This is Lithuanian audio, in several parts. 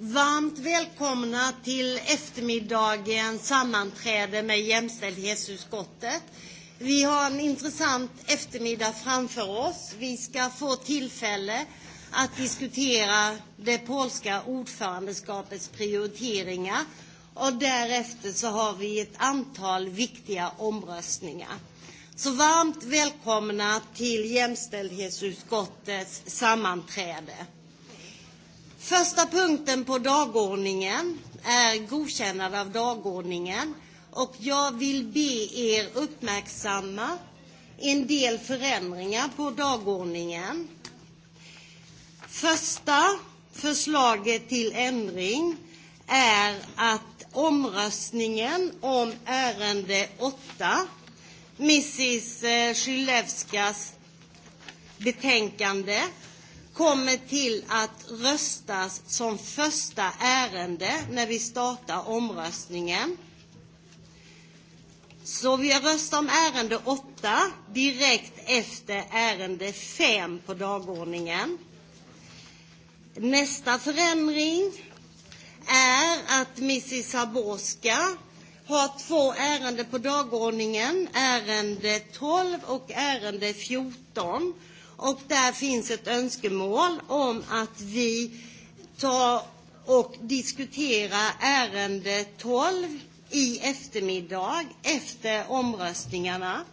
Varmt välkomna till eftermiddagens sammanträde med jämställdhetsutskottet. Vi har en intressant eftermiddag framför oss. Vi ska få tillfälle att diskutera det polska ordförandeskapets prioriteringar och därefter så har vi ett antal viktiga omröstningar. Så varmt välkomna till jämställdhetsutskottets sammanträde. Första punkten på dagordningen är godkännande av dagordningen. Och jag vill be er uppmärksamma en del förändringar på dagordningen. Första förslaget till ändring är att omröstningen om ärende 8, Mrs eh, Skylevskas betänkande, kommer till att röstas som första ärende när vi startar omröstningen. Så vi röstar om ärende 8 direkt efter ärende 5 på dagordningen. Nästa förändring är att Mrs Saborska har två ärenden på dagordningen, ärende 12 och ärende 14. Och där finns ett önskemål om att vi tar och diskuterar ärende 12 i eftermiddag efter omröstningarna.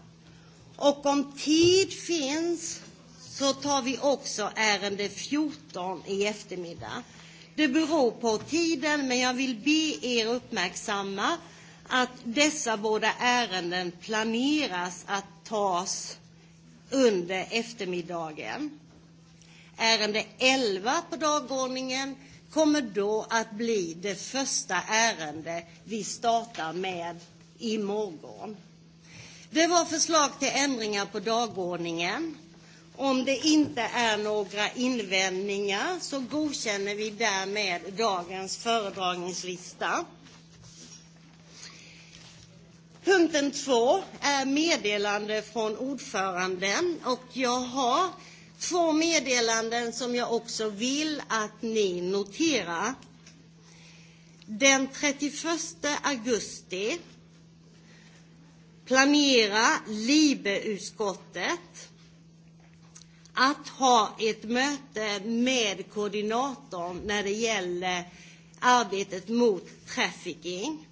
Och om tid finns så tar vi också ärende 14 i eftermiddag. Det beror på tiden, men jag vill be er uppmärksamma att dessa båda ärenden planeras att tas under eftermiddagen. Ärende 11 på dagordningen kommer då att bli det första ärende vi startar med imorgon. Det var förslag till ändringar på dagordningen. Om det inte är några invändningar så godkänner vi därmed dagens föredragningslista. Punkten två är meddelande från ordföranden och jag har två meddelanden som jag också vill att ni noterar. Den 31 augusti planerar LIBE-utskottet att ha ett möte med koordinatorn när det gäller arbetet mot trafficking.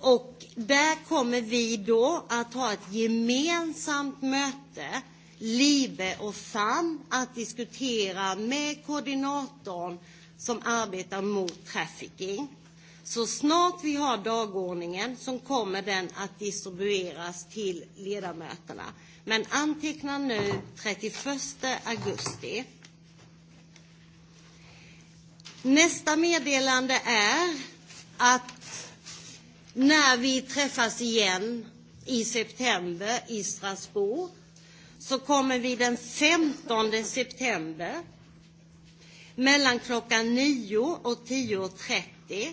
Och där kommer vi då att ha ett gemensamt möte, LIBE och FAM, att diskutera med koordinatorn som arbetar mot trafficking. Så snart vi har dagordningen så kommer den att distribueras till ledamöterna. Men anteckna nu 31 augusti. Nästa meddelande är att när vi träffas igen i september i Strasbourg så kommer vi den 15 september mellan klockan 9 och 10.30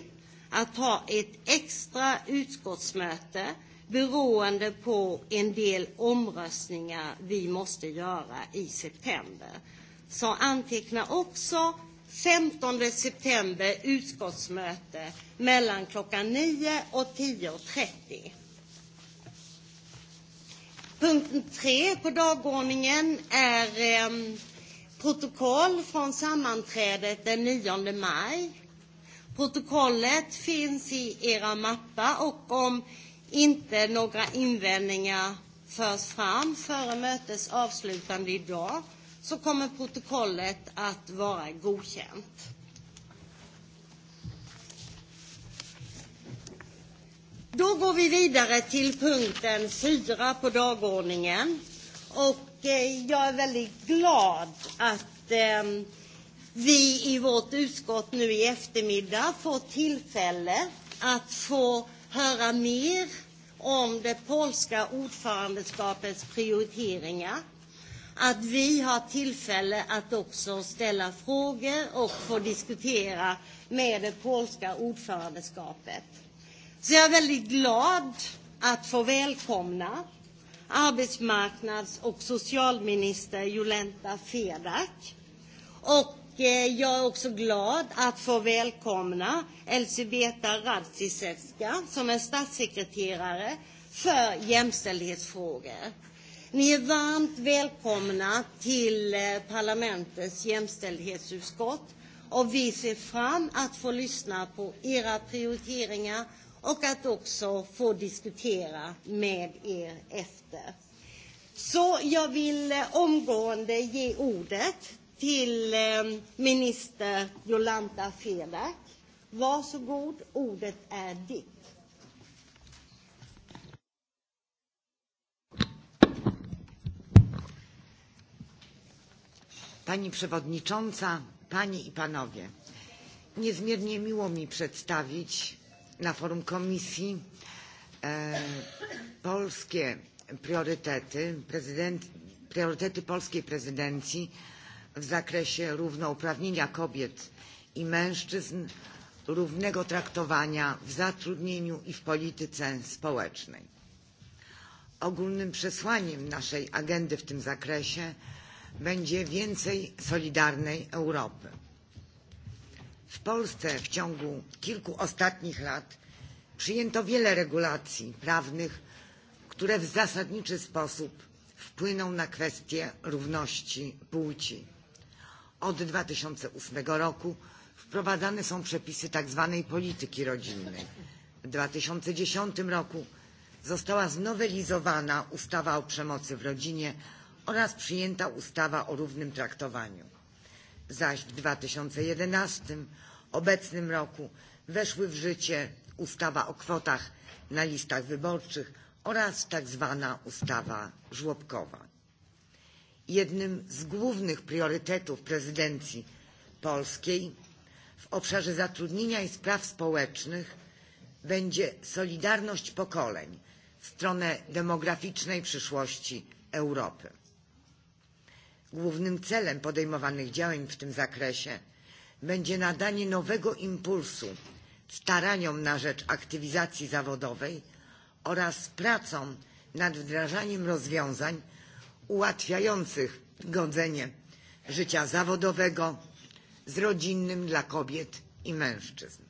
att ha ett extra utskottsmöte beroende på en del omröstningar vi måste göra i september. Så anteckna också 15 september utskottsmöte mellan klockan 9 och 10.30. Punkt 3 på dagordningen är eh, protokoll från sammanträdet den 9 maj. Protokollet finns i era mappar och om inte några invändningar förs fram före mötets avslutande idag så kommer protokollet att vara godkänt. Då går vi vidare till punkten 4 på dagordningen. Och eh, jag är väldigt glad att eh, vi i vårt utskott nu i eftermiddag får tillfälle att få höra mer om det polska ordförandeskapets prioriteringar att vi har tillfälle att också ställa frågor och få diskutera med det polska ordförandeskapet. Så jag är väldigt glad att få välkomna arbetsmarknads och socialminister Jolenta Fedak. Och eh, jag är också glad att få välkomna Elzbieta Radziszewska som är statssekreterare för jämställdhetsfrågor. Ni är varmt välkomna till eh, parlamentets jämställdhetsutskott och vi ser fram att få lyssna på era prioriteringar och att också få diskutera med er efter. Så jag vill eh, omgående ge ordet till eh, minister Jolanta Fedak. Varsågod, ordet är ditt. Pani Przewodnicząca, Panie i Panowie, niezmiernie miło mi przedstawić na forum Komisji e, polskie priorytety, prezydent, priorytety polskiej prezydencji w zakresie równouprawnienia kobiet i mężczyzn, równego traktowania w zatrudnieniu i w polityce społecznej. Ogólnym przesłaniem naszej agendy w tym zakresie będzie więcej solidarnej Europy. W Polsce w ciągu kilku ostatnich lat przyjęto wiele regulacji prawnych, które w zasadniczy sposób wpłyną na kwestię równości płci. Od 2008 roku wprowadzane są przepisy tzw. polityki rodzinnej. W 2010 roku została znowelizowana ustawa o przemocy w rodzinie, oraz przyjęta ustawa o równym traktowaniu. Zaś w 2011 obecnym roku weszły w życie ustawa o kwotach na listach wyborczych oraz tak zwana ustawa żłobkowa. Jednym z głównych priorytetów prezydencji polskiej w obszarze zatrudnienia i spraw społecznych będzie solidarność pokoleń w stronę demograficznej przyszłości Europy. Głównym celem podejmowanych działań w tym zakresie będzie nadanie nowego impulsu staraniom na rzecz aktywizacji zawodowej oraz pracom nad wdrażaniem rozwiązań ułatwiających godzenie życia zawodowego z rodzinnym dla kobiet i mężczyzn.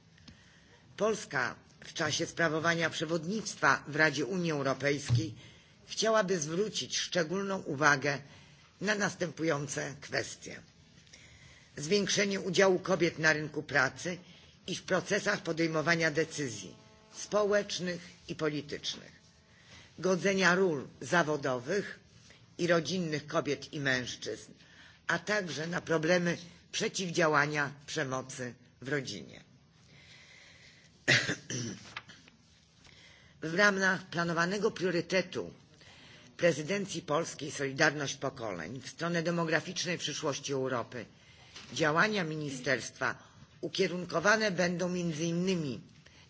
Polska w czasie sprawowania przewodnictwa w Radzie Unii Europejskiej chciałaby zwrócić szczególną uwagę na następujące kwestie. Zwiększenie udziału kobiet na rynku pracy i w procesach podejmowania decyzji społecznych i politycznych. Godzenia ról zawodowych i rodzinnych kobiet i mężczyzn, a także na problemy przeciwdziałania przemocy w rodzinie. W ramach planowanego priorytetu prezydencji polskiej Solidarność Pokoleń w stronę demograficznej przyszłości Europy działania ministerstwa ukierunkowane będą między innymi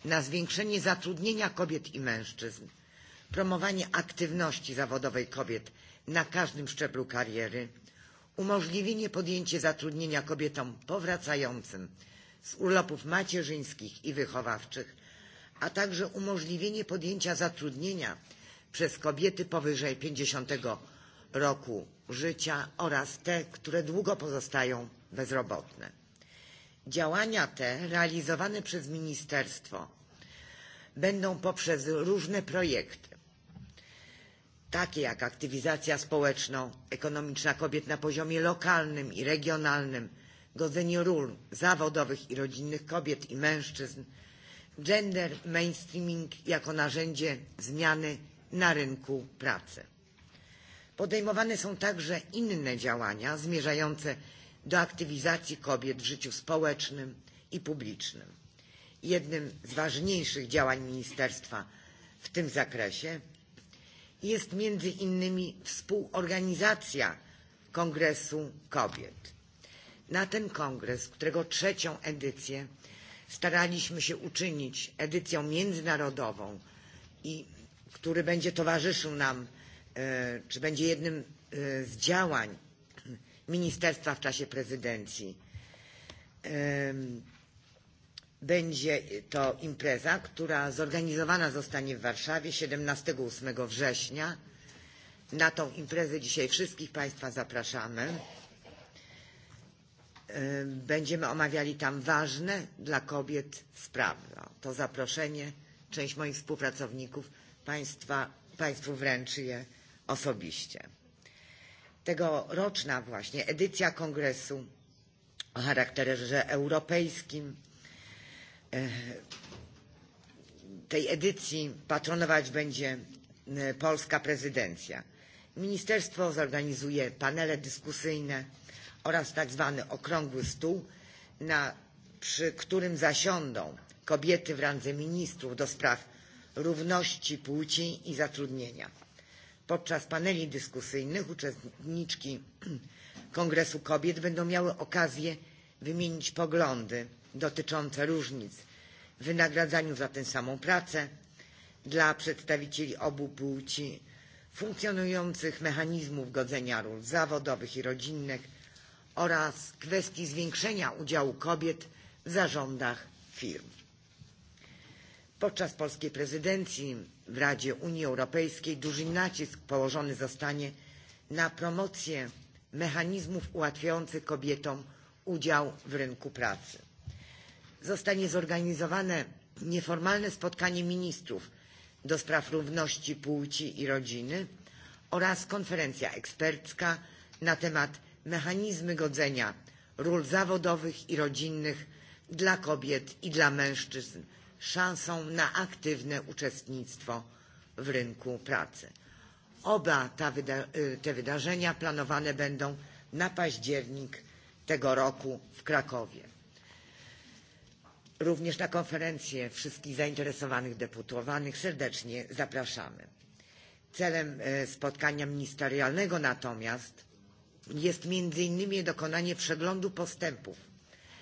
na zwiększenie zatrudnienia kobiet i mężczyzn, promowanie aktywności zawodowej kobiet na każdym szczeblu kariery, umożliwienie podjęcia zatrudnienia kobietom powracającym z urlopów macierzyńskich i wychowawczych, a także umożliwienie podjęcia zatrudnienia przez kobiety powyżej 50 roku życia oraz te, które długo pozostają bezrobotne. Działania te realizowane przez ministerstwo będą poprzez różne projekty, takie jak aktywizacja społeczno-ekonomiczna kobiet na poziomie lokalnym i regionalnym, godzenie ról zawodowych i rodzinnych kobiet i mężczyzn, gender mainstreaming jako narzędzie zmiany na rynku pracy. Podejmowane są także inne działania zmierzające do aktywizacji kobiet w życiu społecznym i publicznym. Jednym z ważniejszych działań ministerstwa w tym zakresie jest między innymi współorganizacja Kongresu Kobiet. Na ten kongres, którego trzecią edycję staraliśmy się uczynić edycją międzynarodową i który będzie towarzyszył nam, e, czy będzie jednym e, z działań ministerstwa w czasie prezydencji. Będzie to impreza, która zorganizowana zostanie w Warszawie 17-8 września. Na tą imprezę dzisiaj wszystkich Państwa zapraszamy. Będziemy omawiali tam ważne dla kobiet sprawy. To zaproszenie część moich współpracowników Państwa, Państwu wręczy je osobiście. Tegoroczna właśnie edycja kongresu o charakterze europejskim e, tej edycji patronować będzie e, polska prezydencja. Ministerstwo zorganizuje panele dyskusyjne oraz tak zwany okrągły stół, na, przy którym zasiądą kobiety w randze ministrów do spraw równości płci i zatrudnienia. Podczas paneli dyskusyjnych uczestniczki Kongresu Kobiet będą miały okazję wymienić poglądy dotyczące różnic w wynagradzaniu za tę samą pracę dla przedstawicieli obu płci, funkcjonujących mechanizmów godzenia ról zawodowych i rodzinnych oraz kwestii zwiększenia udziału kobiet w zarządach firm. Podczas polskiej prezydencji w Radzie Unii Europejskiej duży nacisk położony zostanie na promocję mechanizmów ułatwiających kobietom udział w rynku pracy. Zostanie zorganizowane nieformalne spotkanie ministrów do spraw równości płci i rodziny oraz konferencja ekspercka na temat mechanizmy godzenia ról zawodowych i rodzinnych dla kobiet i dla mężczyzn – szansą na aktywne uczestnictwo w rynku pracy. Oba ta wyda te wydarzenia planowane będą na październik tego roku w Krakowie. Również na konferencję wszystkich zainteresowanych deputowanych serdecznie zapraszamy. Celem spotkania ministerialnego natomiast jest między innymi dokonanie przeglądu postępów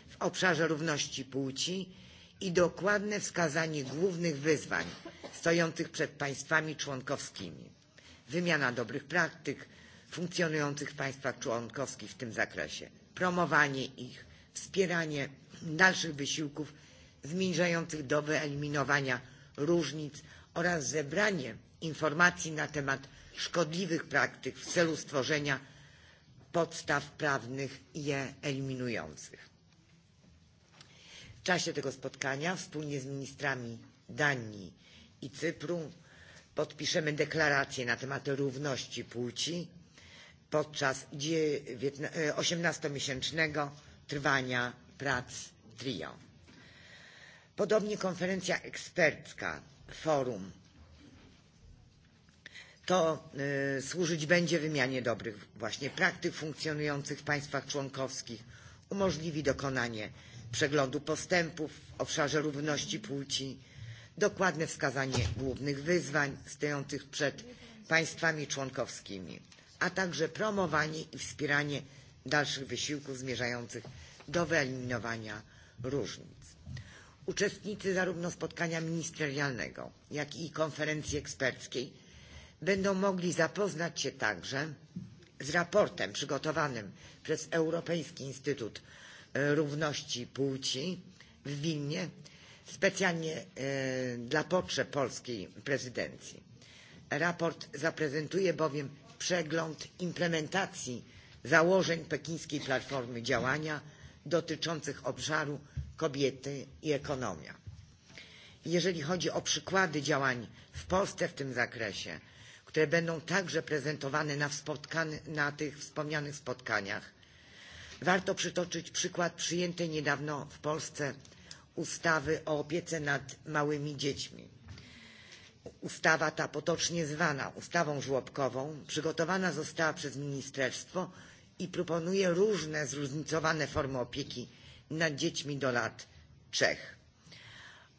w obszarze równości płci i dokładne wskazanie głównych wyzwań stojących przed państwami członkowskimi, wymiana dobrych praktyk funkcjonujących w państwach członkowskich w tym zakresie, promowanie ich, wspieranie dalszych wysiłków zmierzających do wyeliminowania różnic oraz zebranie informacji na temat szkodliwych praktyk w celu stworzenia podstaw prawnych je eliminujących czasie tego spotkania wspólnie z ministrami Danii i Cypru podpiszemy deklarację na temat równości płci podczas 18-miesięcznego e, trwania prac TRIO. Podobnie konferencja ekspercka, forum, to y, e, służyć będzie wymianie dobrych właśnie praktyk funkcjonujących w państwach członkowskich, umożliwi dokonanie przeglądu postępów w obszarze równości płci, dokładne wskazanie głównych wyzwań stojących przed państwami członkowskimi, a także promowanie i wspieranie dalszych wysiłków zmierzających do wyeliminowania różnic. Uczestnicy zarówno spotkania ministerialnego, jak i konferencji eksperckiej będą mogli zapoznać się także z raportem przygotowanym przez Europejski Instytut E, równości Płci w Wilnie specjalnie e, dla potrzeb polskiej prezydencji. Raport zaprezentuje bowiem przegląd implementacji założeń pekińskiej platformy działania dotyczących obszaru kobiety i ekonomia. Jeżeli chodzi o przykłady działań w Polsce w tym zakresie, które będą także prezentowane na, spotkan- na tych wspomnianych spotkaniach, Warto przytoczyć przykład przyjętej niedawno w Polsce ustawy o opiece nad małymi dziećmi. Ustawa ta, potocznie zwana ustawą żłobkową, przygotowana została przez ministerstwo i proponuje różne zróżnicowane formy opieki nad dziećmi do lat trzech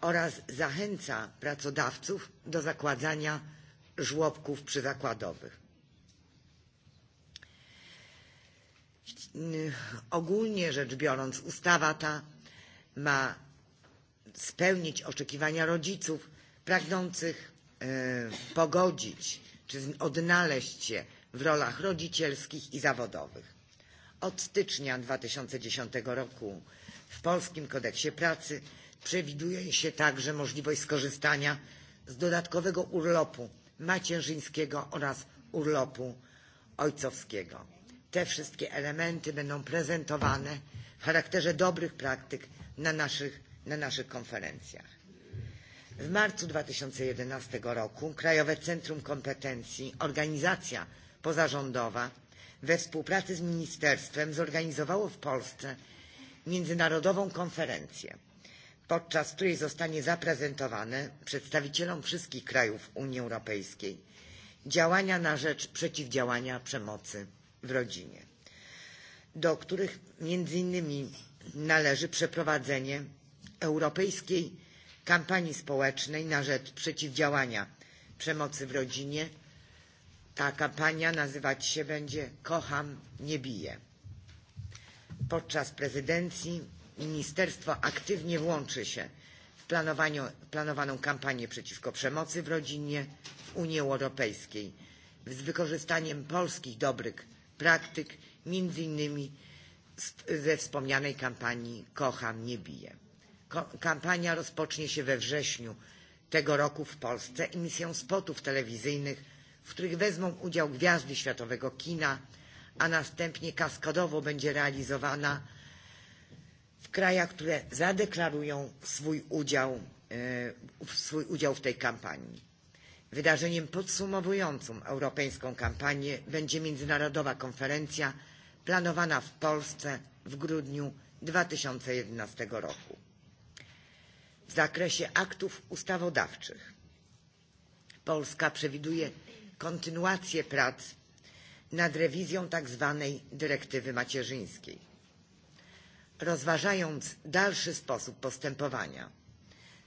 oraz zachęca pracodawców do zakładania żłobków przyzakładowych. ogólnie rzecz biorąc ustawa ta ma spełnić oczekiwania rodziców pragnących pogodzić czy odnaleźć się w rolach rodzicielskich i zawodowych. Od stycznia 2010 roku w Polskim Kodeksie Pracy przewiduje się także możliwość skorzystania z dodatkowego urlopu macierzyńskiego oraz urlopu ojcowskiego te wszystkie elementy będą prezentowane w charakterze dobrych praktyk na naszych, na naszych konferencjach. W marcu 2011 roku Krajowe Centrum Kompetencji, organizacja pozarządowa, we współpracy z ministerstwem zorganizowało w Polsce międzynarodową konferencję, podczas której zostanie zaprezentowane przedstawicielom wszystkich krajów Unii Europejskiej działania na rzecz przeciwdziałania przemocy w rodzinie, do których między innymi należy przeprowadzenie europejskiej kampanii społecznej na rzecz przeciwdziałania przemocy w rodzinie. Ta kampania nazywać się będzie Kocham, nie biję. Podczas prezydencji ministerstwo aktywnie włączy się w planowaną kampanię przeciwko przemocy w rodzinie w Unii Europejskiej z wykorzystaniem polskich dobrych praktyk, między innymi ze wspomnianej kampanii Kocham, nie biję. Ko kampania rozpocznie się we wrześniu tego roku w Polsce emisją spotów telewizyjnych, w których wezmą udział gwiazdy światowego kina, a następnie kaskadowo będzie realizowana w krajach, które zadeklarują swój udział, e, swój udział w tej kampanii. Wydarzeniem podsumowującym europejską kampanię będzie międzynarodowa konferencja planowana w Polsce w grudniu 2011 roku. W zakresie aktów ustawodawczych Polska przewiduje kontynuację prac nad rewizją tzw. dyrektywy macierzyńskiej. Rozważając dalszy sposób postępowania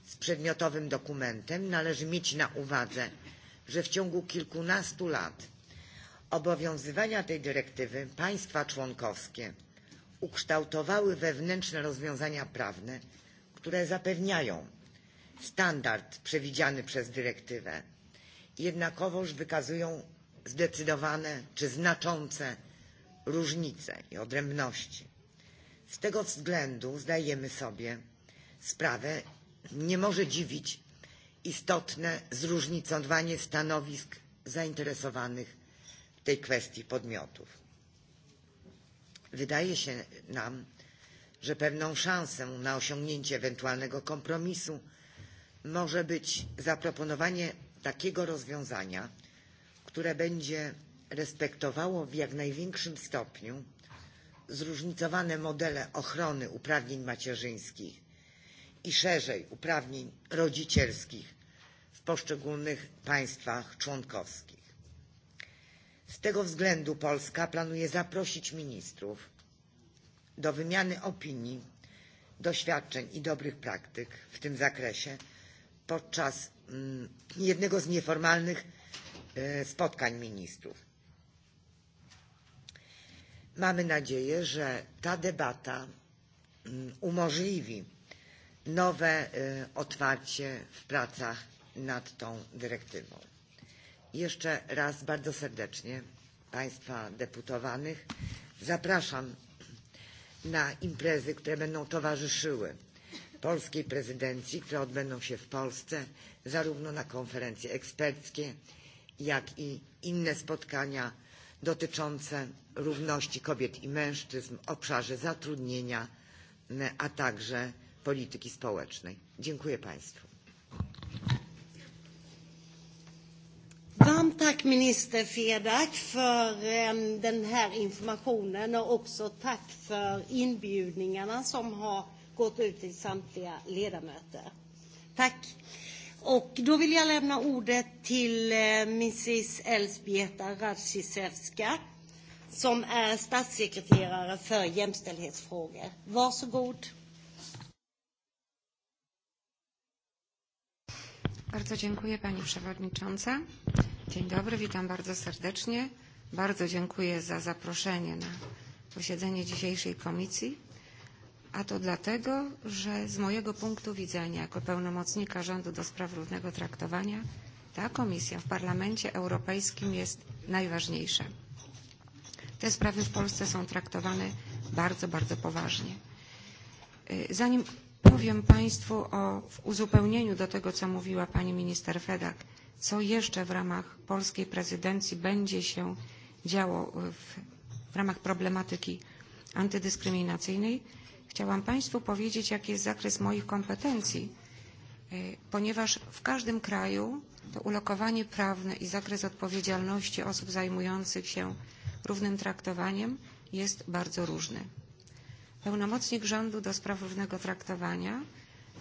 z przedmiotowym dokumentem, należy mieć na uwadze, że w ciągu kilkunastu lat obowiązywania tej dyrektywy państwa członkowskie ukształtowały wewnętrzne rozwiązania prawne, które zapewniają standard przewidziany przez dyrektywę, jednakowoż wykazują zdecydowane czy znaczące różnice i odrębności. Z tego względu zdajemy sobie sprawę, nie może dziwić istotne zróżnicowanie stanowisk zainteresowanych w tej kwestii podmiotów. Wydaje się nam, że pewną szansę na osiągnięcie ewentualnego kompromisu może być zaproponowanie takiego rozwiązania, które będzie respektowało w jak największym stopniu zróżnicowane modele ochrony uprawnień macierzyńskich i szerzej uprawnień rodzicielskich w poszczególnych państwach członkowskich. Z tego względu Polska planuje zaprosić ministrów do wymiany opinii, doświadczeń i dobrych praktyk w tym zakresie podczas mm, jednego z nieformalnych e, spotkań ministrów. Mamy nadzieję, że ta debata mm, umożliwi nowe otwarcie w pracach nad tą dyrektywą. Jeszcze raz bardzo serdecznie Państwa deputowanych zapraszam na imprezy, które będą towarzyszyły polskiej prezydencji, które odbędą się w Polsce, zarówno na konferencje eksperckie, jak i inne spotkania dotyczące równości kobiet i mężczyzn w obszarze zatrudnienia, a także polityki społecznej. Dziękuję Państwu. Varmt tack minister Fedak för um, den här informationen och också tack för inbjudningarna som har gått ut till samtliga ledamöter. Tack. Och då vill jag lämna ordet till eh, Mrs Elzbieta Radziszewska som är statssekreterare för jämställdhetsfrågor. Varsågod. Bardzo dziękuję Pani Przewodnicząca. Dzień dobry, witam bardzo serdecznie. Bardzo dziękuję za zaproszenie na posiedzenie dzisiejszej komisji, a to dlatego, że z mojego punktu widzenia jako pełnomocnika rządu do spraw równego traktowania ta komisja w Parlamencie Europejskim jest najważniejsza. Te sprawy w Polsce są traktowane bardzo, bardzo poważnie. Zanim Powiem Państwu o, w uzupełnieniu do tego, co mówiła Pani Minister Fedak, co jeszcze w ramach polskiej prezydencji będzie się działo w, w ramach problematyki antydyskryminacyjnej. Chciałam Państwu powiedzieć, jaki jest zakres moich kompetencji, ponieważ w każdym kraju to ulokowanie prawne i zakres odpowiedzialności osób zajmujących się równym traktowaniem jest bardzo różny pełnomocnik rządu do spraw równego traktowania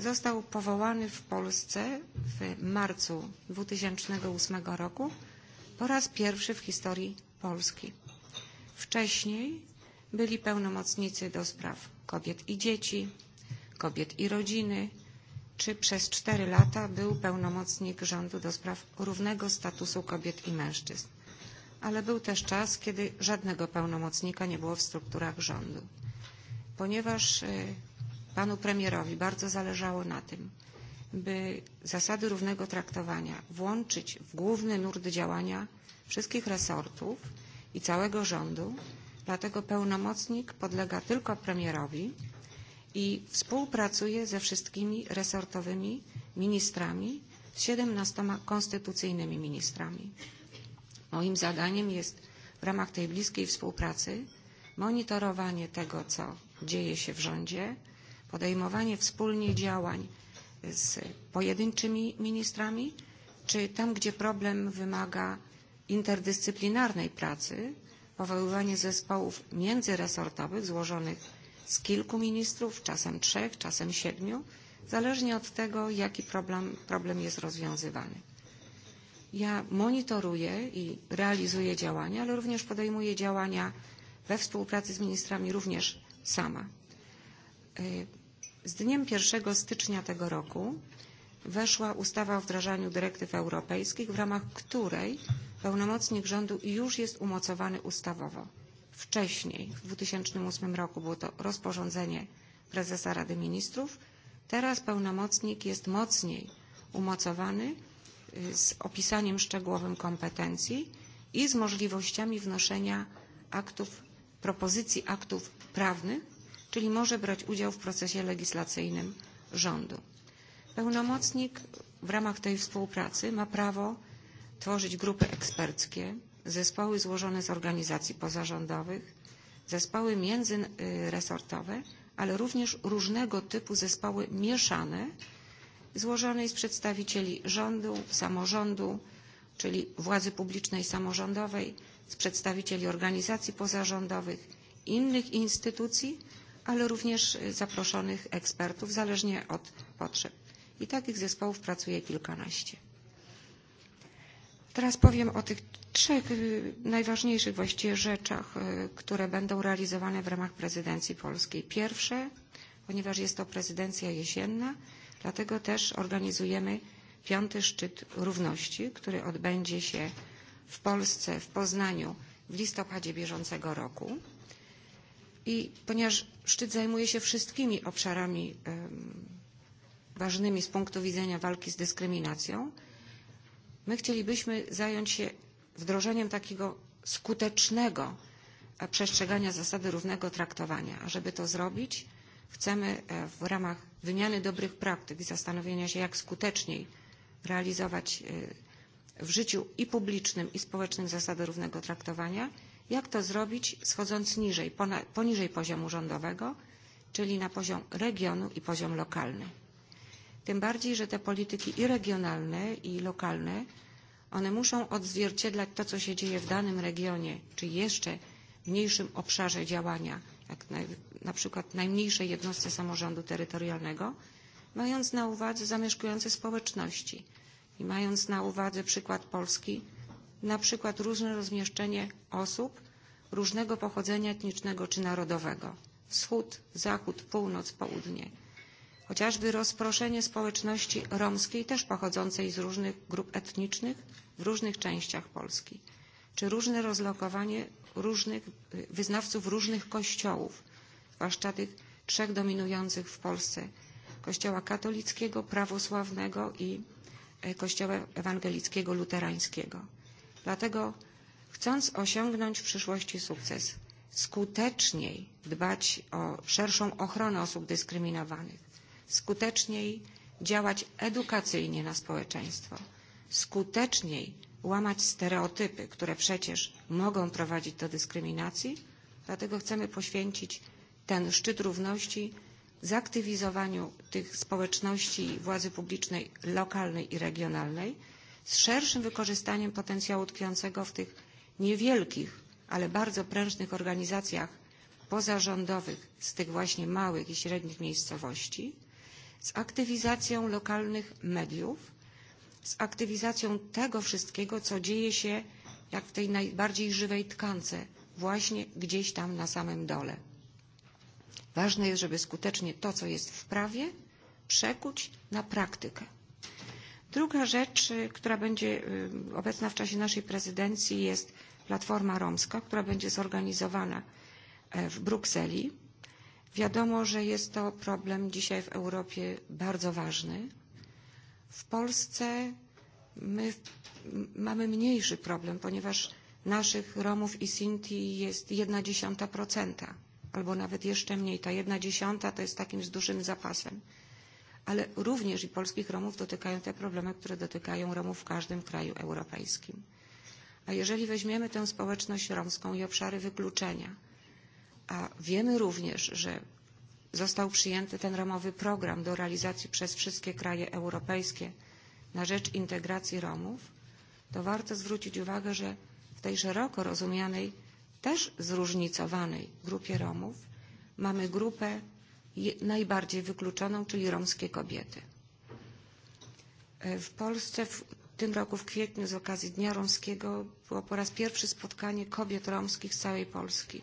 został powołany w Polsce w marcu 2008 roku po raz pierwszy w historii Polski. Wcześniej byli pełnomocnicy do spraw kobiet i dzieci, kobiet i rodziny, czy przez cztery lata był pełnomocnik rządu do spraw równego statusu kobiet i mężczyzn. Ale był też czas, kiedy żadnego pełnomocnika nie było w strukturach rządu ponieważ e, panu premierowi bardzo zależało na tym, by zasady równego traktowania włączyć w główny nurt działania wszystkich resortów i całego rządu, dlatego pełnomocnik podlega tylko premierowi i współpracuje ze wszystkimi resortowymi ministrami, z 17 konstytucyjnymi ministrami. Moim zadaniem jest w ramach tej bliskiej współpracy monitorowanie tego, co dzieje się w rządzie, podejmowanie wspólnie działań z pojedynczymi ministrami, czy tam, gdzie problem wymaga interdyscyplinarnej pracy, powoływanie zespołów międzyresortowych złożonych z kilku ministrów, czasem trzech, czasem siedmiu, zależnie od tego, jaki problem, problem jest rozwiązywany. Ja monitoruję i realizuję działania, ale również podejmuję działania we współpracy z ministrami również sama. E, z dniem 1 stycznia tego roku weszła ustawa o wdrażaniu dyrektyw europejskich, w ramach której pełnomocnik rządu już jest umocowany ustawowo. Wcześniej, w 2008 roku, było to rozporządzenie prezesa Rady Ministrów. Teraz pełnomocnik jest mocniej umocowany z opisaniem szczegółowym kompetencji i z możliwościami wnoszenia aktów, propozycji aktów prawny, czyli może brać udział w procesie legislacyjnym rządu. Pełnomocnik w ramach tej współpracy ma prawo tworzyć grupy eksperckie, zespoły złożone z organizacji pozarządowych, zespoły międzyresortowe, ale również różnego typu zespoły mieszane, złożonej z przedstawicieli rządu, samorządu, czyli władzy publicznej samorządowej, z przedstawicieli organizacji pozarządowych, innych instytucji, ale również zaproszonych ekspertów, zależnie od potrzeb. I takich zespołów pracuje kilkanaście. Teraz powiem o tych trzech najważniejszych właściwie rzeczach, które będą realizowane w ramach prezydencji polskiej. Pierwsze, ponieważ jest to prezydencja jesienna, dlatego też organizujemy piąty szczyt równości, który odbędzie się w Polsce, w Poznaniu w listopadzie bieżącego roku i ponieważ szczyt zajmuje się wszystkimi obszarami ważnymi z punktu widzenia walki z dyskryminacją, my chcielibyśmy zająć się wdrożeniem takiego skutecznego e, przestrzegania zasady równego traktowania. A żeby to zrobić, chcemy e, w ramach wymiany dobrych praktyk i zastanowienia się, jak skuteczniej realizować e, w życiu i publicznym, i społecznym zasadę równego traktowania, Jak to zrobić, schodząc niżej, poniżej poziomu rządowego, czyli na poziom regionu i poziom lokalny? Tym bardziej, że te polityki i regionalne, i lokalne, one muszą odzwierciedlać to, co się dzieje w danym regionie, czy jeszcze mniejszym obszarze działania, jak na, na przykład najmniejszej jednostce samorządu terytorialnego, mając na uwadze zamieszkujące społeczności i mając na uwadze przykład Polski, na przykład różne rozmieszczenie osób różnego pochodzenia etnicznego czy narodowego wschód, zachód, północ, południe. Chociażby rozproszenie społeczności romskiej też pochodzącej z różnych grup etnicznych w różnych częściach Polski, czy różne rozlokowanie różnych wyznawców różnych kościołów, zwłaszcza tych trzech dominujących w Polsce kościoła katolickiego, prawosławnego i e, kościoła ewangelickiego luterańskiego Dlatego chcąc osiągnąć w przyszłości sukces, skuteczniej dbać o szerszą ochronę osób dyskryminowanych, skuteczniej działać edukacyjnie na społeczeństwo, skuteczniej łamać stereotypy, które przecież mogą prowadzić do dyskryminacji, dlatego chcemy poświęcić ten szczyt równości zaktywizowaniu tych społeczności władzy publicznej lokalnej i regionalnej, z szerszym wykorzystaniem potencjału tkwiącego w tych niewielkich, ale bardzo prężnych organizacjach pozarządowych z tych właśnie małych i średnich miejscowości, z aktywizacją lokalnych mediów, z aktywizacją tego wszystkiego, co dzieje się jak w tej najbardziej żywej tkance, właśnie gdzieś tam na samym dole. Ważne jest, żeby skutecznie to, co jest w prawie, przekuć na praktykę. Druga rzecz, która będzie obecna w czasie naszej prezydencji jest Platforma Romska, która będzie zorganizowana e, w Brukseli. Wiadomo, że jest to problem dzisiaj w Europie bardzo ważny. W Polsce my mamy mniejszy problem, ponieważ naszych Romów i Sinti jest 1 dziesiąta procenta, albo nawet jeszcze mniej. Ta 1 dziesiąta to jest takim z dużym zapasem ale również i polskich Romów dotykają te problemy, które dotykają Romów w każdym kraju europejskim. A jeżeli weźmiemy tę społeczność romską i obszary wykluczenia, a wiemy również, że został przyjęty ten ramowy program do realizacji przez wszystkie kraje europejskie na rzecz integracji Romów, to warto zwrócić uwagę, że w tej szeroko rozumianej, też zróżnicowanej grupie Romów mamy grupę najbardziej wykluczoną, czyli romskie kobiety. E, w Polsce w tym roku w kwietniu z okazji Dnia Romskiego było po raz pierwszy spotkanie kobiet romskich z całej Polski.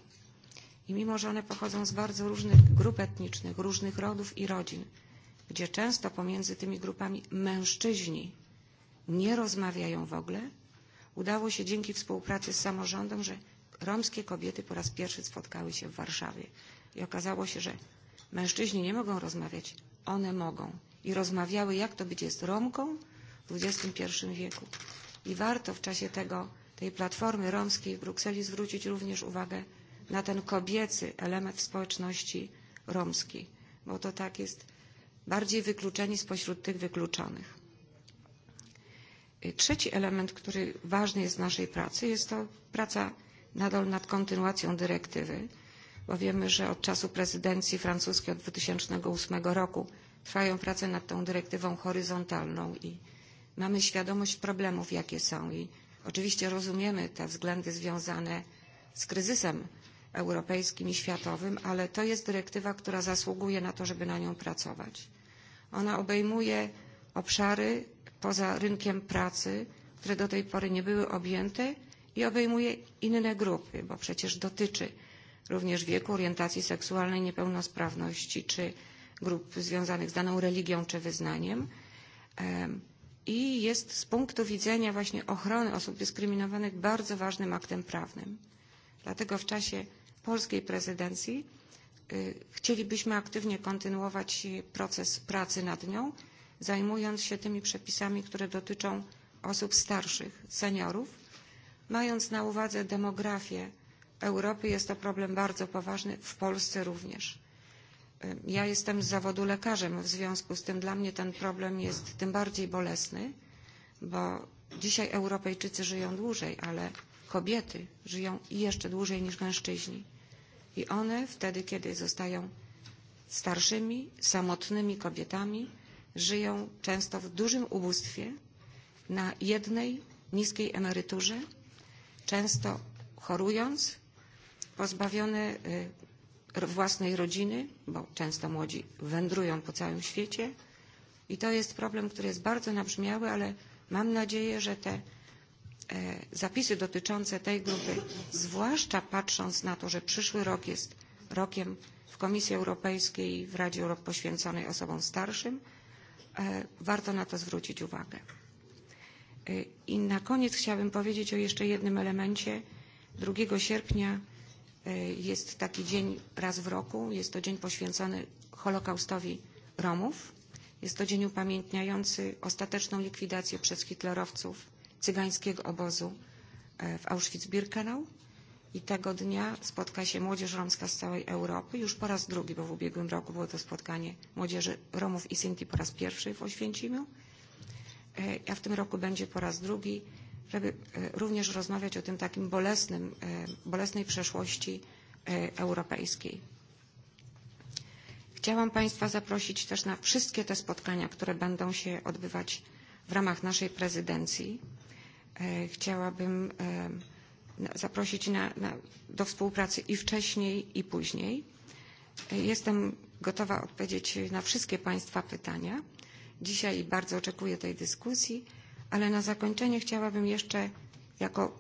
I mimo, że one pochodzą z bardzo różnych grup etnicznych, różnych rodów i rodzin, gdzie często pomiędzy tymi grupami mężczyźni nie rozmawiają w ogóle, udało się dzięki współpracy z samorządem, że romskie kobiety po raz pierwszy spotkały się w Warszawie. I okazało się, że Mężczyźni nie mogą rozmawiać, one mogą. I rozmawiały, jak to być jest Romką w XXI wieku. I warto w czasie tego, tej platformy romskiej w Brukseli zwrócić również uwagę na ten kobiecy element w społeczności romskiej, bo to tak jest bardziej wykluczeni spośród tych wykluczonych. Trzeci element, który ważny jest w naszej pracy, jest to praca nadal nad kontynuacją dyrektywy bo wiemy, że od czasu prezydencji francuskiej od 2008 roku trwają prace nad tą dyrektywą horyzontalną i mamy świadomość problemów, jakie są i oczywiście rozumiemy te względy związane z kryzysem europejskim i światowym, ale to jest dyrektywa, która zasługuje na to, żeby na nią pracować. Ona obejmuje obszary poza rynkiem pracy, które do tej pory nie były objęte i obejmuje inne grupy, bo przecież dotyczy również wieku, orientacji seksualnej, niepełnosprawności czy grup związanych z daną religią czy wyznaniem. I jest z punktu widzenia właśnie ochrony osób dyskryminowanych bardzo ważnym aktem prawnym. Dlatego w czasie polskiej prezydencji chcielibyśmy aktywnie kontynuować proces pracy nad nią, zajmując się tymi przepisami, które dotyczą osób starszych, seniorów, mając na uwadze demografię Europy jest to problem bardzo poważny, w Polsce również. Ja jestem z zawodu lekarzem, w związku z tym dla mnie ten problem jest tym bardziej bolesny, bo dzisiaj Europejczycy żyją dłużej, ale kobiety żyją jeszcze dłużej niż mężczyźni. I one wtedy, kiedy zostają starszymi, samotnymi kobietami, żyją często w dużym ubóstwie, na jednej niskiej emeryturze, często chorując pozbawione własnej rodziny, bo często młodzi wędrują po całym świecie. I to jest problem, który jest bardzo nabrzmiały, ale mam nadzieję, że te e, zapisy dotyczące tej grupy, zwłaszcza patrząc na to, że przyszły rok jest rokiem w Komisji Europejskiej i w Radzie Europy poświęconej osobom starszym, e, warto na to zwrócić uwagę. E, I na koniec chciałabym powiedzieć o jeszcze jednym elemencie. 2 sierpnia E, jest taki dzień raz w roku. Jest to dzień poświęcony Holokaustowi Romów. Jest to dzień upamiętniający ostateczną likwidację przez hitlerowców cygańskiego obozu e, w Auschwitz-Birkenau. I tego dnia spotka się młodzież romska z całej Europy. Już po raz drugi, bo w ubiegłym roku było to spotkanie młodzieży Romów i Sinti po raz pierwszy w Oświęcimiu. E, a w tym roku będzie po raz drugi żeby e, również rozmawiać o tym takim bolesnym, e, bolesnej przeszłości e, europejskiej. Chciałam Państwa zaprosić też na wszystkie te spotkania, które będą się odbywać w ramach naszej prezydencji. Chciałabym zaprosić na, na, do współpracy i wcześniej, i później. Jestem gotowa odpowiedzieć na wszystkie Państwa pytania. Dzisiaj bardzo oczekuję tej dyskusji Ale na zakończenie chciałabym jeszcze, jako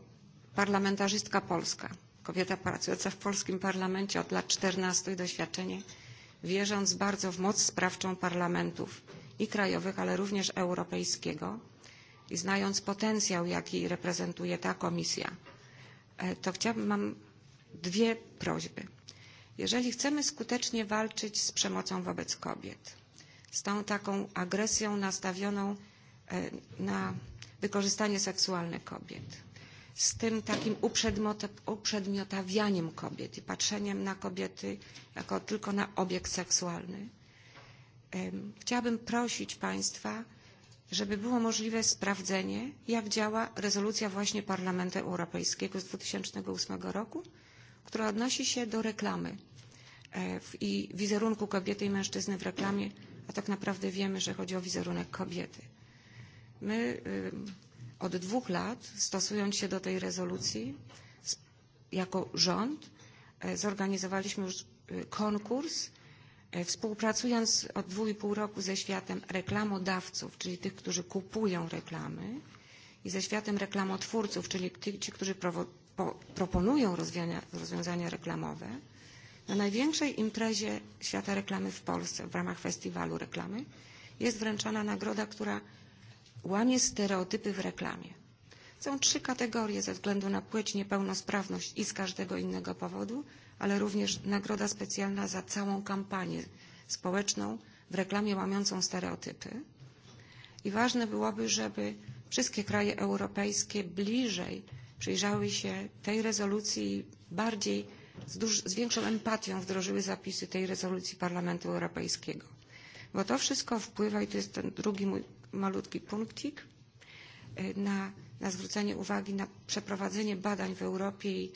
parlamentarzystka polska, kobieta pracująca w polskim parlamencie od lat 14 i doświadczenie, wierząc bardzo w moc sprawczą parlamentów i krajowych, ale również europejskiego i znając potencjał, jaki reprezentuje ta komisja, e, to chciałabym, mam dwie prośby. Jeżeli chcemy skutecznie walczyć z przemocą wobec kobiet, z tą taką agresją nastawioną E, na wykorzystanie seksualne kobiet, z tym takim uprzedmiotawianiem kobiet i patrzeniem na kobiety jako tylko na obiekt seksualny. E, chciałabym prosić Państwa, żeby było możliwe sprawdzenie, jak działa rezolucja właśnie Parlamentu Europejskiego z 2008 roku, która odnosi się do reklamy e, i wizerunku kobiety i mężczyzny w reklamie, a tak naprawdę wiemy, że chodzi o wizerunek kobiety. My od dwóch lat, stosując się do tej rezolucji, jako rząd e, zorganizowaliśmy już e, konkurs, e, współpracując od dwóch i pół roku ze światem reklamodawców, czyli tych, którzy kupują reklamy, i ze światem reklamotwórców, czyli tych, ci, którzy prowo, po, proponują rozwiązania, rozwiązania reklamowe, na największej imprezie świata reklamy w Polsce w ramach festiwalu reklamy jest wręczana nagroda, która łamie stereotypy w reklamie. Są trzy kategorie ze względu na płeć, niepełnosprawność i z każdego innego powodu, ale również nagroda specjalna za całą kampanię społeczną w reklamie łamiącą stereotypy. I ważne byłoby, żeby wszystkie kraje europejskie bliżej przyjrzały się tej rezolucji bardziej z, duż, z większą empatią wdrożyły zapisy tej rezolucji Parlamentu Europejskiego. Bo to wszystko wpływa, i to jest ten drugi mój malutki punkcik e, na, na zwrócenie uwagi na przeprowadzenie badań w Europie i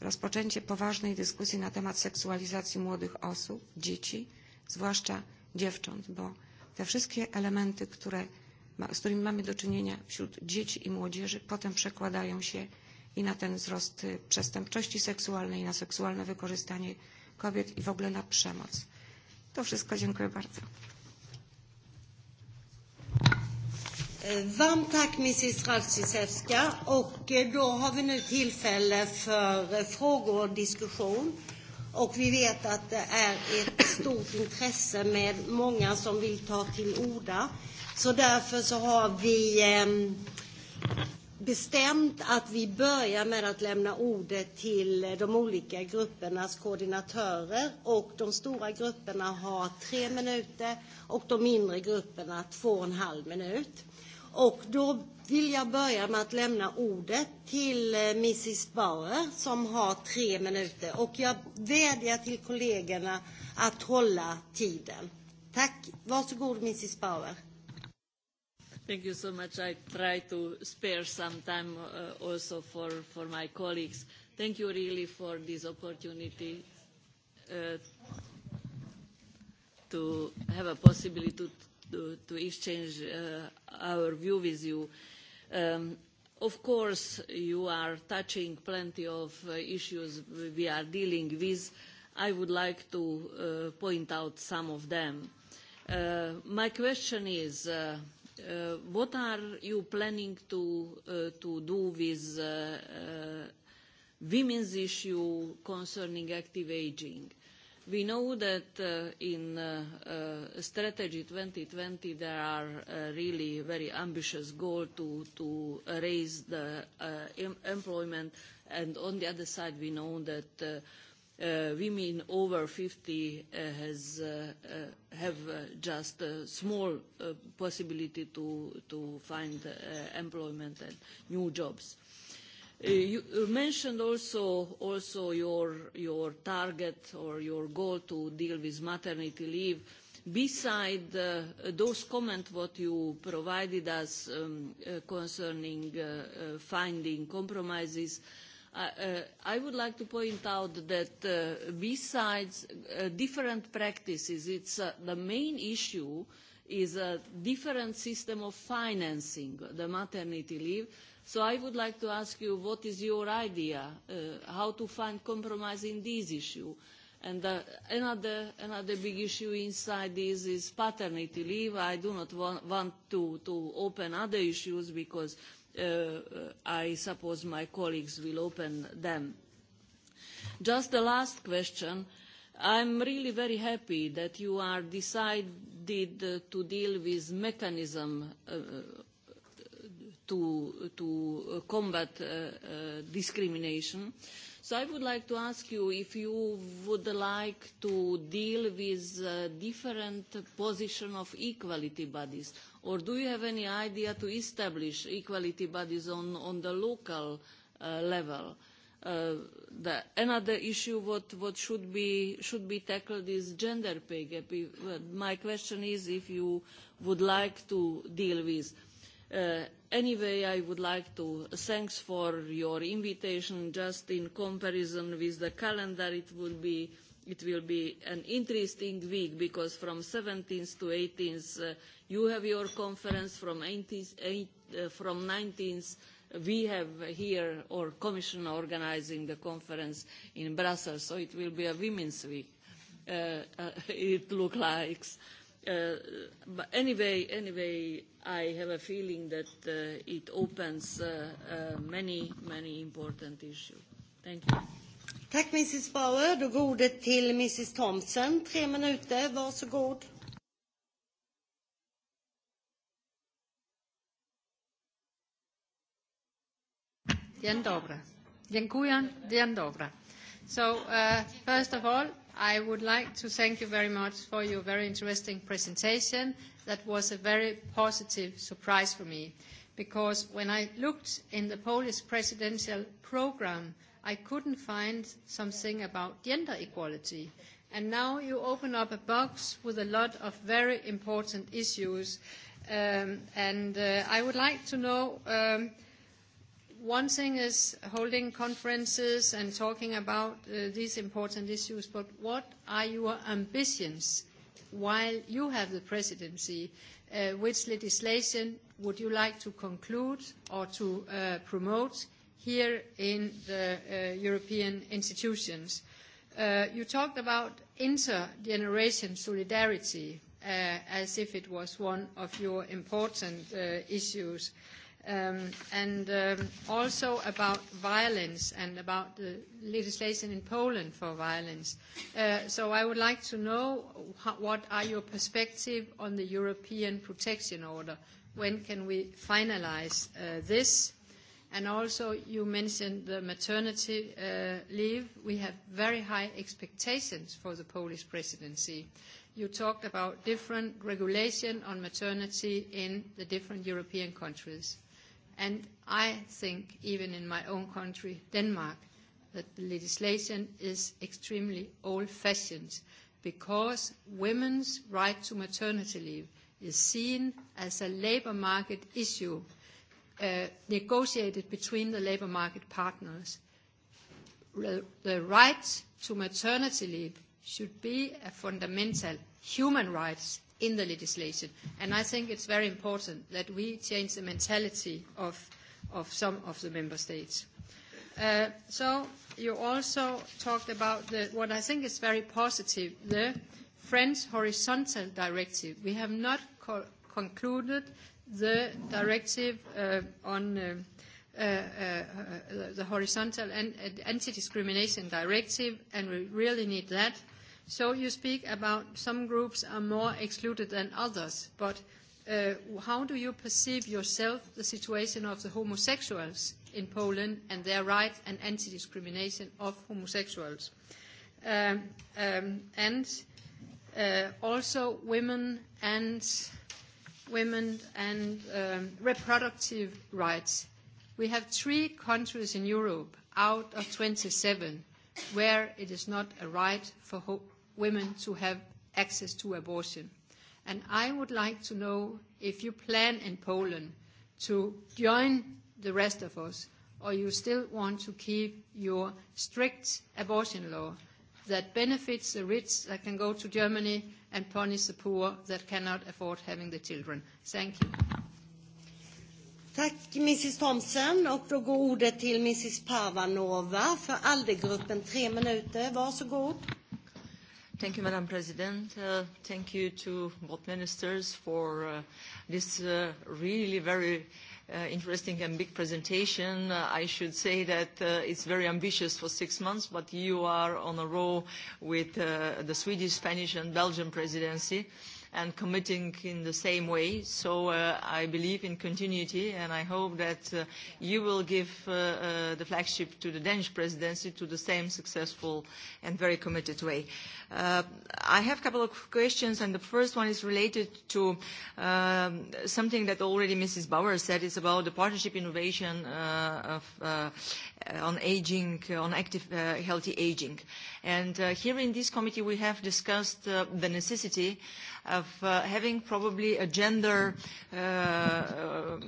rozpoczęcie poważnej dyskusji na temat seksualizacji młodych osób, dzieci, zwłaszcza dziewcząt, bo te wszystkie elementy, które, ma, z którymi mamy do czynienia wśród dzieci i młodzieży, potem przekładają się i na ten wzrost przestępczości seksualnej, na seksualne wykorzystanie kobiet i w ogóle na przemoc. To wszystko. Dziękuję bardzo. Varmt tack Mrs. Radziszewska och eh, då har vi nu tillfälle för eh, frågor och diskussion. Och vi vet att det är ett stort intresse med många som vill ta till orda. Så därför så har vi ehm, bestämt att vi börjar med att lämna ordet till eh, de olika gruppernas koordinatörer och de stora grupperna har tre minuter och de mindre grupperna två och en halv minut. Och då vill jag börja med att lämna ordet till eh, Mrs Bauer som har tre minuter. Och jag vädjar till kollegorna att hålla tiden. Tack. Varsågod Mrs Bauer. Thank you so much. I try to spare some time uh, also for, for my colleagues. Thank you really for this opportunity uh, to have a possibility to to, to exchange uh, our view with you. Um, Of course, you are touching plenty of uh, issues we are dealing with. I would like to uh, point out some of them. Uh, my question is, uh, uh, what are you planning to, uh, to do with uh, uh, women's issue concerning active aging? We know that uh, in uh, uh, Strategy 2020 there are uh, really very ambitious goals to, to raise the uh, em employment and on the other side we know that uh, uh, women over 50 uh, has, uh, uh, have uh, just a small uh, possibility to, to find uh, employment and new jobs. Uh, you uh, mentioned also, also your, your target or your goal to deal with maternity leave. Beside uh, those comments what you provided us um, uh, concerning uh, uh, finding compromises, uh, uh, I would like to point out that uh, besides uh, different practices, it's uh, the main issue is a different system of financing the maternity leave So I would like to ask you, what is your idea, uh, how to find compromise in this issue? And uh, another, another big issue inside this is paternity leave. I do not want, want to, to open other issues because uh, uh, I suppose my colleagues will open them. Just the last question. I'm really very happy that you are decided uh, to deal with mechanism uh, to, to uh, combat uh, uh, discrimination. So I would like to ask you if you would like to deal with uh, different position of equality bodies, or do you have any idea to establish equality bodies on, on the local uh, level? Uh, the, another issue what, what should, be, should be tackled is gender pay gap. If, uh, my question is if you would like to deal with. Uh, Uh, anyway, I would like to uh, thanks for your invitation. Just in comparison with the calendar, it will be it will be an interesting week because from 17th to 18th uh, you have your conference from 18th eight, uh, from 19th we have here or commission organizing the conference in Brussels so it will be a women's week uh, uh, it looks like uh, Uh, but anyway, anyway, I have a feeling that uh, it opens uh, uh, many, many important issues. Thank you. Tack Mrs Bauer. Då går ordet till Mrs Thompson. Tre minuter, varsågod. Dzień dobry. Dziękuję. Dzień dobry. So, uh, first of all, I would like to thank you very much for your very interesting presentation. That was a very positive surprise for me, because when I looked in the Polish presidential program, I couldn't find something about gender equality. And now you open up a box with a lot of very important issues. Um, and uh, I would like to know um, – one thing is holding conferences and talking about uh, these important issues, but what are your ambitions while you have the presidency? Uh, which legislation would you like to conclude or to uh, promote here in the uh, European institutions? Uh, you talked about intergeneration solidarity uh, as if it was one of your important uh, issues. Uh, um, and um, also about violence and about the legislation in Poland for violence. Uh, so I would like to know how, what are your perspective on the European protection order? When can we finalize uh, this? And also, you mentioned the maternity uh, leave. We have very high expectations for the Polish presidency. You talked about different regulation on maternity in the different European countries. Uh, And I think, even in my own country, Denmark, that the legislation is extremely old-fashioned because women's right to maternity leave is seen as a labor market issue uh, negotiated between the labor market partners. Re the right to maternity leave should be a fundamental human rights in the legislation. And I think it's very important that we change the mentality of, of some of the member states. Uh, so you also talked about the, what I think is very positive, the French horizontal directive. We have not co- concluded the directive uh, on um, uh, uh, the, the horizontal and, uh, anti-discrimination directive, and we really need that So you speak about some groups are more excluded than others, but uh, how do you perceive yourself the situation of the homosexuals in Poland and their rights and anti-discrimination of homosexuals? Um, um, and uh, also women and women and um, reproductive rights. We have three countries in Europe out of 27 where it is not a right for ho- women to have access to abortion. And I would like to know if you plan in Poland to join the rest of us, or you still want to keep your strict abortion law that benefits the rich that can go to Germany and punish the poor that cannot afford having the children. Thank you. Tack Mrs Thompson och då går ordet till Mrs Parvanova för ALDE-gruppen. Tre minuter, varsågod. Thank you, Madam President. Uh, thank you to both ministers for uh, this uh, really very uh, interesting and big presentation. Uh, I should say that uh, it's very ambitious for six months, but you are on a roll with uh, the Swedish, Spanish and Belgian presidency. Uh, and committing in the same way. So uh, I believe in continuity, and I hope that uh, you will give uh, uh, the flagship to the Danish presidency to the same successful and very committed way. Uh, I have a couple of questions, and the first one is related to um, something that already Mrs. Bauer said. It's about the partnership innovation uh, of, uh, on aging, uh, on active, uh, healthy aging. And uh, here in this committee, we have discussed uh, the necessity uh, of uh, having probably a gender uh, uh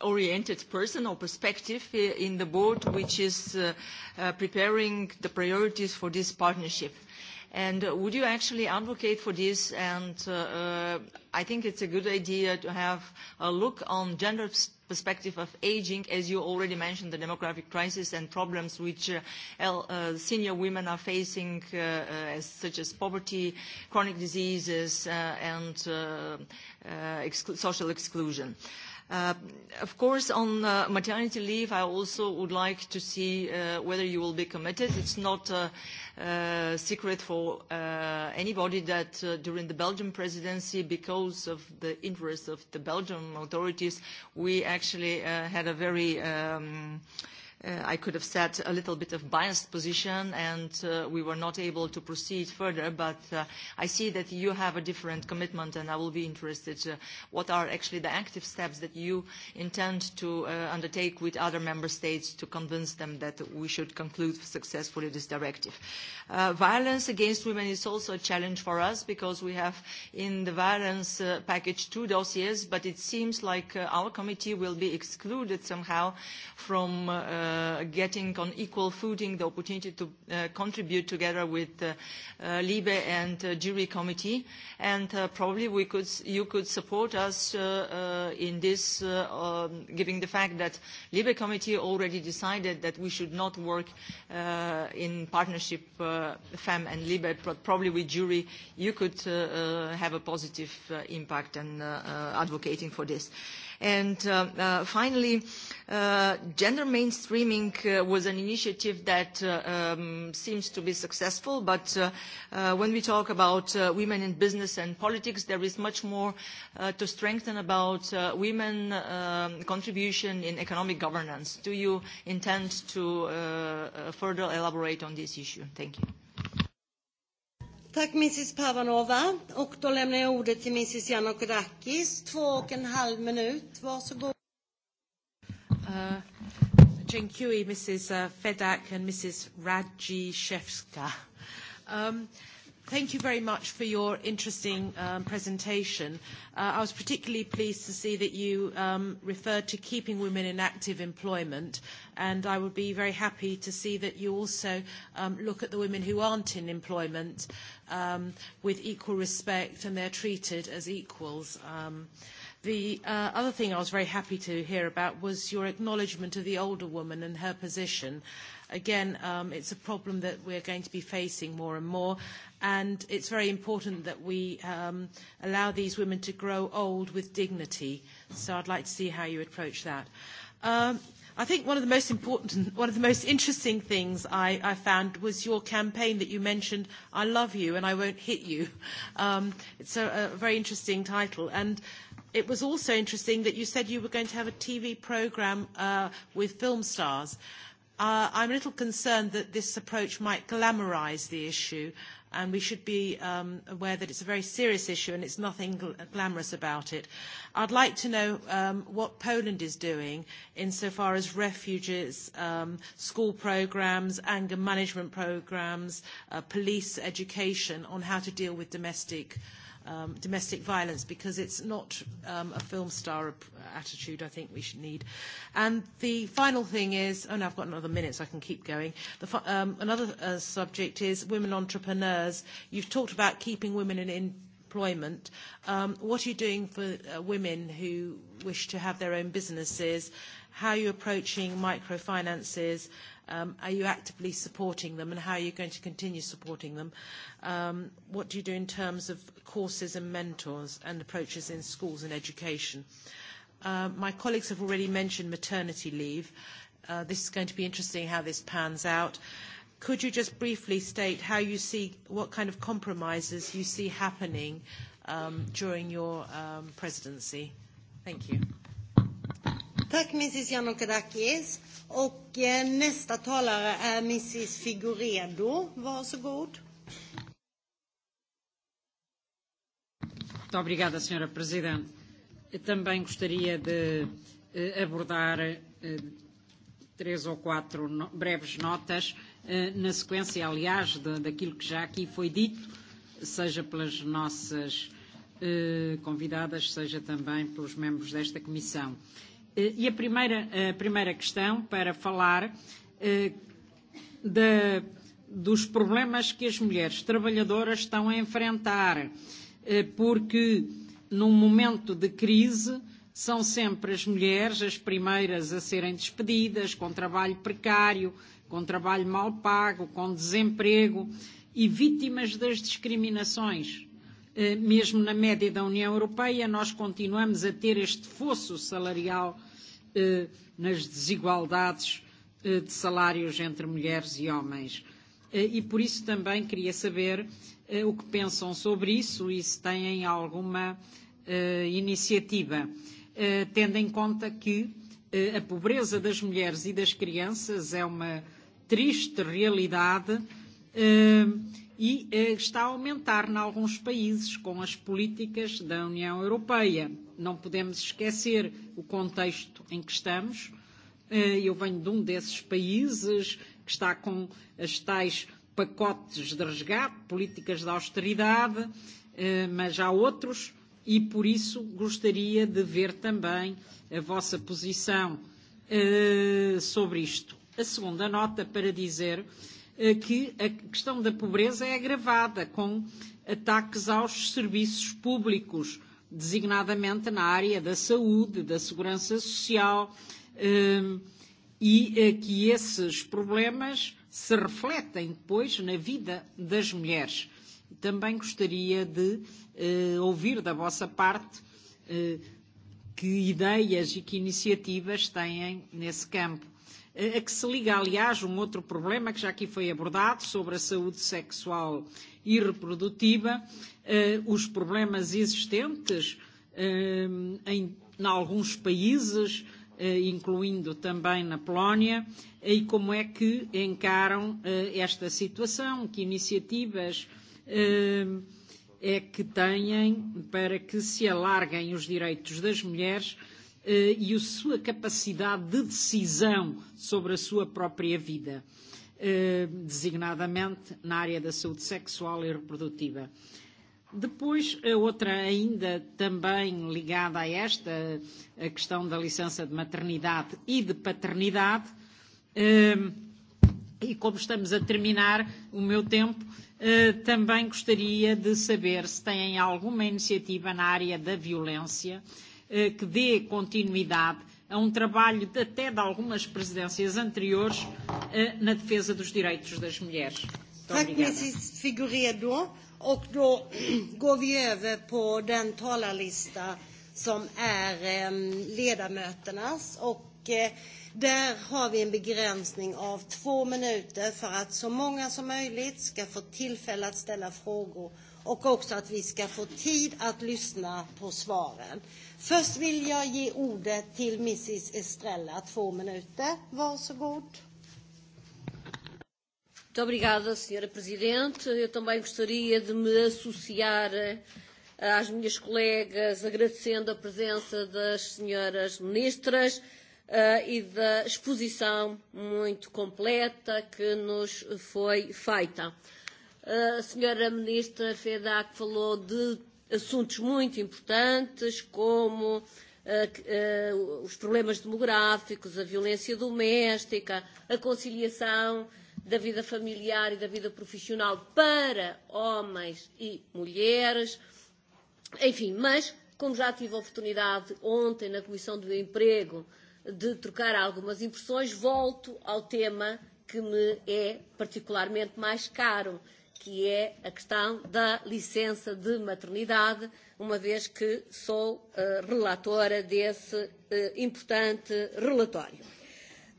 oriented person or perspective in the board which is uh, uh, preparing the priorities for this partnership. Uh, And uh, would you actually advocate for this? And uh, uh, I think it's a good idea to have a look on gender perspective of aging, as you already mentioned, the demographic crisis and problems which uh, el- uh, senior women are facing, uh, uh, as, such as poverty, chronic diseases, uh, and uh, uh, exclu- social exclusion. Uh, Uh, of course, on uh, maternity leave, I also would like to see uh, whether you will be committed. It's not a uh, secret for uh, anybody that uh, during the Belgian presidency, because of the interest of the Belgian authorities, we actually uh, had a very um, uh, uh, I could have set a little bit of biased position and uh, we were not able to proceed further, but uh, I see that you have a different commitment and I will be interested uh, what are actually the active steps that you intend to uh, undertake with other member states to convince them that we should conclude successfully this directive. Uh, violence against women is also a challenge for us because we have in the violence uh, package two dossiers, but it seems like uh, our committee will be excluded somehow from uh, uh, getting on equal footing the opportunity to uh, contribute together with uh, uh, Libe and uh, jury committee. And uh, probably we could, you could support us uh, uh, in this, uh, um, giving the fact that Libe committee already decided that we should not work uh, in partnership uh, FEM and Libe, but probably with jury you could uh, uh, have a positive uh, impact and uh, uh, advocating for this. Uh, And uh, uh, finally, uh, gender mainstreaming uh, was an initiative that uh, um, seems to be successful, but uh, uh, when we talk about uh, women in business and politics, there is much more uh, to strengthen about uh, women um, contribution in economic governance. Do you intend to uh, uh, further elaborate on this issue? Thank you. Tack Mrs Pavanova. Och då lämnar jag ordet till Mrs Janokodakis. Två och en halv minut. Varsågod. Uh, thank you, Mrs uh, Fedak and Mrs Radji Shevska. Um, Thank you very much for your interesting um, presentation. Uh, I was particularly pleased to see that you um, referred to keeping women in active employment, and I would be very happy to see that you also um, look at the women who aren't in employment um, with equal respect and they're treated as equals. Um, The uh, other thing I was very happy to hear about was your acknowledgement of the older woman and her position. Again, um, it's a problem that we're going to be facing more and more, and it's very important that we um, allow these women to grow old with dignity. So I'd like to see how you approach that. Um, I think one of the most important, one of the most interesting things I, I found was your campaign that you mentioned, I love you and I won't hit you. Um, it's a, a very interesting title. And it was also interesting that you said you were going to have a TV program uh, with film stars. Uh, I'm a little concerned that this approach might glamorize the issue and we should be um, aware that it's a very serious issue and it's nothing gl- glamorous about it. I'd like to know um, what Poland is doing insofar as refuges, um, school programs, anger management programs, uh, police education on how to deal with domestic violence um, domestic violence because it's not um, a film star attitude I think we should need. And the final thing is, oh no, I've got another minute so I can keep going. The, um, another uh, subject is women entrepreneurs. You've talked about keeping women in, in employment. Um, what are you doing for uh, women who wish to have their own businesses? How are you approaching microfinances? Um, are you actively supporting them, and how are you going to continue supporting them? Um, what do you do in terms of courses and mentors and approaches in schools and education? Uh, my colleagues have already mentioned maternity leave. Uh, this is going to be interesting how this pans out. Could you just briefly state how you see what kind of compromises you see happening um, during your um, presidency? Thank you. Tack Mrs Janokadakis. Och eh, nästa talare är Mrs Figuredo. Varsågod. Muito obrigada, Sra. Presidente. Eu também gostaria de eh, abordar eh, três ou quatro no, breves notas, eh, na sequência, aliás, de, daquilo que já aqui foi dito, seja pelas nossas eh, convidadas, seja também pelos membros desta Comissão. Eh, Eh, e a primeira, a primeira questão para falar eh, de, dos problemas que as mulheres trabalhadoras estão a enfrentar, eh, porque num momento de crise são sempre as mulheres as primeiras a serem despedidas, com trabalho precário, com trabalho mal pago, com desemprego e vítimas das discriminações Eh, mesmo na média da União Europeia, nós continuamos a ter este fosso salarial eh, nas desigualdades eh, de salários entre mulheres e homens. E por isso também queria saber o que pensam sobre isso e se têm alguma iniciativa, tendo em conta que a pobreza das mulheres e das crianças é uma triste realidade e eh, está a aumentar em alguns países com as políticas da União Europeia. Não podemos esquecer o contexto em que estamos. Eh, eu venho de um desses países que está com as tais pacotes de resgate, políticas de austeridade, eh, mas há outros e por isso gostaria de ver também a vossa posição eh, sobre isto. A segunda nota para dizer uh, que a questão da pobreza é agravada com ataques aos serviços públicos, designadamente na área da saúde, da segurança social, e que esses problemas se refletem depois na vida das mulheres. Também gostaria de eh, ouvir da vossa parte eh, que ideias e que iniciativas têm nesse campo a que se liga, aliás, um outro problema que já aqui foi abordado sobre a saúde sexual e reprodutiva, os problemas existentes em, em alguns países, incluindo também na Polónia, e como é que encaram esta situação, que iniciativas é que têm para que se alarguem os direitos das mulheres Eh, e a sua capacidade de decisão sobre a sua própria vida, eh, designadamente na área da saúde sexual e reprodutiva. Depois, a outra ainda também ligada a esta, a questão da licença de maternidade e de paternidade. Eh, e como estamos a terminar o meu tempo, também gostaria de saber se têm alguma iniciativa na área da violência Eh, que dê continuidade a um trabalho de, até de algumas presidências anteriores eh, na defesa dos direitos das mulheres. Tack Mrs Figuredo. Och då går vi över på den talarlista som är er, eh, ledamöternas. Och eh, där har vi en begränsning av två minuter för att så många som möjligt ska få tillfälle att ställa frågor och också att vi ska få tid att lyssna på svaren. Först vill jag ge ordet till Mrs Estrella, två minuter. Varsågod. Muito obrigada, Sra. Presidente. Eu também gostaria de me associar eh, às minhas colegas, agradecendo a presença das senhoras ministras uh, e da exposição muito completa que nos foi feita. Uh, A senhora Ministra FEDAC falou de assuntos muito importantes, como uh, uh, os problemas demográficos, a violência doméstica, a conciliação da vida familiar e da vida profissional para homens e mulheres, enfim, mas como já tive a oportunidade ontem na Comissão do Emprego de trocar algumas impressões, volto ao tema que me é particularmente mais caro, uh, que é a questão da licença de maternidade, uma vez que sou uh, relatora desse uh, importante relatório.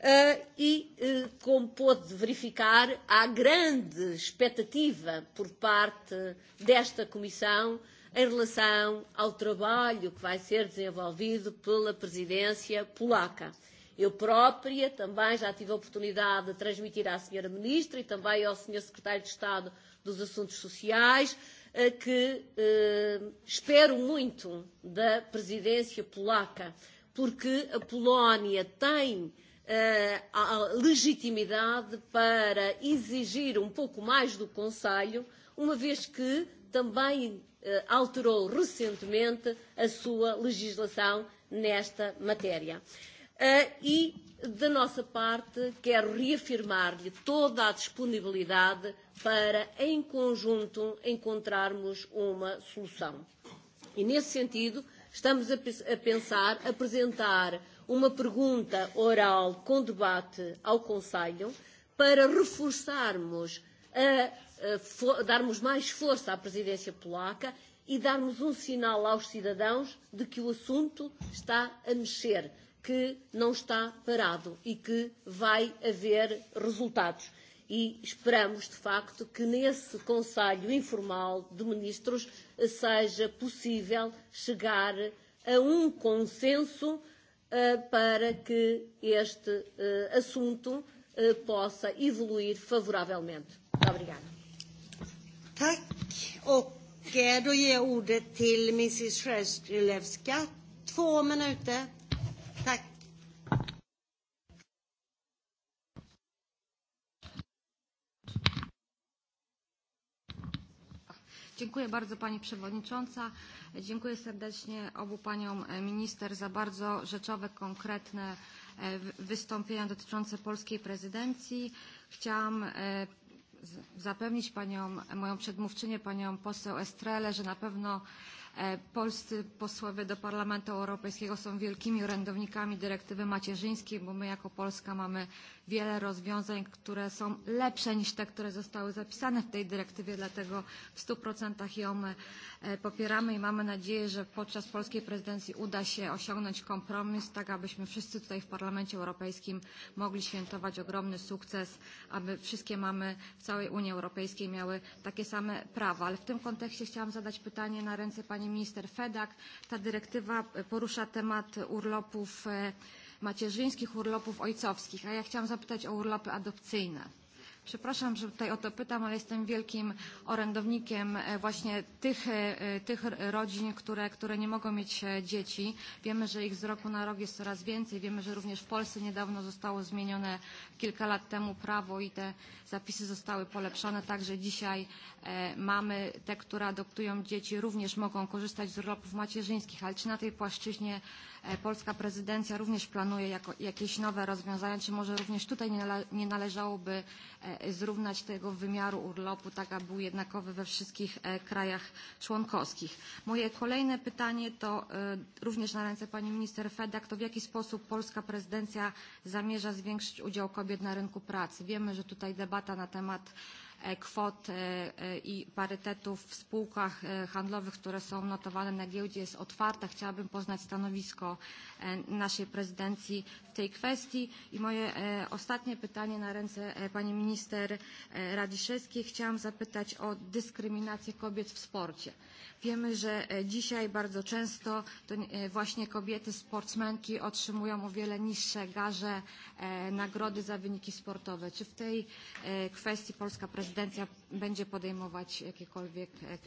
Uh, e, uh, como pôde verificar, há grande expectativa por parte desta Comissão em relação ao trabalho que vai ser desenvolvido pela Presidência polaca. Eu própria também já tive a oportunidade de transmitir à Sra. Ministra e também ao Sr. Secretário de Estado dos Assuntos Sociais, eh, que eh, espero muito da presidência polaca, porque a Polónia tem eh, a legitimidade para exigir um pouco mais do Conselho, uma vez que também eh, alterou recentemente a sua legislação nesta matéria. Eh, Uh, e, da nossa parte, quero reafirmar-lhe toda a disponibilidade para, em conjunto, encontrarmos uma solução. E, nesse sentido, estamos a, a pensar apresentar uma pergunta oral com debate ao Conselho para reforçarmos, a, a, for, darmos mais força à presidência polaca e darmos um sinal aos cidadãos de que o assunto está a mexer que não está parado e que vai haver resultados. E esperamos, de facto, que nesse Conselho Informal de Ministros seja possível chegar a um consenso uh, para que este uh, assunto uh, possa evoluir favoravelmente. Muito obrigada. Tack. Och då ger jag ordet till Mrs. Sjerstilewska. Två minuter. Dziękuję bardzo Pani Przewodnicząca. Dziękuję serdecznie obu Paniom Minister za bardzo rzeczowe, konkretne e, wystąpienia dotyczące polskiej prezydencji. Chciałam e, zapewnić Panią, moją przedmówczynię, Panią poseł Estrelę, że na pewno e, polscy posłowie do Parlamentu Europejskiego są wielkimi orędownikami dyrektywy macierzyńskiej, bo my jako Polska mamy wiele rozwiązań, które są lepsze niż te, które zostały zapisane w tej dyrektywie, dlatego w 100% ją e, popieramy i mamy nadzieję, że podczas polskiej prezydencji uda się osiągnąć kompromis, tak abyśmy wszyscy tutaj w Parlamencie Europejskim mogli świętować ogromny sukces, aby wszystkie mamy w całej Unii Europejskiej miały takie same prawa. Ale w tym kontekście chciałam zadać pytanie na ręce pani minister Fedak. Ta dyrektywa e, porusza temat urlopów e, macierzyńskich urlopów ojcowskich, a ja chciałam zapytać o urlopy adopcyjne. Przepraszam, że tutaj o to pytam, ale jestem wielkim orędownikiem e, właśnie tych, e, tych rodzin, które, które nie mogą mieć e, dzieci. Wiemy, że ich z roku na rok jest coraz więcej. Wiemy, że również w Polsce niedawno zostało zmienione kilka lat temu prawo i te zapisy zostały polepszone. Także dzisiaj mamy, te, które adoptują dzieci, również mogą korzystać z urlopów macierzyńskich. Ale czy na tej płaszczyźnie E, polska prezydencja również planuje jako, jakieś nowe rozwiązania, czy może również tutaj nie, nale, nie należałoby e, zrównać tego wymiaru urlopu, tak aby był jednakowy we wszystkich e, krajach członkowskich. Moje kolejne pytanie to również na ręce pani minister Fedak, to w jaki sposób polska prezydencja zamierza zwiększyć udział kobiet na rynku pracy. Wiemy, że tutaj debata na temat E, kwoty e, e, i parytetów w spółkach handlowych, które są notowane na giełdzie jest otwarta. Chciałabym poznać stanowisko naszej prezydencji w tej kwestii. I moje ostatnie pytanie na ręce pani minister Radziszewskiej. Chciałam zapytać o dyskryminację kobiet w sporcie. Wiemy, że dzisiaj bardzo często to właśnie kobiety sportsmenki otrzymują o wiele niższe garze nagrody za wyniki sportowe. Czy w tej kwestii polska prezydencja prezydencja będzie podejmować jakiekolwiek e, e,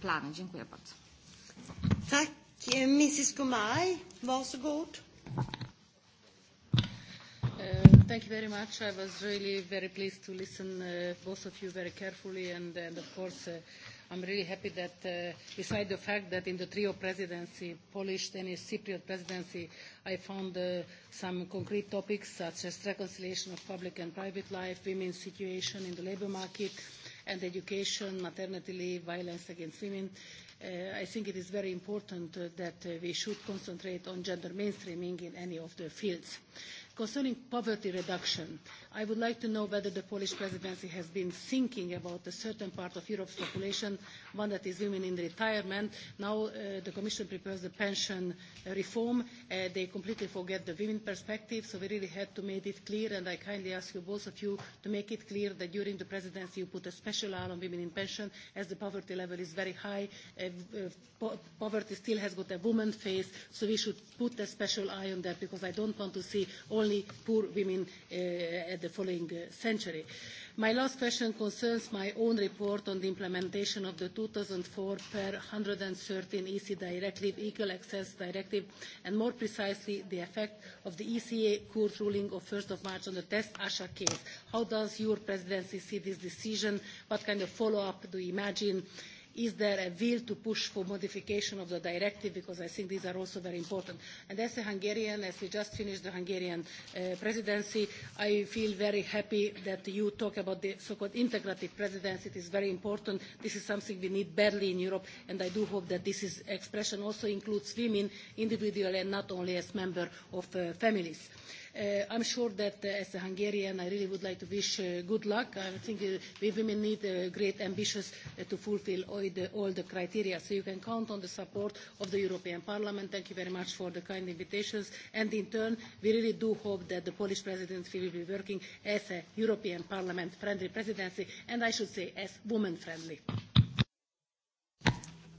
plany. Dziękuję bardzo. Tack, e, Mrs. Gomay. Varsågod. Uh, thank you very much. I was really very pleased to listen uh, both of you very carefully and, and of course uh, I'm really happy that, uh, beside the fact that in the trio presidency, Polish, Danish, Cypriot presidency, I found uh, some concrete topics such as reconciliation of public and private life, women's situation in the labor market, and education, maternity leave, violence against women. Uh, I think it is very important uh, that uh, we should concentrate on gender mainstreaming in any of the fields. Uh, Concerning poverty reduction, I would like to know whether the Polish presidency has been thinking about a certain part of Europe's population, one that is women in retirement. Now uh, the Commission prepares the pension reform. Uh, they completely forget the women perspective, so we really had to make it clear, and I kindly ask you, both of you, to make it clear that during the presidency you put a special eye on women in pension, as the poverty level is very high. Uh, uh, po poverty still has got a woman face, so we should put a special eye on that, because I don't want to see all only poor women uh, at the following uh, century. My last question concerns my own report on the implementation of the 2004 per 113 EC Directive, Equal Access Directive, and more precisely the effect of the ECA court ruling of 1st of March on the Test Asha case. How does your presidency see this decision? What kind of follow-up do you imagine? Uh, is there a will to push for modification of the directive because I think these are also very important. And as a Hungarian, as we just finished the Hungarian uh, presidency, I feel very happy that you talk about the so-called integrative presidency. It is very important. This is something we need badly in Europe, and I do hope that this is expression also includes women individually and not only as members of uh, families. Uh, Uh, I'm sure that uh, as a Hungarian, I really would like to wish uh, good luck. I think uh, we women need uh, great ambitions uh, to fulfill all the, all the criteria. So you can count on the support of the European Parliament. Thank you very much for the kind invitations. And in turn, we really do hope that the Polish presidency will be working as a European Parliament-friendly presidency, and I should say as woman-friendly.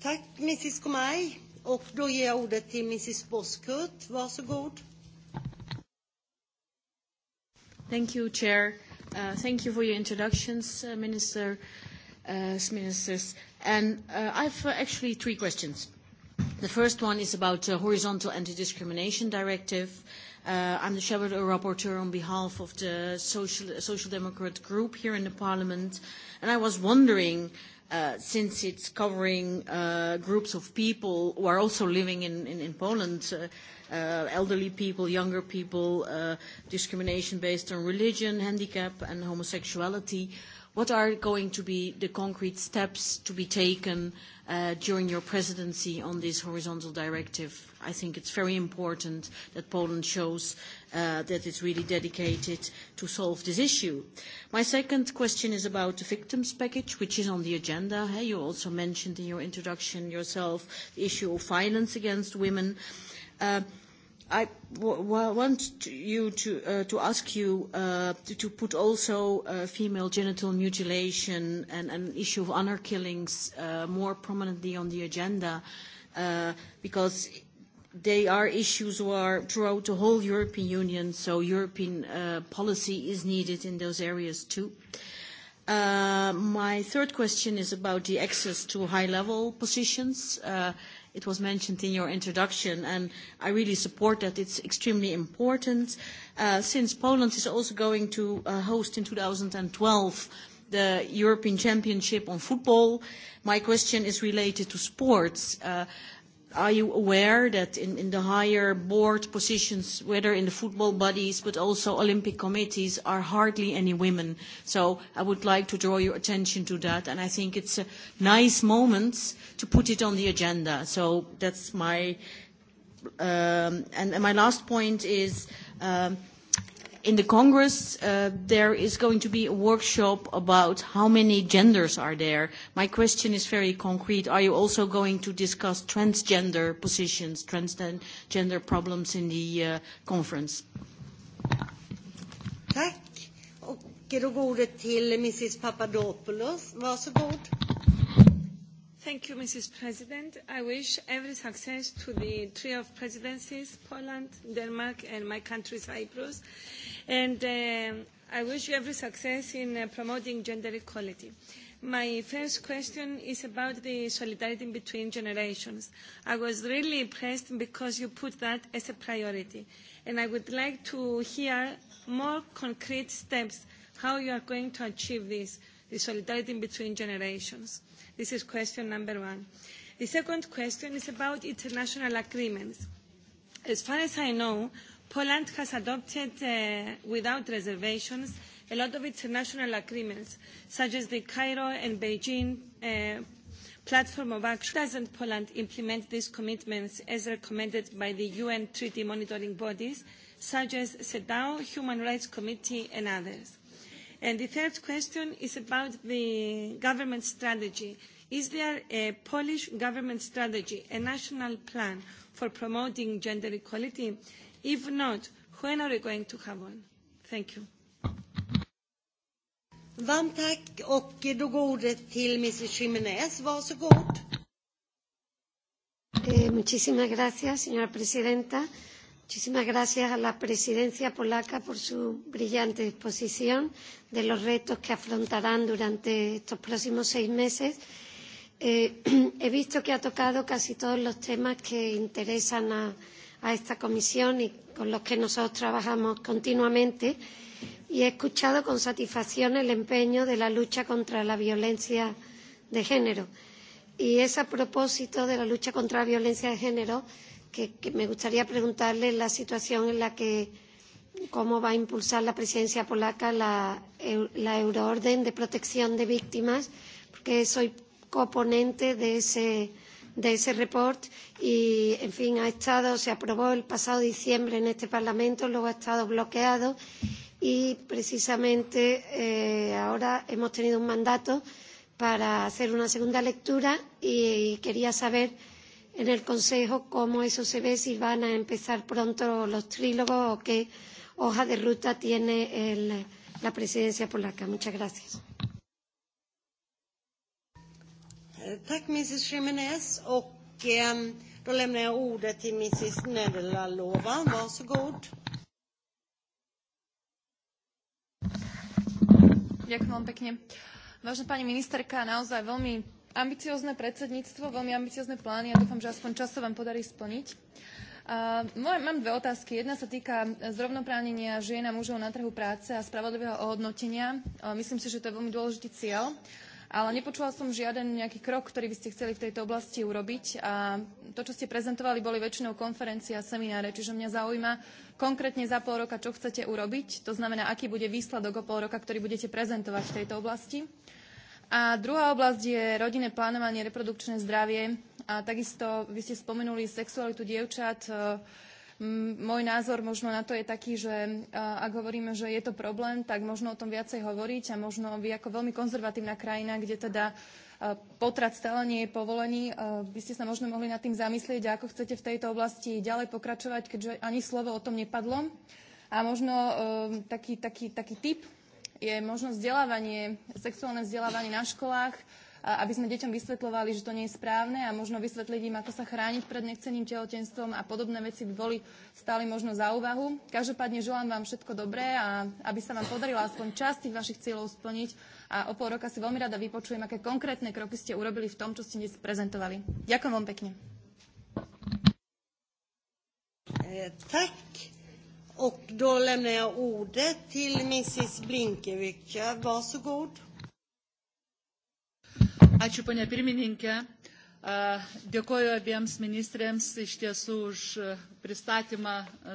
Tack, Mrs. Komaj. Och då ger jag ordet till Mrs. Boskurt. Varsågod. Thank you, Chair. Uh, thank you for your introductions, uh, Minister, uh, Ministers. And uh, I have uh, actually three questions. The first one is about the uh, Horizontal Anti-Discrimination Directive. Uh, I'm the Shadow Rapporteur on behalf of the Social, Social Democrat group here in the Parliament. And I was wondering Uh, since it's covering uh, groups of people who are also living in, in, in Poland, uh, uh, elderly people, younger people, uh, discrimination based on religion, handicap, and homosexuality. What are going to be the concrete steps to be taken uh, during your presidency on this horizontal directive? I think it's very important that Poland shows uh, that it's really dedicated to solve this issue. My second question is about the victims package, which is on the agenda. Hey, you also mentioned in your introduction yourself the issue of violence against women. Uh, I w- want to you to, uh, to ask you uh, to, to put also uh, female genital mutilation and an issue of honor killings uh, more prominently on the agenda uh, because they are issues where throughout the whole European Union, so European uh, policy is needed in those areas too. Uh, my third question is about the access to high-level positions. Uh, It was mentioned in your introduction, and I really support that. It's extremely important. Uh, since Poland is also going to uh, host in 2012 the European Championship on football, my question is related to sports. Uh, are you aware that in, in the higher board positions, whether in the football bodies but also Olympic committees, are hardly any women? So I would like to draw your attention to that, and I think it's a nice moment to put it on the agenda. So that's my um, and, and my last point is. Um, in the Congress, uh, there is going to be a workshop about how many genders are there. My question is very concrete. Are you also going to discuss transgender positions, transgender problems in the uh, conference? Tack. Och då går ordet till Mrs Papadopoulos. Varsågod. Thank you, Mrs. President. I wish every success to the trio of presidencies, Poland, Denmark, and my country, Cyprus. Uh, and um, I wish you every success in uh, promoting gender equality. My first question is about the solidarity between generations. I was really impressed because you put that as a priority. And I would like to hear more concrete steps how you are going to achieve this, the solidarity between generations. This is question number one. The second question is about international agreements. As far as I know, Poland has adopted, uh, without reservations, a lot of international agreements, such as the Cairo and Beijing uh, platform of action. Doesn't Poland implement these commitments as recommended by the UN treaty monitoring bodies, such as CEDAW, Human Rights Committee, and others? And the third question is about the government strategy. Is there a Polish government strategy, a national plan for promoting gender equality? If not, when are you going to have one? Thank you. Varmt tack och då går ordet till Mrs Jiménez. Varsågod. Eh, muchísimas gracias, señora presidenta. Muchísimas gracias a la presidencia polaca por su brillante exposición de los retos que afrontarán durante estos próximos seis meses. Eh, he visto que ha tocado casi todos los temas que interesan a, a esta comisión y con los que nosotros trabajamos continuamente y he escuchado con satisfacción el empeño de la lucha contra la violencia de género. Y es a propósito de la lucha contra la violencia de género que, que me gustaría preguntarle la situación en la que, cómo va a impulsar la presidencia polaca la, la euroorden de protección de víctimas, porque soy coponente de ese, de ese report y, en fin, ha estado, se aprobó el pasado diciembre en este Parlamento, luego ha estado bloqueado y precisamente eh, ahora hemos tenido un mandato para hacer una segunda lectura y, y quería saber en el Consejo cómo eso se ve, si van a empezar pronto los trílogos o qué hoja de ruta tiene el, la presidencia polaca. Muchas gracias. Tack Mrs Jiménez och eh, då lämnar jag ordet till Mrs Nedelalova. Varsågod. Ďakujem vám pekne. Vážená pani ministerka, naozaj veľmi ambiciozne predsedníctvo, veľmi ambiciozne plány a ja dúfam, že aspoň často vám podarí splniť. A moje, mám dve otázky. Jedna sa týka zrovnoprávnenia žien a mužov na trhu práce a spravodlivého ohodnotenia. A myslím si, že to je veľmi dôležitý cieľ. Uh, ale nepočula som žiaden nejaký krok, ktorý by ste chceli v tejto oblasti urobiť. A to, čo ste prezentovali, boli väčšinou konferencie a semináre, čiže mňa zaujíma konkrétne za pol roka, čo chcete urobiť, to znamená, aký bude výsledok o pol roka, ktorý budete prezentovať v tejto oblasti. A druhá oblasť je rodinné plánovanie, reprodukčné zdravie. A takisto vy ste spomenuli sexualitu dievčat, e, Môj názor možno na to je taký, že e, ak hovoríme, že je to problém, tak možno o tom viacej hovoriť a možno vy ako veľmi konzervatívna krajina, kde teda e, potrat stále nie je povolený, e, by ste sa možno mohli nad tým zamyslieť, ako chcete v tejto oblasti ďalej pokračovať, keďže ani slovo o tom nepadlo. A možno taký, taký, taký tip je možno vzdelávanie, sexuálne vzdelávanie na školách, aby sme deťom vysvetľovali, že to nie je správne a možno vysvetliť im, ako sa chrániť pred nechceným tehotenstvom a podobné veci by boli stále možno za úvahu. Každopádne želám vám všetko dobré a aby sa vám podarilo aspoň časť tých vašich cieľov splniť a o pol roka si veľmi rada vypočujem, aké konkrétne kroky ste urobili v tom, čo ste dnes prezentovali. Ďakujem veľmi pekne. Eh, Tack. Och då lämnar jag ordet till Mrs Blinkevicka. Varsågod. Ačiū, ponė pirmininkė. Dėkoju abiems ministrėms iš tiesų už pristatymą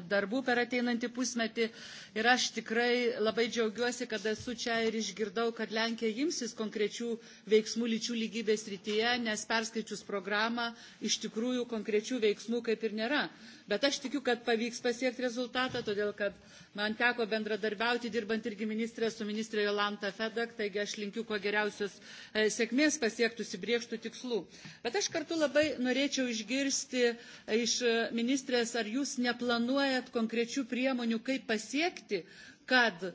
darbų per ateinantį pusmetį. Ir aš tikrai labai džiaugiuosi, kad esu čia ir išgirdau, kad Lenkija imsis konkrečių veiksmų lyčių lygybės rytyje, nes perskaičius programą iš tikrųjų konkrečių veiksmų kaip ir nėra. Bet aš tikiu, kad pavyks pasiekti rezultatą, todėl kad man teko bendradarbiauti dirbant irgi ministrė su ministrė Jolanta Fedak, taigi aš linkiu kuo geriausios e, sėkmės pasiektų sibrieštų tikslų. Bet aš kartu labai norėčiau išgirsti iš e, ministrės ar jūs neplanuojat konkrečių priemonių, kaip pasiekti, kad e,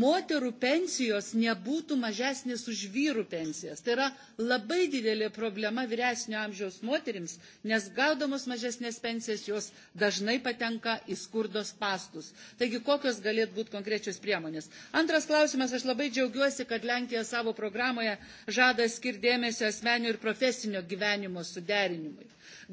moterų pensijos nebūtų mažesnės už vyrų pensijas. Tai yra labai didelė problema vyresnio amžiaus moterims, nes gaudamos mažesnės pensijas jos dažnai patenka į skurdos pastus. Taigi kokios galėtų būti konkrečios priemonės. Antras klausimas, aš labai džiaugiuosi, kad Lenkija savo programoje žada skirdėmėsio asmenio ir profesinio gyvenimo suderinimui.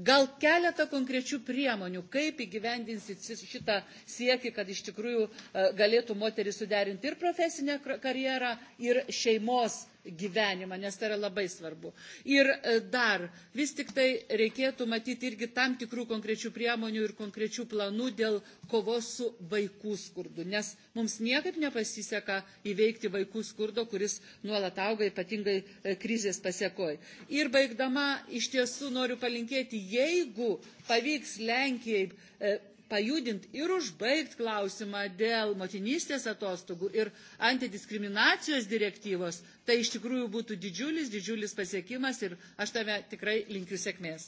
Gal keletą konkrečių priemonių, kaip įgyvendinsit šitą siekį, kad iš tikrųjų e, galėtų moteris suderinti ir profesinę karjerą, ir šeimos gyvenimą, nes tai yra labai svarbu. Ir e, dar vis tik tai reikėtų matyti irgi tam tikrų konkrečių priemonių ir konkrečių planų dėl kovos su vaikų skurdu, nes mums niekaip nepasiseka įveikti vaikų skurdo, kuris nuolat auga ypatingai e, krizės pasiekoj. Ir baigdama iš tiesų noriu palinkėti, jeigu pavyks Lenkijai e, pajudinti ir užbaigti klausimą dėl motinystės atostogų ir antidiskriminacijos direktyvos, tai iš tikrųjų būtų didžiulis, didžiulis pasiekimas ir aš tame tikrai linkiu sėkmės.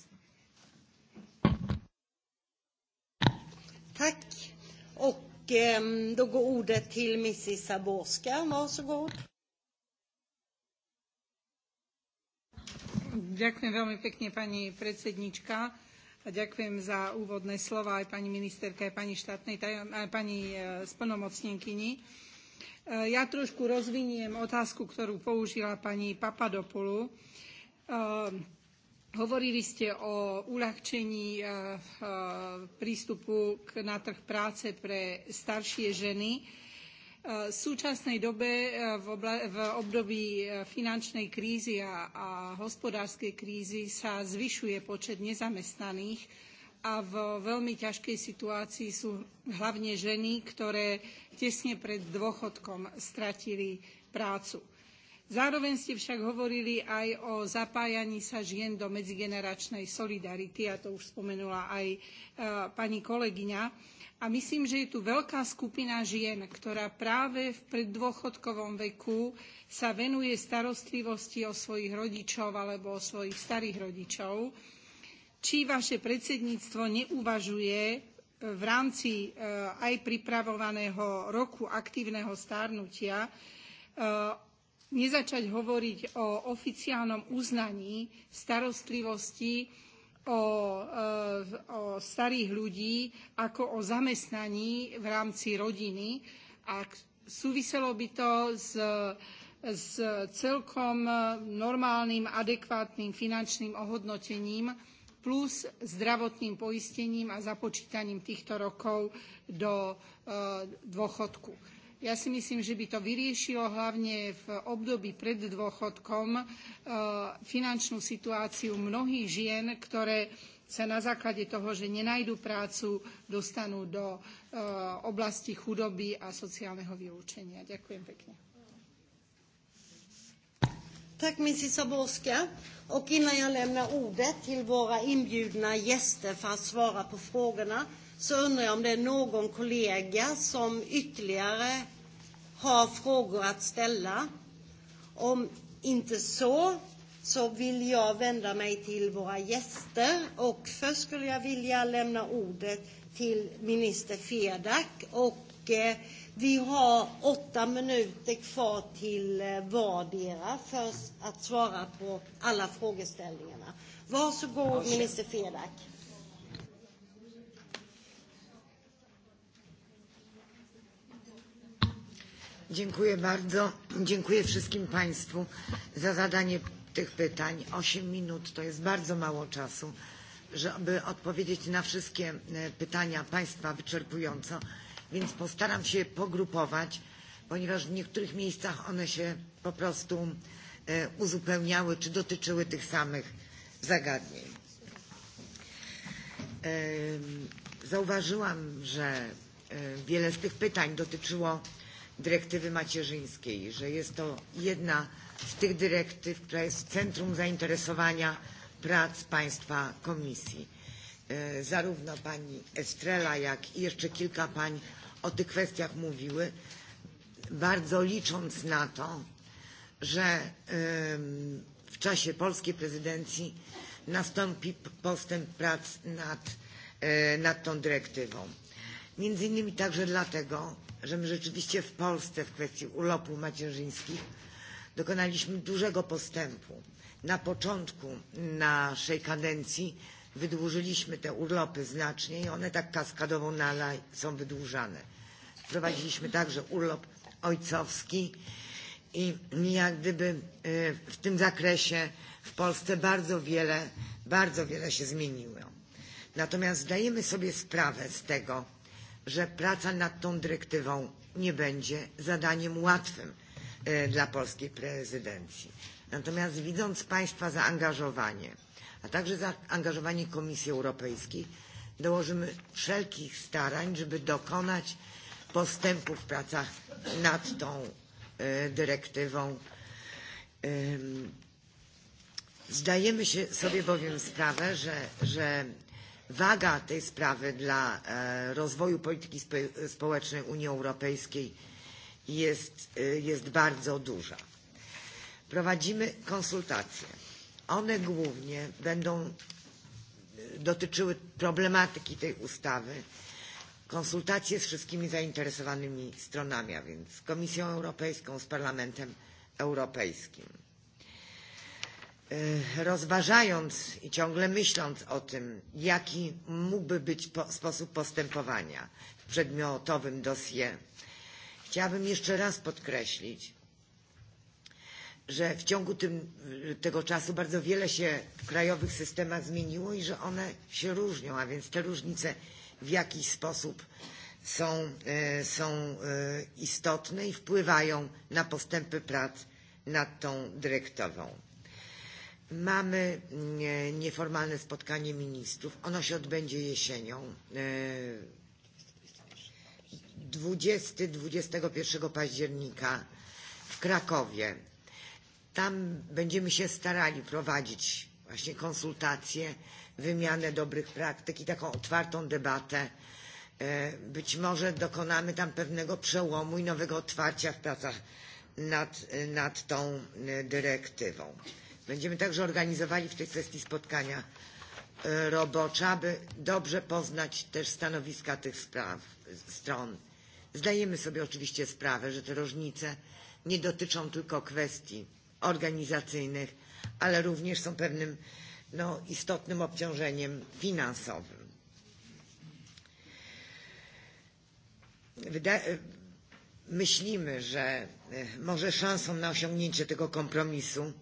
Tack. Och eh, då går ordet till Mrs. Saborska. Varsågod. Ďakujem veľmi pekne, pani predsednička. A ďakujem za úvodné slova aj pani ministerke, aj pani, štátnej, aj pani e, splnomocnenkyni. E, ja trošku rozviniem otázku, ktorú použila pani Papadopoulou. E, hovorili ste o uľahčení prístupu na trh práce pre staršie ženy Eh, v současné době eh, v, obla- v období eh, finančnej krízy a, a hospodárskej krízy sa zvyšuje počet nezamestnaných a v veľmi ťažkej situácii sú hlavne ženy, ktoré tesne pred dôchodkom stratili prácu. Zároveň ste však hovorili aj o zapájaní sa žien do medzigeneračnej solidarity, a to už spomenula aj e, pani kolegyňa. A myslím, že je tu veľká skupina žien, ktorá práve v preddôchodkovom veku sa venuje starostlivosti o svojich rodičov alebo o svojich starých rodičov. Či vaše predsedníctvo neuvažuje e, v rámci e, aj pripravovaného roku aktívneho stárnutia e, nezačať hovoriť o oficiálnom uznaní starostlivosti o, e, o starých ľudí ako o zamestnaní v rámci rodiny a súviselo by to s, s celkom normálnym, adekvátnym finančným ohodnotením plus zdravotným poistením a započítaním týchto rokov do e, dôchodku Ja si myslím, že by to vyriešilo hlavne v období pred dôchodkom e, finančnú situáciu mnohých žien, ktoré sa na základe toho, že nenajdu prácu, dostanú do e, oblasti chudoby a sociálneho vylúčenia. Ďakujem pekne. Tack Mrs. Saborska. Och innan jag lämnar ordet till våra inbjudna gäster för att svara på frågorna så undrar jag om det är någon kollega som ytterligare har frågor att ställa. Om inte så, så vill jag vända mig till våra gäster. Och först skulle jag vilja lämna ordet till minister Fedak. Och eh, vi har åtta minuter kvar till eh, vardera för att svara på alla frågeställningarna. Varsågod, minister Fedak. Dziękuję bardzo. Dziękuję wszystkim Państwu za zadanie tych pytań. Osiem minut to jest bardzo mało czasu, żeby odpowiedzieć na wszystkie e, pytania Państwa wyczerpująco, więc postaram się pogrupować, ponieważ w niektórych miejscach one się po prostu e, uzupełniały czy dotyczyły tych samych zagadnień. Zauważyłam, że e, wiele z tych pytań dotyczyło dyrektywy macierzyńskiej, że jest to jedna z tych dyrektyw, która jest centrum zainteresowania prac Państwa Komisji. E, zarówno Pani Estrela, jak i jeszcze kilka Pań o tych kwestiach mówiły, bardzo licząc na to, że e, w czasie polskiej prezydencji nastąpi postęp prac nad, e, nad tą dyrektywą. Między innymi także dlatego, że my rzeczywiście w Polsce w kwestii urlopów macierzyńskich dokonaliśmy dużego postępu. Na początku naszej kadencji wydłużyliśmy te urlopy znacznie i one tak kaskadowo nala są wydłużane. Wprowadziliśmy także urlop ojcowski i jak gdyby e, w tym zakresie w Polsce bardzo wiele, bardzo wiele się zmieniło. Natomiast zdajemy sobie sprawę z tego, że praca nad tą dyrektywą nie będzie zadaniem łatwym e, dla polskiej prezydencji. Natomiast widząc Państwa zaangażowanie, a także zaangażowanie Komisji Europejskiej, dołożymy wszelkich starań, żeby dokonać postępu w pracach nad tą e, dyrektywą. Zdajemy się sobie bowiem sprawę, że, że waga tej sprawy dla e, rozwoju polityki społecznej Unii Europejskiej jest, e, jest bardzo duża. Prowadzimy konsultacje. One głównie będą e, dotyczyły problematyki tej ustawy, konsultacje z wszystkimi zainteresowanymi stronami, a więc z Komisją Europejską, z Parlamentem Europejskim. E, rozważając i ciągle myśląc o tym, jaki mógłby być po, sposób postępowania w przedmiotowym dosie, chciałabym jeszcze raz podkreślić, że w ciągu tym, tego czasu bardzo wiele się w krajowych systemach zmieniło i że one się różnią, a więc te różnice w jakiś sposób są, y, e, są y, e, istotne i wpływają na postępy prac nad tą dyrektywą. Mamy nieformalne spotkanie ministrów. Ono się odbędzie jesienią. 20-21 e, października w Krakowie. Tam będziemy się starali prowadzić właśnie konsultacje, wymianę dobrych praktyk i taką otwartą debatę. E, być może dokonamy tam pewnego przełomu i nowego otwarcia w pracach nad, nad tą e, dyrektywą. Będziemy także organizowali w tej kwestii spotkania e, robocze, aby dobrze poznać też stanowiska tych spraw, stron. Zdajemy sobie oczywiście sprawę, że te różnice nie dotyczą tylko kwestii organizacyjnych, ale również są pewnym no, istotnym obciążeniem finansowym. Wyda e, myślimy, że e, może szansą na osiągnięcie tego kompromisu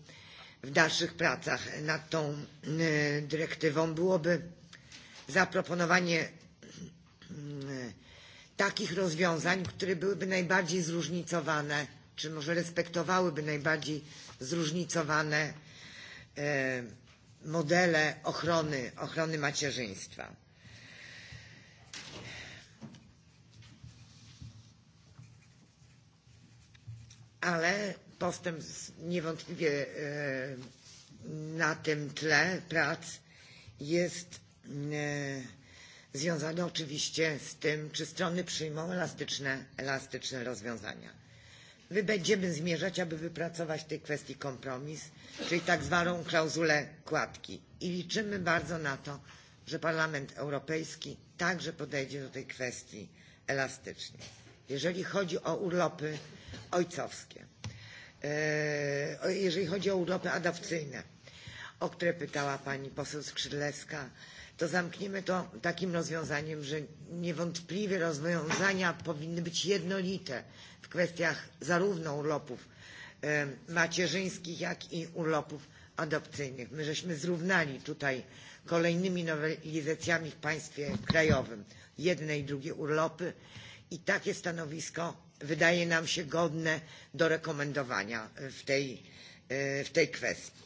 w dalszych pracach nad tą e, dyrektywą byłoby zaproponowanie e, takich rozwiązań, które byłyby najbardziej zróżnicowane, czy może respektowałyby najbardziej zróżnicowane e, modele ochrony, ochrony macierzyństwa. Ale postęp niewątpliwie e, na tym tle prac jest e, związany oczywiście z tym, czy strony przyjmą elastyczne, elastyczne rozwiązania. My będziemy zmierzać, aby wypracować w tej kwestii kompromis, czyli tak zwaną klauzulę kładki. I liczymy bardzo na to, że Parlament Europejski także podejdzie do tej kwestii elastycznie. Jeżeli chodzi o urlopy ojcowskie, E, jeżeli chodzi o urlopy adopcyjne, o które pytała pani poseł Skrzydlewska, to zamkniemy to takim rozwiązaniem, że niewątpliwie rozwiązania powinny być jednolite w kwestiach zarówno urlopów e, macierzyńskich, jak i urlopów adopcyjnych. My żeśmy zrównali tutaj kolejnymi nowelizacjami w państwie krajowym jedne i drugie urlopy i takie stanowisko wydaje nam się godne do rekomendowania w tej, e, w tej kwestii.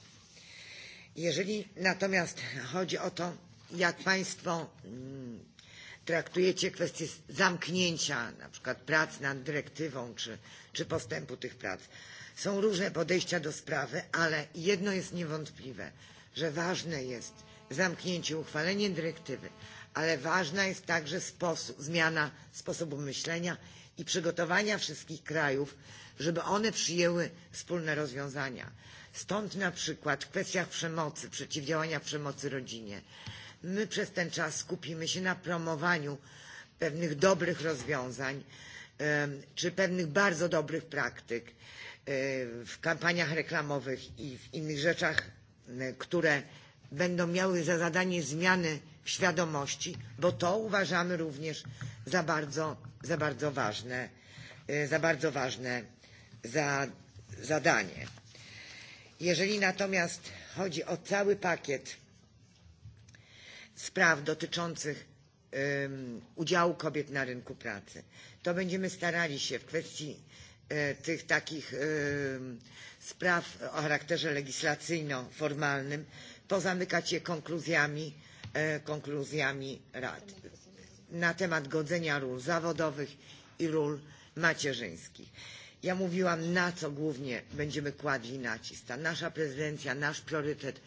Jeżeli natomiast chodzi o to, jak Państwo mm, traktujecie kwestię zamknięcia na przykład prac nad dyrektywą czy, czy postępu tych prac, są różne podejścia do sprawy, ale jedno jest niewątpliwe, że ważne jest zamknięcie, uchwalenie dyrektywy, ale ważna jest także sposób, zmiana sposobu myślenia i przygotowania wszystkich krajów, żeby one przyjęły wspólne rozwiązania. Stąd na przykład w kwestiach przemocy, przeciwdziałania przemocy rodzinie. My przez ten czas skupimy się na promowaniu pewnych dobrych rozwiązań czy pewnych bardzo dobrych praktyk w kampaniach reklamowych i w innych rzeczach, które będą miały za zadanie zmiany świadomości, bo to uważamy również za bardzo, za bardzo ważne, e, za bardzo ważne za, zadanie. Jeżeli natomiast chodzi o cały pakiet spraw dotyczących um, udziału kobiet na rynku pracy, to będziemy starali się w kwestii e, tych takich e, spraw o charakterze legislacyjno-formalnym pozamykać je konkluzjami E, konkluzjami Rady na temat godzenia ról zawodowych i ról macierzyńskich. Ja mówiłam, na co głównie będziemy kładli nacisk. Ta nasza prezydencja, nasz priorytet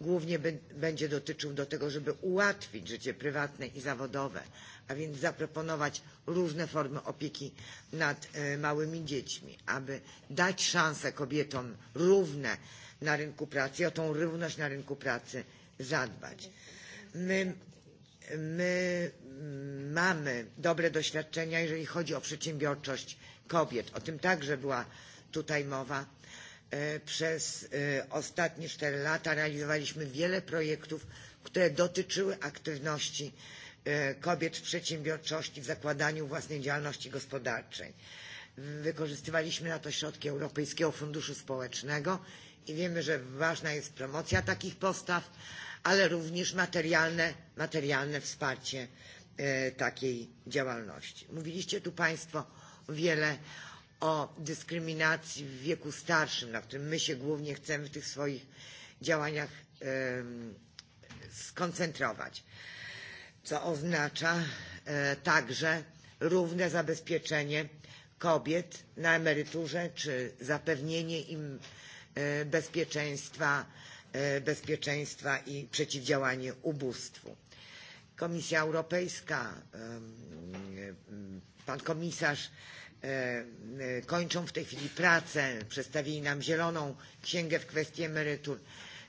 głównie będzie dotyczył do tego, żeby ułatwić życie prywatne i zawodowe, a więc zaproponować różne formy opieki nad e, małymi dziećmi, aby dać szanse kobietom równe na rynku pracy i o tą równość na rynku pracy zadbać. My, my mamy dobre doświadczenia, jeżeli chodzi o przedsiębiorczość kobiet. O tym także była tutaj mowa. E, przez e, ostatnie 4 lata realizowaliśmy wiele projektów, które dotyczyły aktywności e, kobiet w przedsiębiorczości, w zakładaniu własnej działalności gospodarczej. Wykorzystywaliśmy na to środki Europejskiego Funduszu Społecznego i wiemy, że ważna jest promocja takich postaw ale również materialne, materialne wsparcie e, takiej działalności. Mówiliście tu Państwo wiele o dyskryminacji w wieku starszym, na którym my się głównie chcemy w tych swoich działaniach skoncentrować, co oznacza e, także równe zabezpieczenie kobiet na emeryturze czy zapewnienie im e, bezpieczeństwa E, bezpieczeństwa i przeciwdziałanie ubóstwu. Komisja Europejska, pan komisarz e, kończą w tej chwili pracę, przedstawili nam zieloną księgę w kwestii emerytur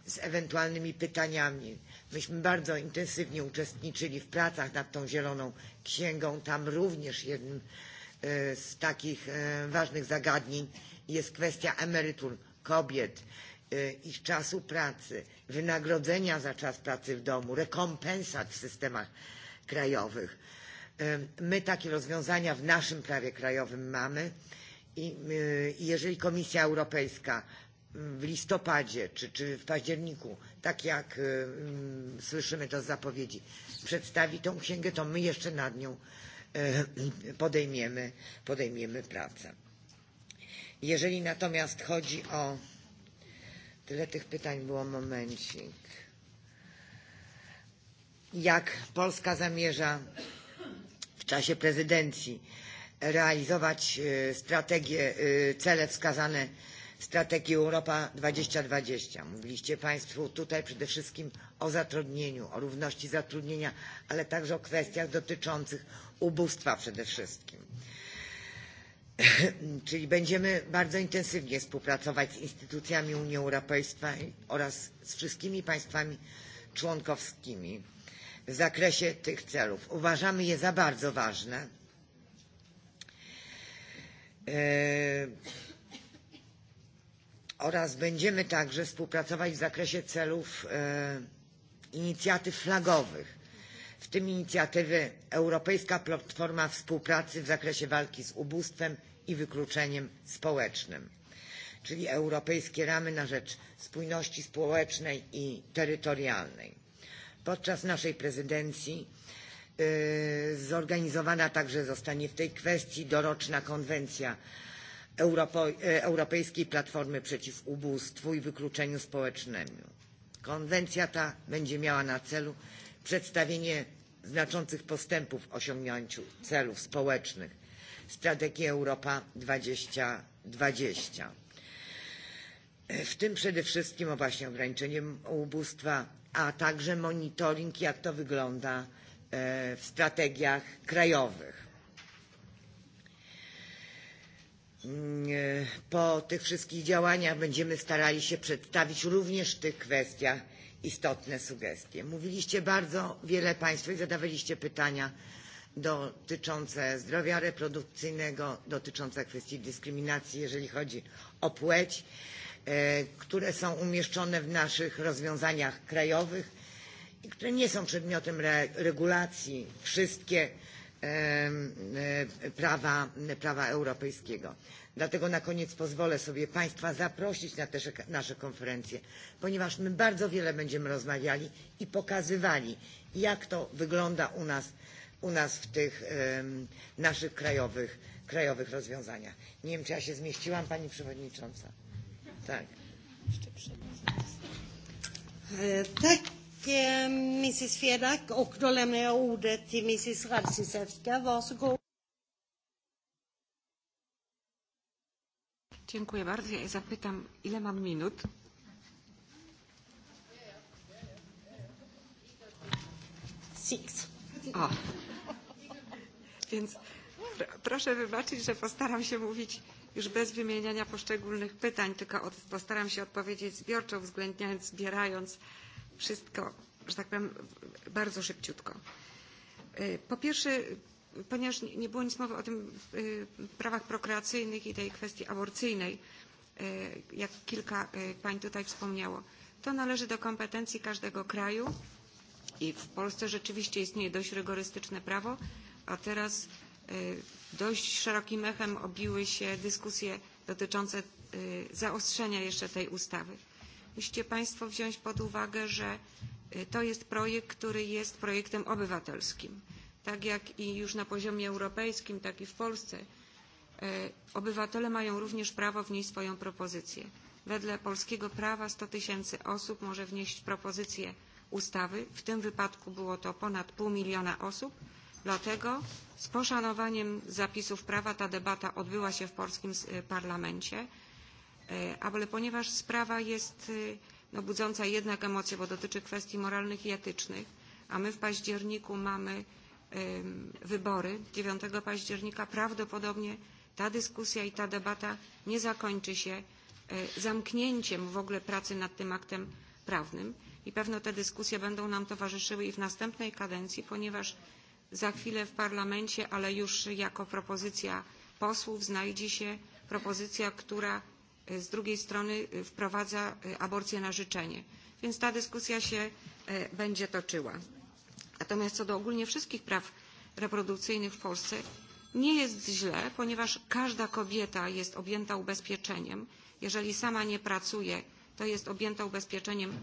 z ewentualnymi pytaniami. Myśmy bardzo intensywnie uczestniczyli w pracach nad tą zieloną księgą. Tam również jednym e, z takich ważnych zagadnień jest kwestia emerytur kobiet E, ich czasu pracy, wynagrodzenia za czas pracy w domu, rekompensat w systemach krajowych. E, my takie rozwiązania w naszym prawie krajowym mamy e, i jeżeli Komisja Europejska w listopadzie czy, czy w październiku, tak jak mm, słyszymy to z zapowiedzi, przedstawi tą księgę, to my jeszcze nad nią podejmiemy, podejmiemy pracę. Jeżeli natomiast chodzi o Tyle tych pytań było momencik. Jak Polska zamierza w czasie prezydencji realizować e, strategię, e, cele wskazane w strategii Europa 2020? Mówiliście Państwo tutaj przede wszystkim o zatrudnieniu, o równości zatrudnienia, ale także o kwestiach dotyczących ubóstwa przede wszystkim. Yy, czyli będziemy bardzo intensywnie współpracować z instytucjami Unii Europejskiej oraz z wszystkimi państwami członkowskimi w zakresie tych celów. Uważamy je za bardzo ważne. Yy, e, oraz będziemy także współpracować w zakresie celów yy, e, inicjatyw flagowych, w tym inicjatywy Europejska Platforma Współpracy w zakresie walki z ubóstwem – i wykluczeniem społecznym, czyli europejskie ramy na rzecz spójności społecznej i terytorialnej. Podczas naszej prezydencji yy, zorganizowana także zostanie w tej kwestii doroczna konwencja Europo Europejskiej Platformy Przeciw Ubóstwu i Wykluczeniu Społecznemu. Konwencja ta będzie miała na celu przedstawienie znaczących postępów w osiągnięciu celów społecznych strategii Europa 2020. W tym przede wszystkim o właśnie ograniczenie ubóstwa, a także monitoring, jak to wygląda e, w strategiach krajowych. Mm, e, po tych wszystkich działaniach będziemy starali się przedstawić również w tych kwestiach istotne sugestie. Mówiliście bardzo wiele Państwo i zadawaliście pytania dotyczące zdrowia reprodukcyjnego, dotyczące kwestii dyskryminacji, jeżeli chodzi o płeć, e, które są umieszczone w naszych rozwiązaniach krajowych i które nie są przedmiotem re regulacji wszystkie e, e, prawa, prawa europejskiego. Dlatego na koniec pozwolę sobie Państwa zaprosić na te nasze konferencje, ponieważ my bardzo wiele będziemy rozmawiali i pokazywali, jak to wygląda u nas u nas w tych y, naszych krajowych, krajowych rozwiązaniach. Nie wiem, czy ja się zmieściłam, Pani Przewodnicząca. Tak. Tack Mrs Fedak och då lämnar jag ordet till Mrs Radziszewska. Varsågod. Dziękuję bardzo. Ja zapytam, ile mam minut? Six. O, więc proszę wybaczyć, że postaram się mówić już bez wymieniania poszczególnych pytań, tylko od, postaram się odpowiedzieć zbiorczo, uwzględniając, zbierając wszystko, że tak powiem, bardzo szybciutko. Po pierwsze, ponieważ nie było nic mowy o tym prawach prokreacyjnych i tej kwestii aborcyjnej, jak kilka pań tutaj wspomniało, to należy do kompetencji każdego kraju i w Polsce rzeczywiście istnieje dość rygorystyczne prawo, a teraz e, dość szerokim echem obiły się dyskusje dotyczące e, zaostrzenia jeszcze tej ustawy. Musicie Państwo wziąć pod uwagę, że e, to jest projekt, który jest projektem obywatelskim. Tak jak i już na poziomie europejskim, tak i w Polsce obywatele mają również prawo wnieść swoją propozycję. Wedle polskiego prawa 100 tysięcy osób może wnieść propozycję ustawy. W tym wypadku było to ponad pół miliona osób Dlatego z poszanowaniem zapisów prawa ta debata odbyła się w polskim e, parlamencie, e, ale ponieważ sprawa jest e, no, budząca jednak emocje, bo dotyczy kwestii moralnych i etycznych, a my w październiku mamy ym, wybory 9 października, prawdopodobnie ta dyskusja i ta debata nie zakończy się y, zamknięciem w ogóle pracy nad tym aktem prawnym i pewno te dyskusje będą nam towarzyszyły i w następnej kadencji, ponieważ za chwilę w parlamencie, ale już jako propozycja posłów znajdzie się propozycja, która e, z drugiej strony e, wprowadza e, aborcję na życzenie. Więc ta dyskusja się będzie toczyła. Natomiast co do ogólnie wszystkich praw reprodukcyjnych w Polsce nie jest źle, ponieważ każda kobieta jest objęta ubezpieczeniem. Jeżeli sama nie pracuje, to jest objęta ubezpieczeniem,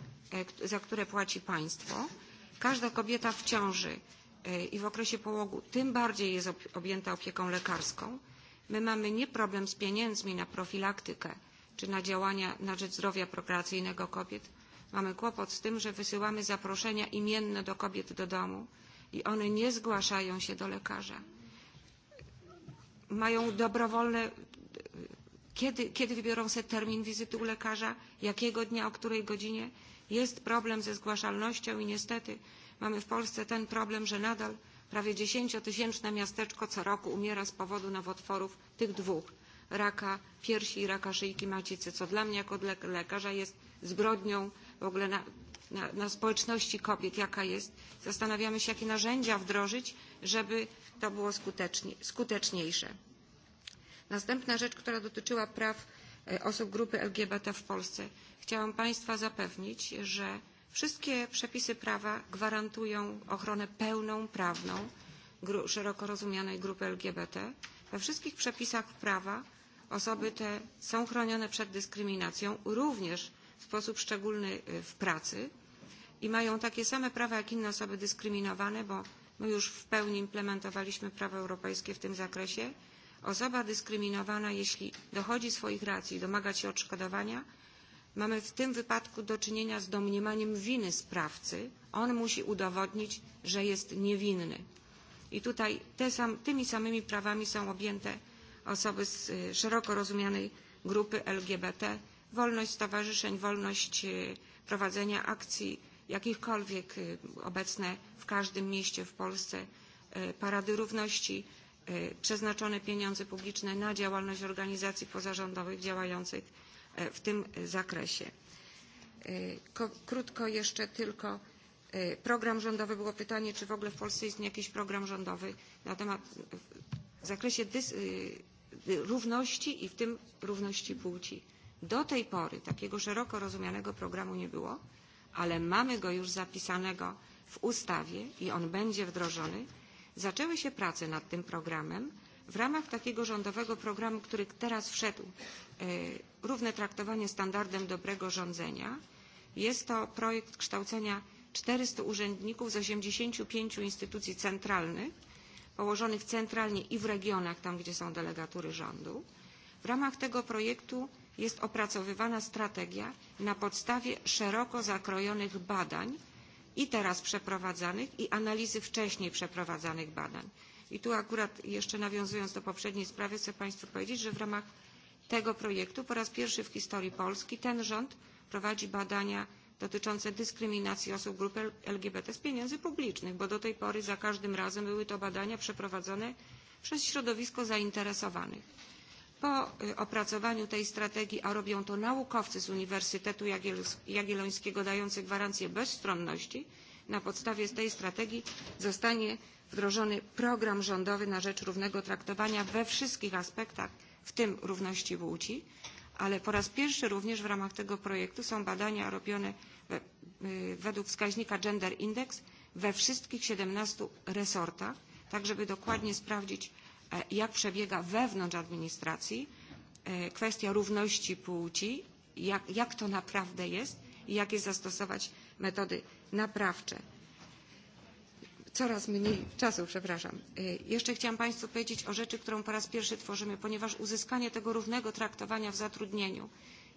za które płaci państwo. Każda kobieta w ciąży E, i w okresie połogu tym bardziej jest objęta opieką lekarską. My mamy nie problem z pieniędzmi na profilaktykę czy na działania na rzecz zdrowia prokreacyjnego kobiet. Mamy kłopot z tym, że wysyłamy zaproszenia imienne do kobiet do domu i one nie zgłaszają się do lekarza. Mają dobrowolne kiedy, kiedy wybiorą sobie termin wizyty u lekarza, jakiego dnia, o której godzinie. Jest problem ze zgłaszalnością i niestety mamy w Polsce ten problem, że nadal prawie dziesięciotysięczne miasteczko co roku umiera z powodu nowotworów tych dwóch raka piersi i raka szyjki macicy, co dla mnie jako lekarza jest zbrodnią w ogóle na, na, na społeczności kobiet, jaka jest. Zastanawiamy się, jakie narzędzia wdrożyć, żeby to było skutecznie, skuteczniejsze. Następna rzecz, która dotyczyła praw e, osób grupy LGBT w Polsce. Chciałam Państwa zapewnić, że Wszystkie przepisy prawa gwarantują ochronę pełną, prawną gru, szeroko rozumianej grupy LGBT. We wszystkich przepisach prawa osoby te są chronione przed dyskryminacją, również w sposób szczególny w pracy i mają takie same prawa jak inne osoby dyskryminowane, bo my już w pełni implementowaliśmy prawo europejskie w tym zakresie. Osoba dyskryminowana, jeśli dochodzi swoich racji, domaga się odszkodowania, mamy w tym wypadku do czynienia z domniemaniem winy sprawcy. On musi udowodnić, że jest niewinny. I tutaj te sam, tymi samymi prawami są objęte osoby z szeroko rozumianej grupy LGBT. Wolność stowarzyszeń, wolność prowadzenia akcji jakichkolwiek obecne w każdym mieście w Polsce, parady równości, przeznaczone pieniądze publiczne na działalność organizacji pozarządowych działających E, w tym zakresie. E, krótko jeszcze tylko e, program rządowy. Było pytanie, czy w ogóle w Polsce istnieje jakiś program rządowy na temat w zakresie dys, równości i w tym równości płci. Do tej pory takiego szeroko rozumianego programu nie było, ale mamy go już zapisanego w ustawie i on będzie wdrożony. Zaczęły się prace nad tym programem W ramach takiego rządowego programu, który teraz wszedł, e, równe traktowanie standardem dobrego rządzenia, jest to projekt kształcenia 400 urzędników z 85 instytucji centralnych, położonych centralnie i w regionach, tam gdzie są delegatury rządu. W ramach tego projektu jest opracowywana strategia na podstawie szeroko zakrojonych badań i teraz przeprowadzanych i analizy wcześniej przeprowadzanych badań. I tu akurat jeszcze nawiązując do poprzedniej sprawy chcę Państwu powiedzieć, że w ramach tego projektu po raz pierwszy w historii Polski ten rząd prowadzi badania dotyczące dyskryminacji osób grupy LGBT z pieniędzy publicznych, bo do tej pory za każdym razem były to badania przeprowadzone przez środowisko zainteresowanych. Po opracowaniu tej strategii, a robią to naukowcy z Uniwersytetu Jagiellońskiego dający gwarancję bezstronności, na podstawie tej strategii zostanie wdrożony program rządowy na rzecz równego traktowania we wszystkich aspektach, w tym równości płci, ale po raz pierwszy również w ramach tego projektu są badania robione we, według wskaźnika Gender Index we wszystkich 17 resortach, tak żeby dokładnie sprawdzić, e, jak przebiega wewnątrz administracji e, kwestia równości płci, jak, jak to naprawdę jest i jakie zastosować metody naprawcze coraz mniej czasu, przepraszam. Jeszcze chciałam Państwu powiedzieć o rzeczy, którą po raz pierwszy tworzymy, ponieważ uzyskanie tego równego traktowania w zatrudnieniu,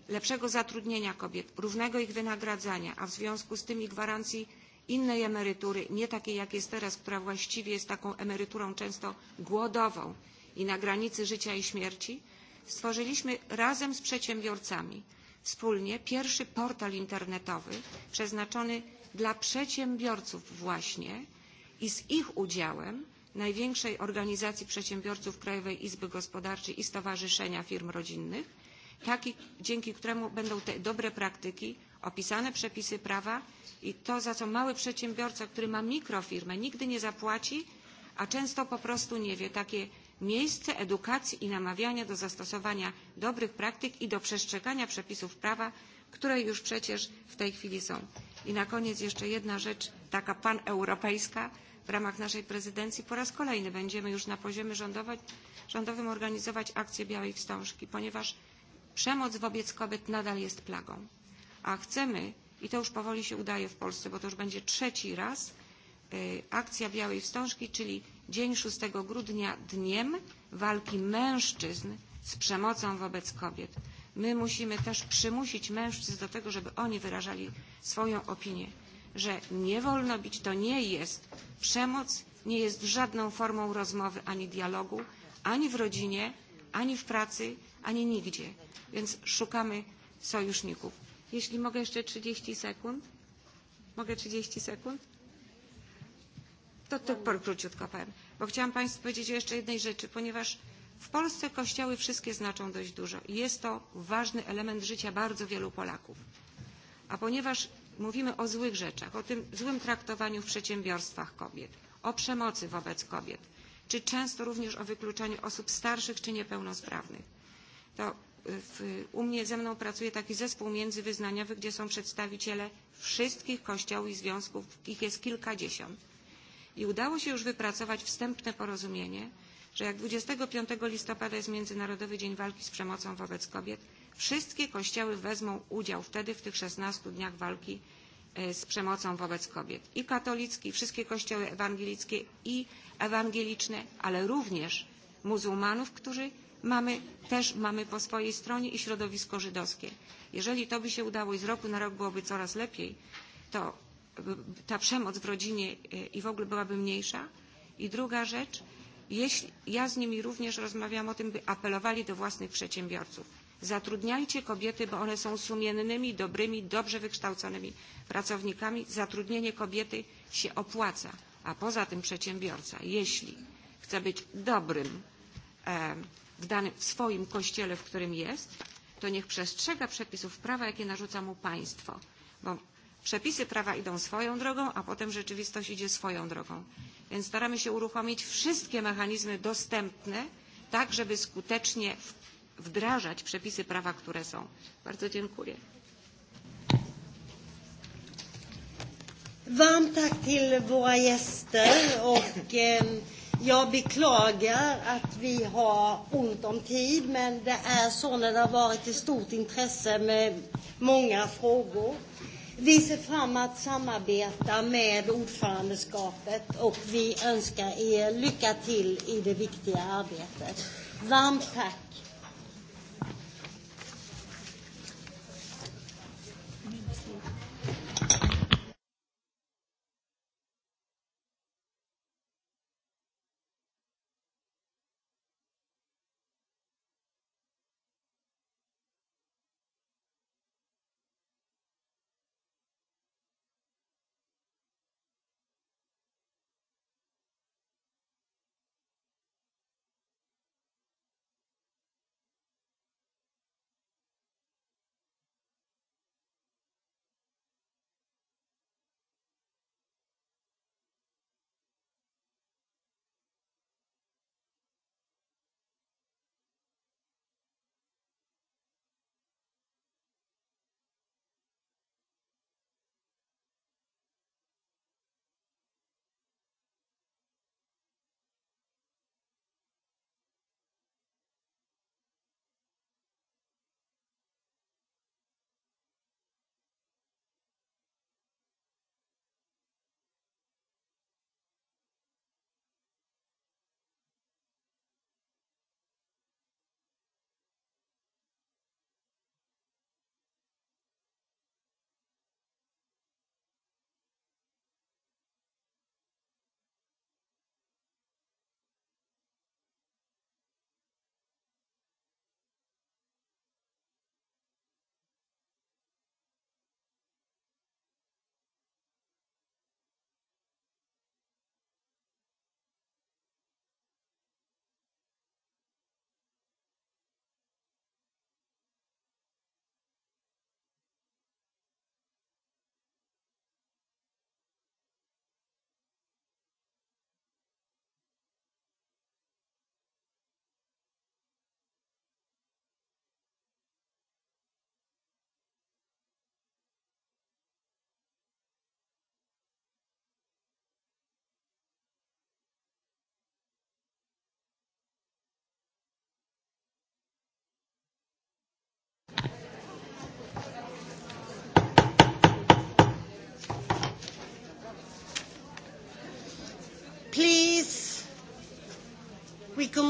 lepszego zatrudnienia kobiet, równego ich wynagradzania, a w związku z tym i gwarancji innej emerytury, nie takiej jak jest teraz, która właściwie jest taką emeryturą często głodową i na granicy życia i śmierci, stworzyliśmy razem z przedsiębiorcami wspólnie pierwszy portal internetowy przeznaczony dla przedsiębiorców właśnie, i z ich udziałem największej organizacji przedsiębiorców Krajowej Izby Gospodarczej i Stowarzyszenia Firm Rodzinnych, taki, dzięki któremu będą te dobre praktyki, opisane przepisy prawa i to, za co mały przedsiębiorca, który ma mikrofirmę, nigdy nie zapłaci, a często po prostu nie wie, takie miejsce edukacji i namawiania do zastosowania dobrych praktyk i do przestrzegania przepisów prawa, które już przecież w tej chwili są. I na koniec jeszcze jedna rzecz taka paneuropejska, W ramach naszej prezydencji po raz kolejny będziemy już na poziomie rządowy, rządowym organizować akcję Białej Wstążki, ponieważ przemoc wobec kobiet nadal jest plagą. A chcemy, i to już powoli się udaje w Polsce, bo to już będzie trzeci raz, y, akcja Białej Wstążki, czyli dzień 6 grudnia dniem walki mężczyzn z przemocą wobec kobiet. My musimy też przymusić mężczyzn do tego, żeby oni wyrażali swoją opinię że nie wolno bić to nie jest przemoc, nie jest żadną formą rozmowy ani dialogu, ani w rodzinie, ani w pracy, ani nigdzie. Więc szukamy sojuszników. Jeśli mogę jeszcze 30 sekund? Mogę 30 sekund? To, to por, króciutko powiem. Bo chciałam Państwu powiedzieć o jeszcze jednej rzeczy, ponieważ w Polsce kościoły wszystkie znaczą dość dużo i jest to ważny element życia bardzo wielu Polaków. A ponieważ mówimy o złych rzeczach, o tym złym traktowaniu w przedsiębiorstwach kobiet, o przemocy wobec kobiet, czy często również o wykluczaniu osób starszych czy niepełnosprawnych. To w, u mnie ze mną pracuje taki zespół międzywyznaniowy, gdzie są przedstawiciele wszystkich kościołów i związków, ich jest kilkadziesiąt. I udało się już wypracować wstępne porozumienie, że jak 25 listopada jest Międzynarodowy Dzień Walki z Przemocą wobec Kobiet, Wszystkie kościoły wezmą udział wtedy w tych 16 dniach walki e, z przemocą wobec kobiet. I katolicki, wszystkie kościoły ewangelickie i ewangeliczne, ale również muzułmanów, którzy mamy, też mamy po swojej stronie i środowisko żydowskie. Jeżeli to by się udało i z roku na rok byłoby coraz lepiej, to e, ta przemoc w rodzinie e, i w ogóle byłaby mniejsza. I druga rzecz, jeśli, ja z nimi również rozmawiam o tym, by apelowali do własnych przedsiębiorców. Zatrudniajcie kobiety, bo one są sumiennymi, dobrymi, dobrze wykształconymi pracownikami. Zatrudnienie kobiety się opłaca. A poza tym przedsiębiorca, jeśli chce być dobrym e, w, danym, w swoim kościele, w którym jest, to niech przestrzega przepisów prawa, jakie narzuca mu państwo. Bo przepisy prawa idą swoją drogą, a potem rzeczywistość idzie swoją drogą. Więc staramy się uruchomić wszystkie mechanizmy dostępne, tak żeby skutecznie wpływać wdrażać przepisy prawa, które są. Bardzo dziękuję. Varmt tack till våra gäster och eh, jag beklagar att vi har ont om tid men det är så när det har varit ett stort intresse med många frågor. Vi ser fram att samarbeta med ordförandeskapet och vi önskar er lycka till i det viktiga arbetet. Varmt tack!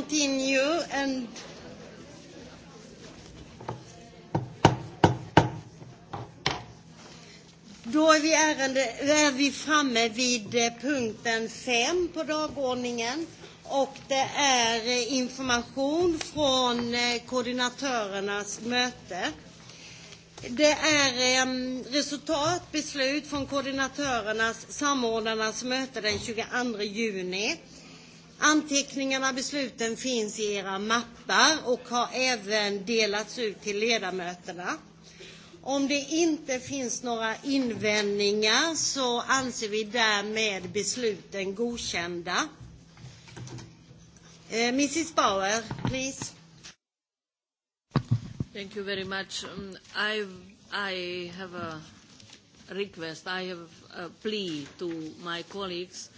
continue and Då är vi, ärende, är vi framme vid eh, punkten 5 på dagordningen och det är eh, information från eh, koordinatörernas möte. Det är ehm, resultat, beslut från koordinatörernas, samordnarnas möte den 22 juni Anteckningarna, besluten finns i era mappar och har även delats ut till ledamöterna. Om det inte finns några invändningar så anser vi därmed besluten godkända. Eh, Mrs Bauer, please. Thank you very much. Um, I, I have a request. I have a plea to my colleagues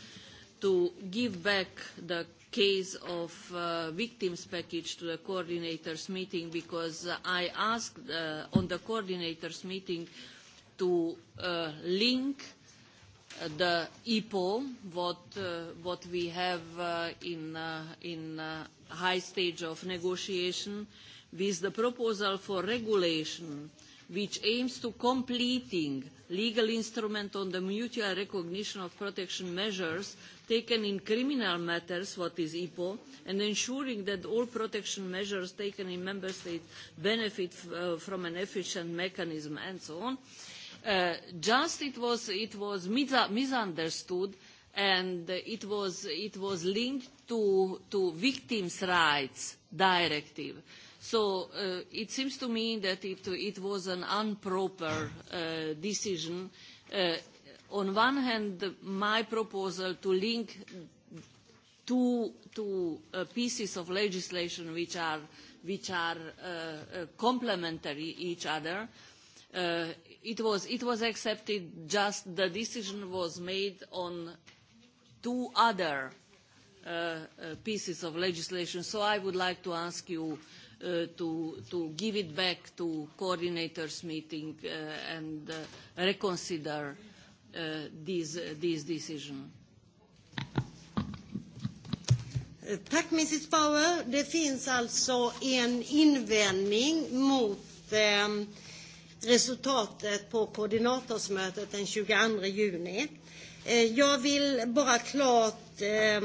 to give back the case of uh, victims package to the coordinators meeting because uh, I asked uh, on the coordinators meeting to uh, link uh, the EPO, what, uh, what we have uh, in, uh, in uh, high stage of negotiation, with the proposal for regulation which aims to completing legal instrument on the mutual recognition of protection measures taken in criminal matters, what is EPO, and ensuring that all protection measures taken in member states benefit uh, from an efficient mechanism and so on. Uh, just it was, it was mis misunderstood and it was, it was linked to, to victims' rights directive. Uh, So uh, it seems to me that it, it was an improper uh, decision. Uh, on one hand, my proposal to link two, two uh, pieces of legislation which are, which are uh, uh, complementary each other, uh, it, was, it was accepted, just the decision was made on two other uh, uh, pieces of legislation. So I would like to ask you uh, uh, to, to give it back to coordinators meeting uh, and uh, reconsider uh, this, uh, this decision. Uh, tack Mrs Bauer. Det finns alltså en invändning mot eh, resultatet på koordinatorsmötet den 22 juni. Eh, jag vill bara klart eh,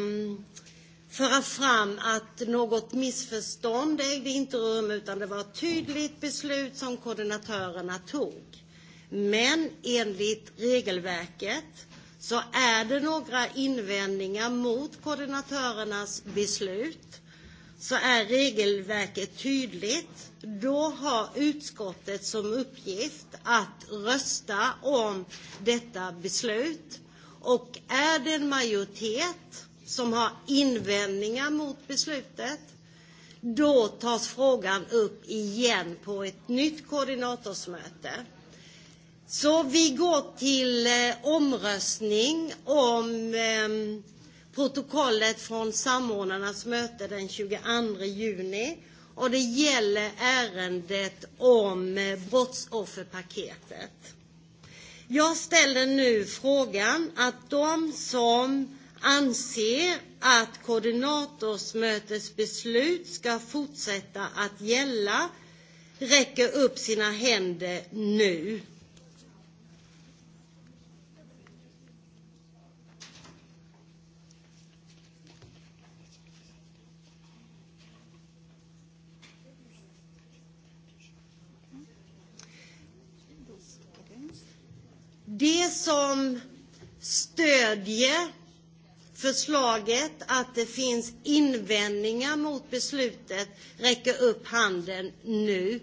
föra fram att något missförstånd ägde inte rum utan det var ett tydligt beslut som koordinatörerna tog. Men enligt regelverket så är det några invändningar mot koordinatörernas beslut så är regelverket tydligt. Då har utskottet som uppgift att rösta om detta beslut. Och är det en majoritet som har invändningar mot beslutet. Då tas frågan upp igen på ett nytt koordinatorsmöte. Så vi går till eh, omröstning om eh, protokollet från samordnarnas möte den 22 juni. Och det gäller ärendet om eh, brottsofferpaketet. Jag ställer nu frågan att de som anser att koordinatorsmötets beslut ska fortsätta att gälla räcker upp sina händer nu. Det som stödjer Förslaget att det finns invändningar mot beslutet räcker upp handen nu.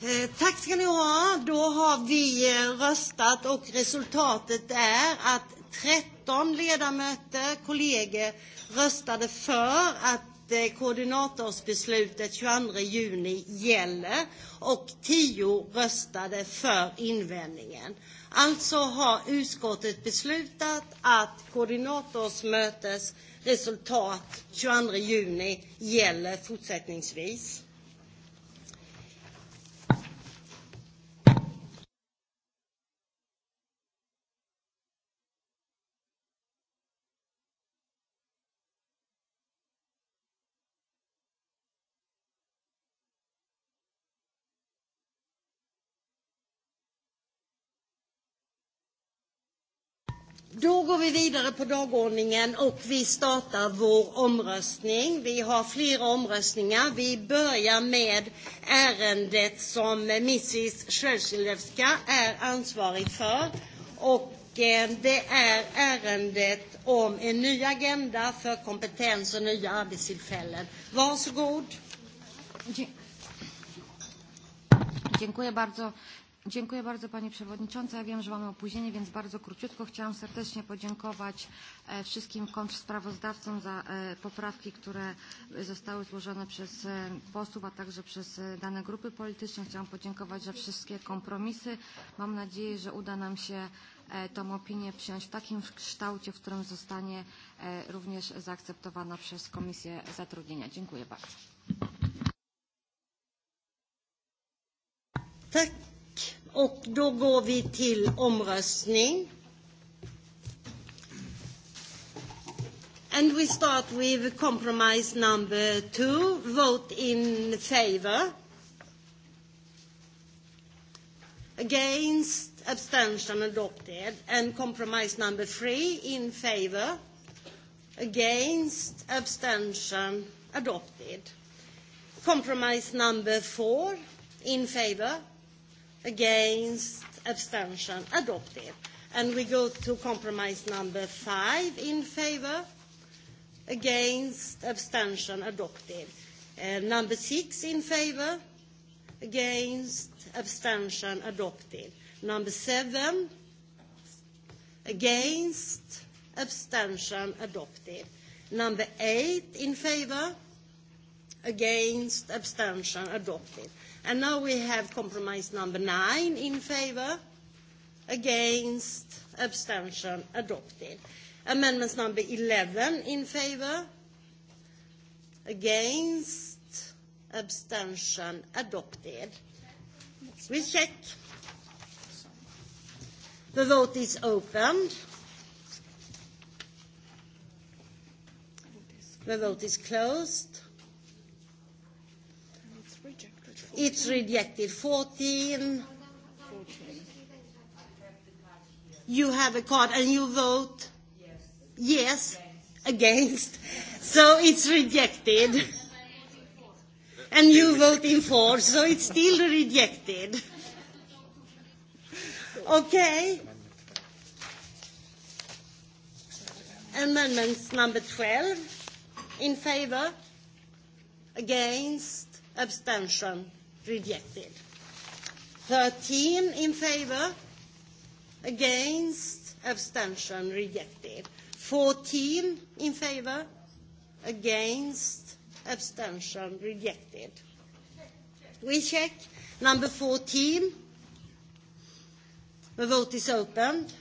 Eh, tack ska ni ha. Då har vi eh, röstat och resultatet är att 30 13 ledamöter, kollegor, röstade för att eh, koordinatorsbeslutet 22 juni gäller och 10 röstade för invändningen. Alltså har utskottet beslutat att koordinatorsmötets resultat 22 juni gäller fortsättningsvis. Då går vi vidare på dagordningen och vi startar vår omröstning. Vi har flera omröstningar. Vi börjar med ärendet som Mrs Sjösilevska är ansvarig för. Och eh, det är ärendet om en ny agenda för kompetens och nya arbetstillfällen. Varsågod. Dziękuję bardzo Dziękuję bardzo Pani Przewodnicząca. Ja wiem, że mamy opóźnienie, więc bardzo króciutko chciałam serdecznie podziękować e, wszystkim kontrzawozdawcom za e, poprawki, które zostały złożone przez e, posłów, a także przez dane grupy polityczne. Chciałam podziękować za wszystkie kompromisy. Mam nadzieję, że uda nam się tą opinię przyjąć w takim kształcie, w którym zostanie również zaakceptowana przez Komisję Zatrudnienia. Dziękuję bardzo. Tak och då går vi till omröstning. And we start with compromise number two. Vote in favor. Against, abstention adopted. And compromise number three, in favor. Against, abstention adopted. Compromise number four, in favor against, abstention, adopted. And we go to compromise number five in favor, against, abstention, adopted. Uh, number six in favor, against, abstention, adopted. Number seven, against, abstention, adopted. Number eight in favor, against, abstention, adopted. And now we have compromise number nine in favor, against, abstention, adopted. Amendments number 11 in favor, against, abstention, adopted. We check. The vote is opened. The vote is closed. It's rejected. 14. You have a card and you vote yes, yes. against. So it's rejected. and you vote in for, so it's still rejected. Okay. Amendments number 12. In favor? Against? Abstention? rejected. 13 in favor, against, abstention, rejected. 14 in favor, against, abstention, rejected. We check number 14. The vote is opened.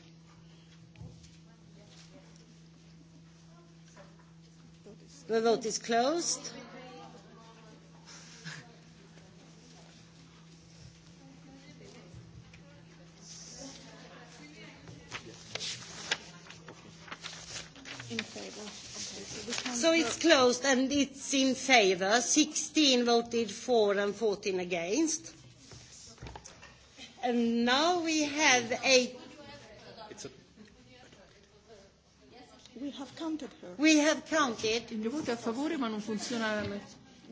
The vote is closed So it's closed and it's in favor. 16 voted for and 14 against. And now we have eight. It's a... We have counted her. We have counted. Il mio voto è a favore ma non funziona la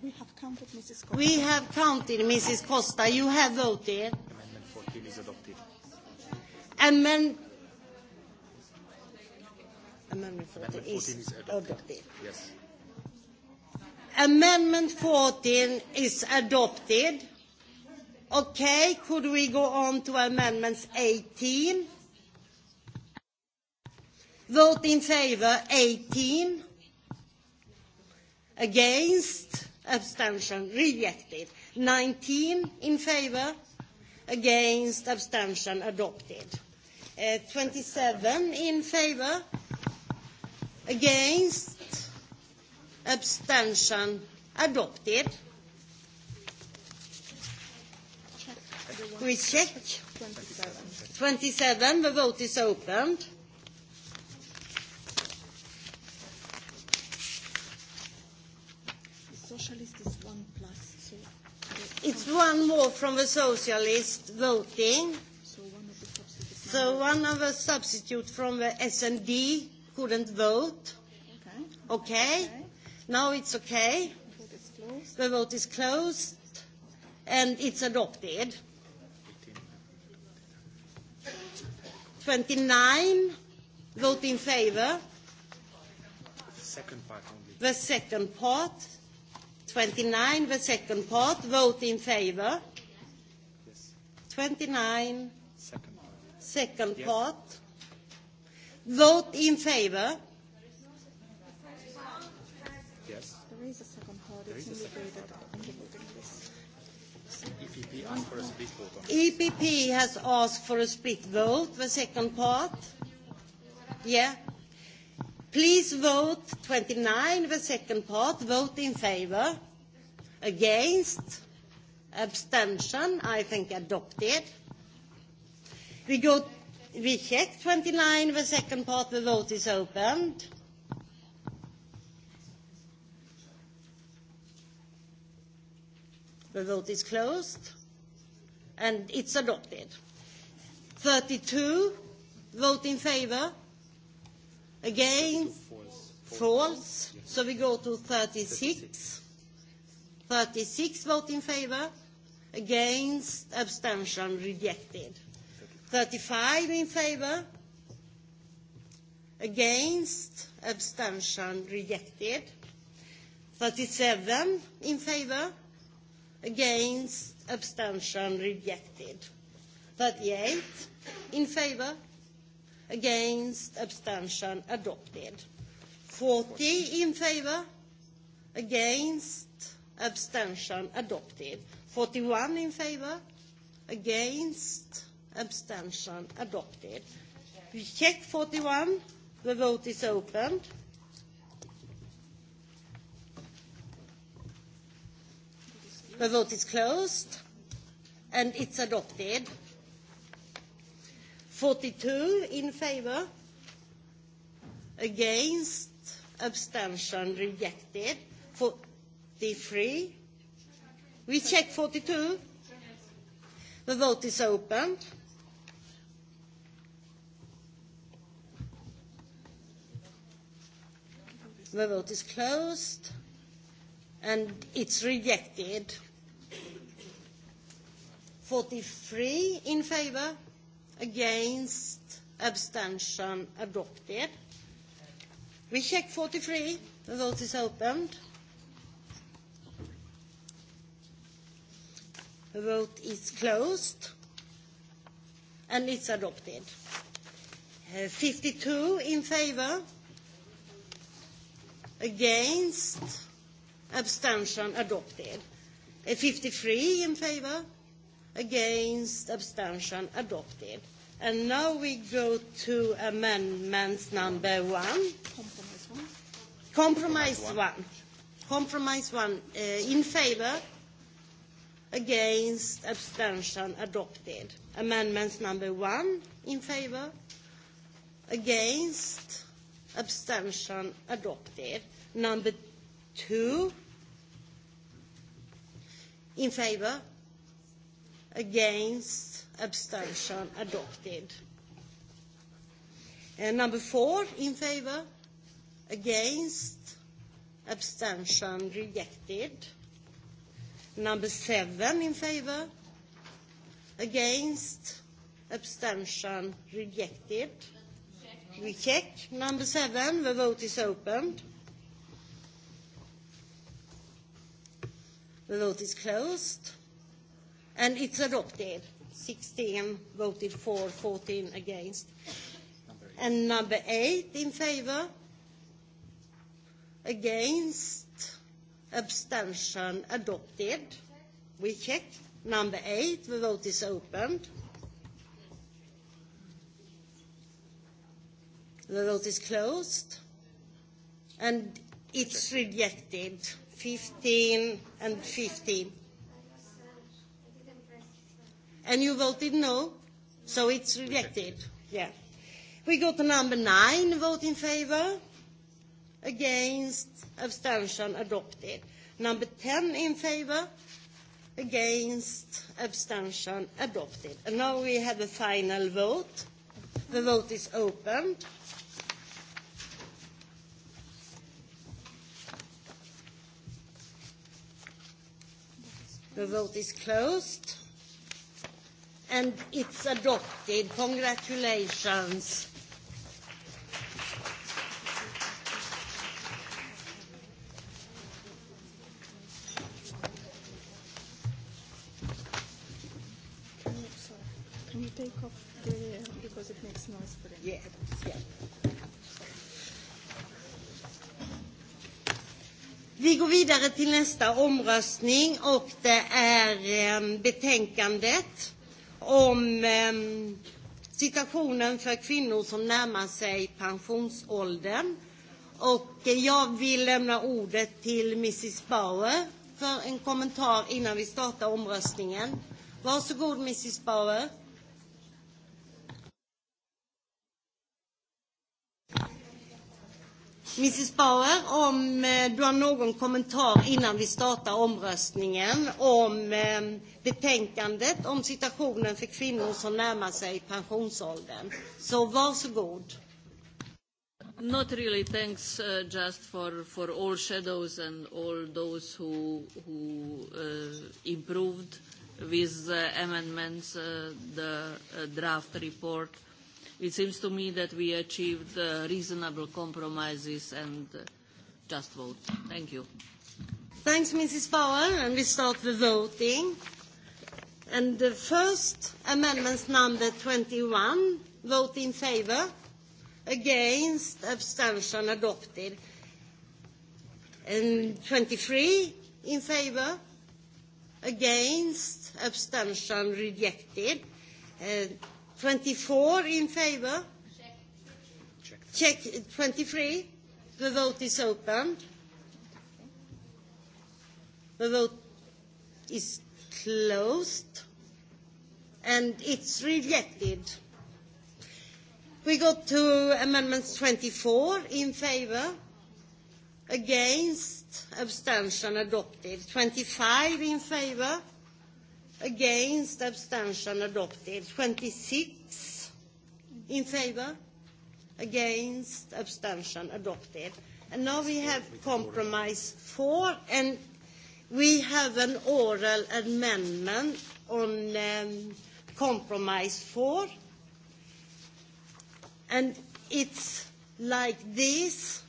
We have counted Mrs. Costa. We have counted Mrs. Costa. You have voted. Amendment 14 is adopted. Amendment Amendment 14, Amendment 14 is, is adopted. adopted. Yes. Amendment 14 is adopted. Okay, could we go on to amendments 18? Vote in favor 18. Against, abstention rejected. 19 in favor, against, abstention adopted. Uh, 27 in favor, Against? Abstention? Adopted. Check. We check. 27. 27. The vote is opened. The socialist is one plus, so... It's one more from the socialist voting. So one of the substitute, so one of the substitute from the S&D couldn't vote. Okay. okay. Now it's okay. The vote is closed, and it's adopted. 29 vote in favor. Second part only. The second part. 29, the second part, vote in favor. Yes. 29. Second part. Second yes. part. Vote in favor. Yes. There is a second part. There it's is a second part. On the voting list. EPP asked for a split vote on this. EPP has asked for a split vote, the second part. Yeah. Please vote 29, the second part. Vote in favor. Against. Abstention. I think adopted. We go We check 29, the second part, the vote is opened. The vote is closed, and it's adopted. 32, vote in favor. Against? False. False. Yes. So we go to 36. 36 vote in favor. Against? Abstention. Rejected. 35 in favor, against, abstention rejected. 37 in favor, against, abstention rejected. 38 in favor, against, abstention adopted. 40 in favor, against, abstention adopted. 41 in favor, against, abstention adopted. We check 41. The vote is opened. The vote is closed, and it's adopted. 42 in favor, against, abstention, rejected. 43. We check 42. The vote is opened. The vote is closed, and it's rejected. 43 in favor, against, abstention, adopted. We check 43. The vote is opened. The vote is closed, and it's adopted. Uh, 52 in favor, Against? Abstention adopted. 53 in favor? Against? Abstention adopted. And now we go to amendments number one. Compromise one. Compromise, Compromise one. one. Compromise one. Uh, in favor? Against? Abstention adopted. Amendments number one in favor? Against? abstention adopted. Number two, in favor, against, abstention adopted. And number four, in favor, against, abstention rejected. Number seven, in favor, against, abstention rejected. Uh, We check. Number seven, the vote is opened. The vote is closed, and it's adopted. 16 voted for, 14 against. Number eight. And number eight in favor, against, abstention, adopted. We check. Number eight, the vote is opened. The vote is closed, and it's rejected. 15 and 15. And you voted no, so it's rejected. Yeah. We go to number nine, vote in favor, against, abstention, adopted. Number 10 in favor, against, abstention, adopted. And now we have a final vote. The vote is opened. The vote is closed, and it's adopted. Congratulations. Can you take off the, uh, because it makes noise for them. Yeah. Yeah. Vi går vidare till nästa omröstning och det är ehm, betänkandet om ehm, situationen för kvinnor som närmar sig pensionsåldern. Och eh, jag vill lämna ordet till Mrs Bauer för en kommentar innan vi startar omröstningen. Varsågod Mrs Bauer. Mrs Bauer, om eh, du har någon kommentar innan vi startar omröstningen om eh, betänkandet om situationen för kvinnor som närmar sig pensionsåldern. Så varsågod. Not really. Thanks uh, just for, for all shadows and all those who, who uh, improved with uh, amendments uh, the uh, draft report. Uh, It seems to me that we achieved uh, reasonable compromises and uh, just vote. Thank you. Thanks, Mrs. Powell, and we start the voting. And the first amendment number 21, vote in favor, against, abstention, adopted. And 23, in favor, against, abstention, rejected. Uh, 24 in favor? Check. Check 23. The vote is open. The vote is closed, and it's rejected. We got to amendments 24 in favor, against, abstention adopted. 25 in favor, Against, abstention adopted. 26 in favor. Against, abstention adopted. And now we have compromise four, and we have an oral amendment on um, compromise four. And it's like this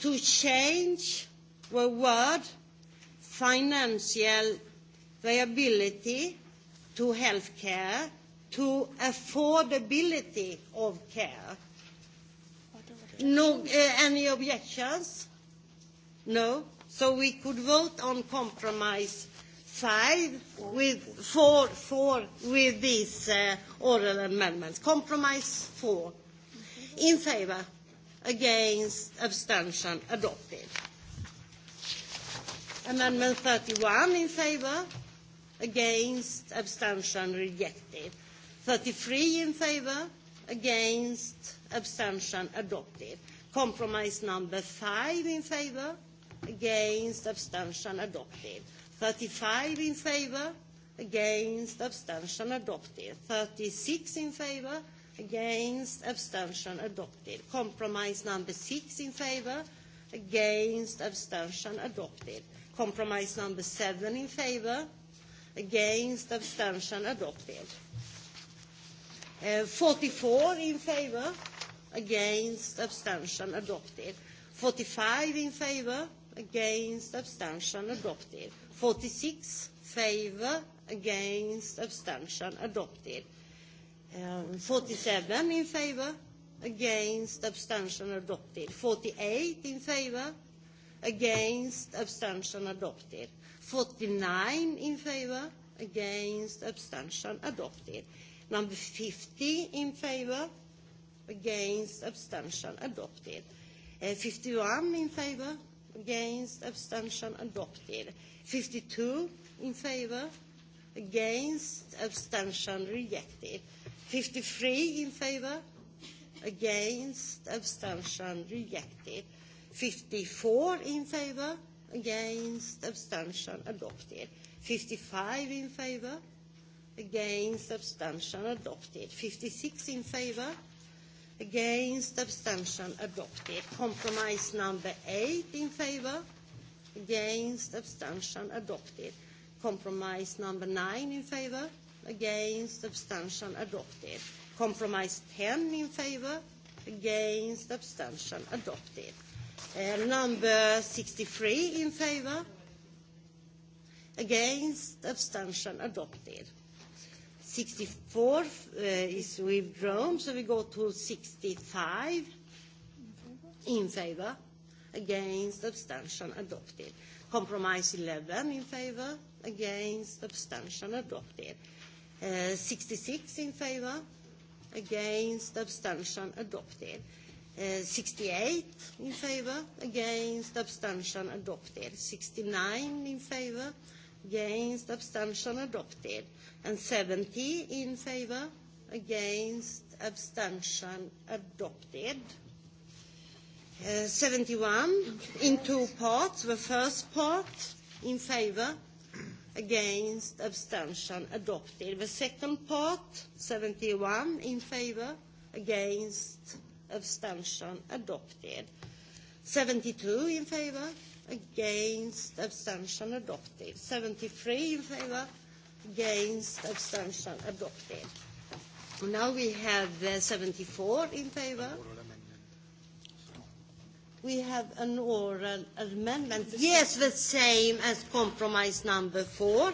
to change the word financial viability to health care, to affordability of care. No, uh, any objections? No? So we could vote on compromise five with four, four with these uh, oral amendments. Compromise four. In favor? Against? Abstention? Adopted. Amendment 31 in favor? against, abstention rejected. 33 in favor, against, abstention adopted. Compromise number 5 in favor, against, abstention adopted. 35 in favor, against, abstention adopted. 36 in favor, against, abstention adopted. Compromise number 6 in favor, against, abstention adopted. Compromise number 7 in favor, against, abstention adopted. Uh, 44 in favor, against, abstention adopted. 45 in favor, against, abstention adopted. 46 favor, against, abstention adopted. Um, 47 in favor, against, abstention adopted. 48 in favor, against, abstention adopted. 49 in favor, against, abstention adopted. Number 50 in favor, against, abstention adopted. Uh, 51 in favor, against, abstention adopted. 52 in favor, against, abstention rejected. 53 in favor, against, abstention rejected. 54 in favor, against, abstention adopted. 55 in favor, against, abstention adopted. 56 in favor, against, abstention adopted. Compromise number 8 in favor, against, abstention adopted. Compromise number 9 in favor, against, abstention adopted. Compromise 10 in favor, against, abstention adopted. Uh, number 63 in favor. Against, abstention adopted. 64 uh, is withdrawn, so we go to 65 in favor. Against, abstention adopted. Compromise 11 in favor. Against, abstention adopted. Uh, 66 in favor. Against, abstention adopted. Uh, Uh, eh, 68 in favor, against, abstention adopted. 69 in favor, against, abstention adopted. And 70 in favor, against, abstention adopted. Uh, eh, 71 in two parts. The first part in favor, against, abstention adopted. The second part, 71 in favor, against, abstention adopted. 72 in favor, against, abstention adopted. 73 in favor, against, abstention adopted. Now we have uh, 74 in favor. We have an oral amendment. Yes, the same as compromise number four.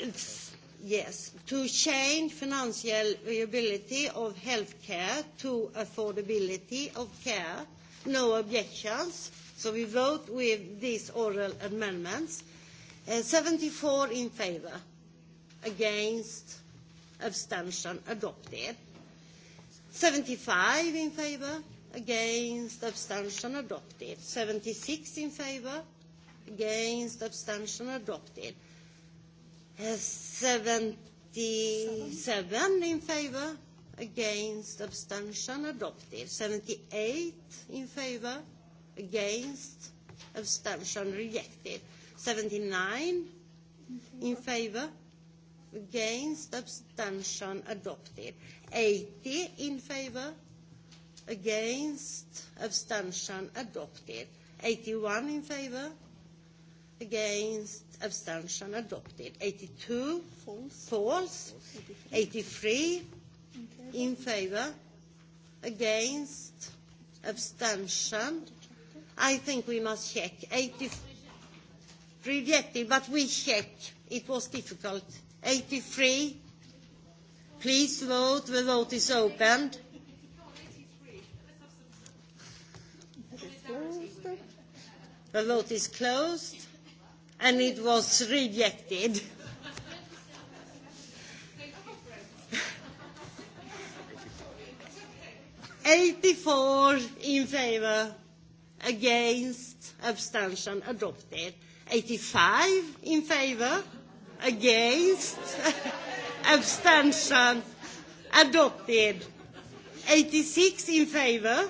It's, yes to change financial viability of healthcare to affordability of care. No objections. So we vote with these oral amendments. Uh, 74 in favor, against, abstention, adopted. 75 in favor, against, abstention, adopted. 76 in favor, against, abstention, adopted. Uh, 70 77 in favor, against, abstention, adopted. 78 in favor, against, abstention, rejected. 79 in favor, against, abstention, adopted. 80 in favor, against, abstention, adopted. 81 in favor, against, abstention adopted. 82 false, false. 83 in favor, against, abstention. I think we must check. 80 rejected, but we check. It was difficult. 83. Please vote. The vote is opened. The vote is closed and it was rejected. Eighty-four in favour, against, abstention adopted. Eighty-five in favour, against, abstention adopted. 86 in favour,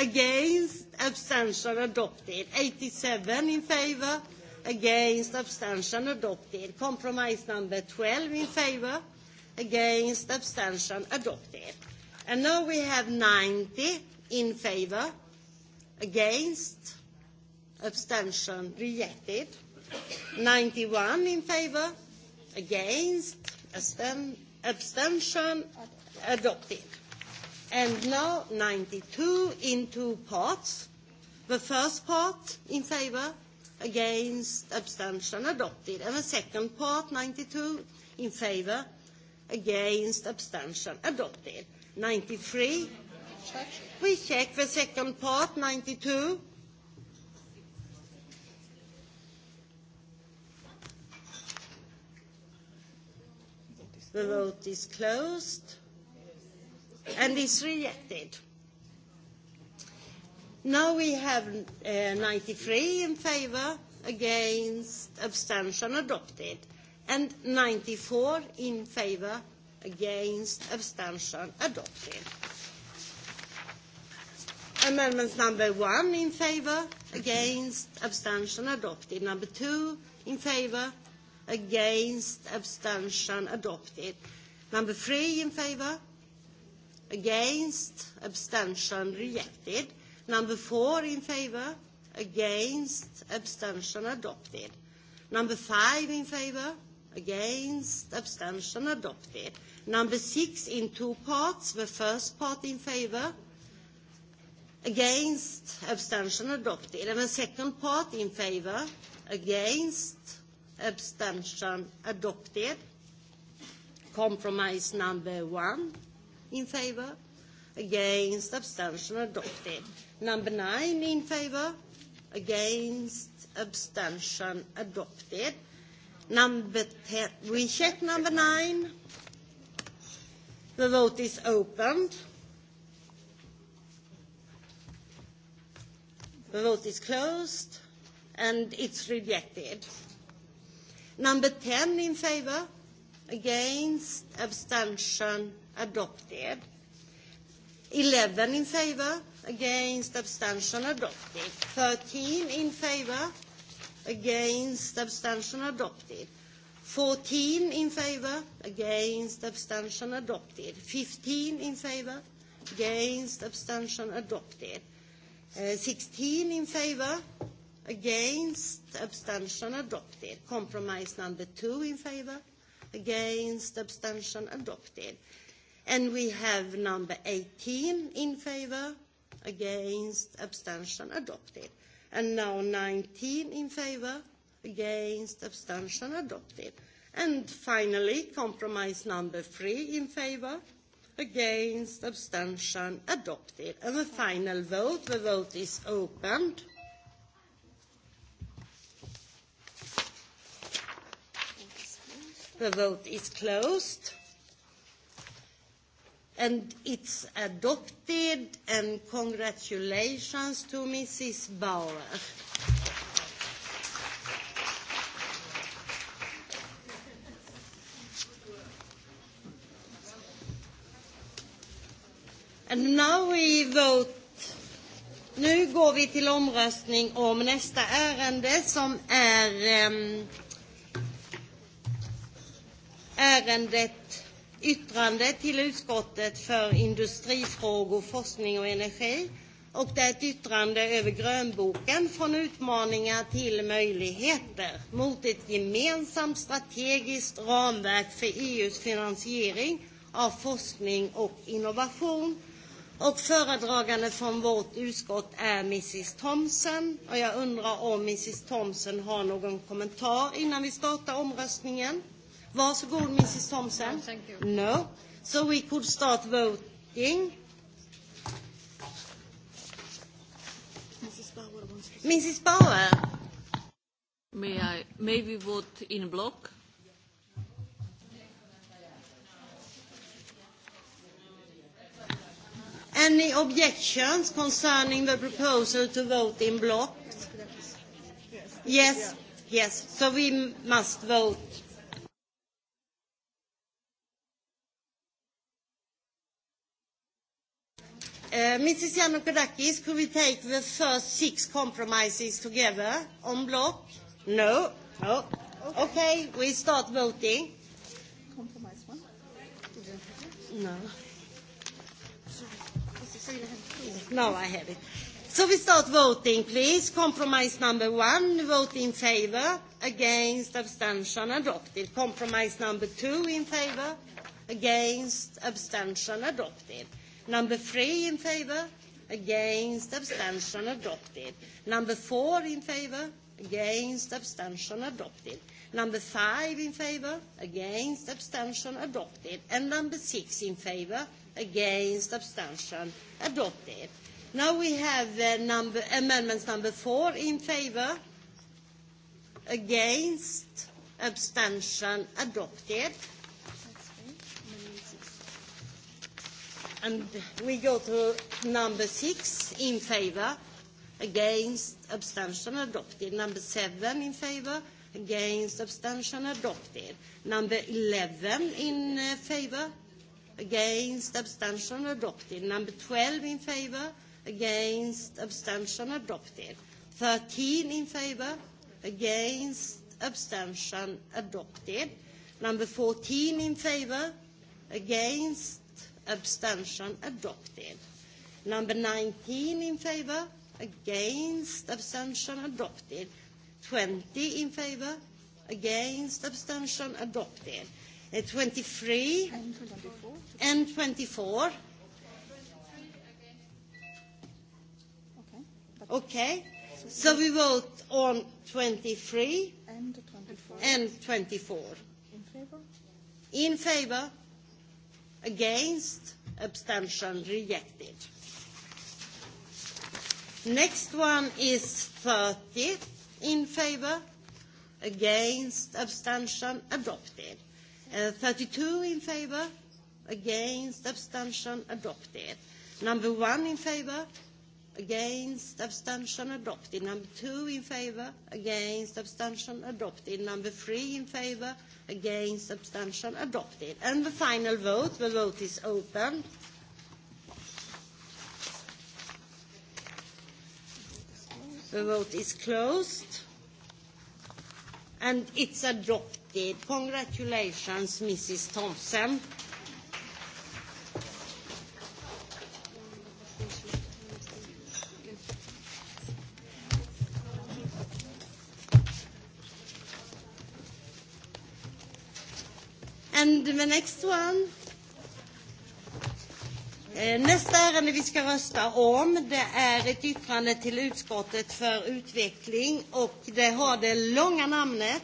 against, abstention adopted. 87 in favour, against, abstention adopted. Compromise number 12 in favor, against, abstention adopted. And now we have 90 in favor, against, abstention rejected. 91 in favor, against, abstention adopted. And now 92 in two parts. The first part in favor, against, abstention adopted. And the second part, 92, in favor, against, abstention adopted. 93, we check the second part, 92. The vote is closed and is rejected. Now we have uh, 93 in favor, against, abstention adopted, and 94 in favor, against, abstention adopted. Amendments number one in favor, against, abstention adopted. Number two in favor, against, abstention adopted. Number three in favor, against, abstention rejected. Number four in favor, against, abstention adopted. Number five in favor, against, abstention adopted. Number six in two parts, the first part in favor, against, abstention adopted. And the second part in favor, against, abstention adopted. Compromise number one in favor, against, abstention adopted. Number nine in favor, against, abstention, adopted. Number ten, we check number nine. The vote is opened. The vote is closed, and it's rejected. Number 10 in favor, against, abstention, adopted. 11 in favor, against, abstention adopted. 13 in favor, against, abstention adopted. 14 in favor, against, abstention adopted. 15 in favor, against, abstention adopted. Uh, 16 in favor, against, abstention adopted. Compromise number 2 in favor, against, abstention adopted. And we have number 18 in favor, against, abstention adopted. And now 19 in favor, against, abstention adopted. And finally, compromise number three in favor, against, abstention adopted. And the final vote, the vote is opened. The vote is closed and it's adopted, and congratulations to Mrs. Bauer. And now we vote. Nu går vi till omröstning om nästa ärende som är um, ärendet yttrande till utskottet för industrifrågor, forskning och energi. Och det är ett yttrande över grönboken från utmaningar till möjligheter mot ett gemensamt strategiskt ramverk för EUs finansiering av forskning och innovation. Och föredragande från vårt utskott är Mrs Thomsen. Och jag undrar om Mrs Thomsen har någon kommentar innan vi startar omröstningen. Varsågod, Mrs Thompson. No, thank you. No. So we could start voting. Mrs Bauer wants to... Mrs Bauer. May I maybe vote in block? Any objections concerning the proposal to vote in block? Yes. Yes. yes. So we must vote Uh, Mrs. Yannakadakis, could we take the first six compromises together on block? No. No. Okay, okay we start voting. Compromise one? No. No, I have it. So we start voting, please. Compromise number one, vote in favour, against, abstention, adopted. Compromise number two, in favour, against, abstention, adopted. Number three in favour, against, abstention adopted. Number four in favour, against, abstention adopted. Number five in favour, against, abstention adopted. And number six in favour, against, abstention adopted. Now we have uh, number, amendments number four in favour, against, abstention adopted. And we go to number six in favor, against, abstention adopted. Number seven in favor, against, abstention adopted. Number 11 in uh, favor, against, abstention adopted. Number 12 in favor, against, abstention adopted. 13 in favor, against, abstention adopted. Number 14 in favor, against, abstention adopted. Number 19 in favor, against, abstention adopted. 20 in favor, against, abstention adopted. Uh, 23 and 24. And 24. Okay. So we vote on 23 and 24. And 24. In favor? In favor, Against? Abstention rejected. Next one is 30 in favor, against, abstention, adopted. Uh, 32 in favor, against, abstention, adopted. Number one in favor, against, abstention, adopted. Number two in favor, against, abstention, adopted. Number three in favor, against, abstention, adopted. And the final vote, the vote is open. The vote is closed, and it's adopted. Congratulations, Mrs. Thompson. the next one. Eh, nästa ärende vi ska rösta om det är ett yttrande till utskottet för utveckling och det har det långa namnet.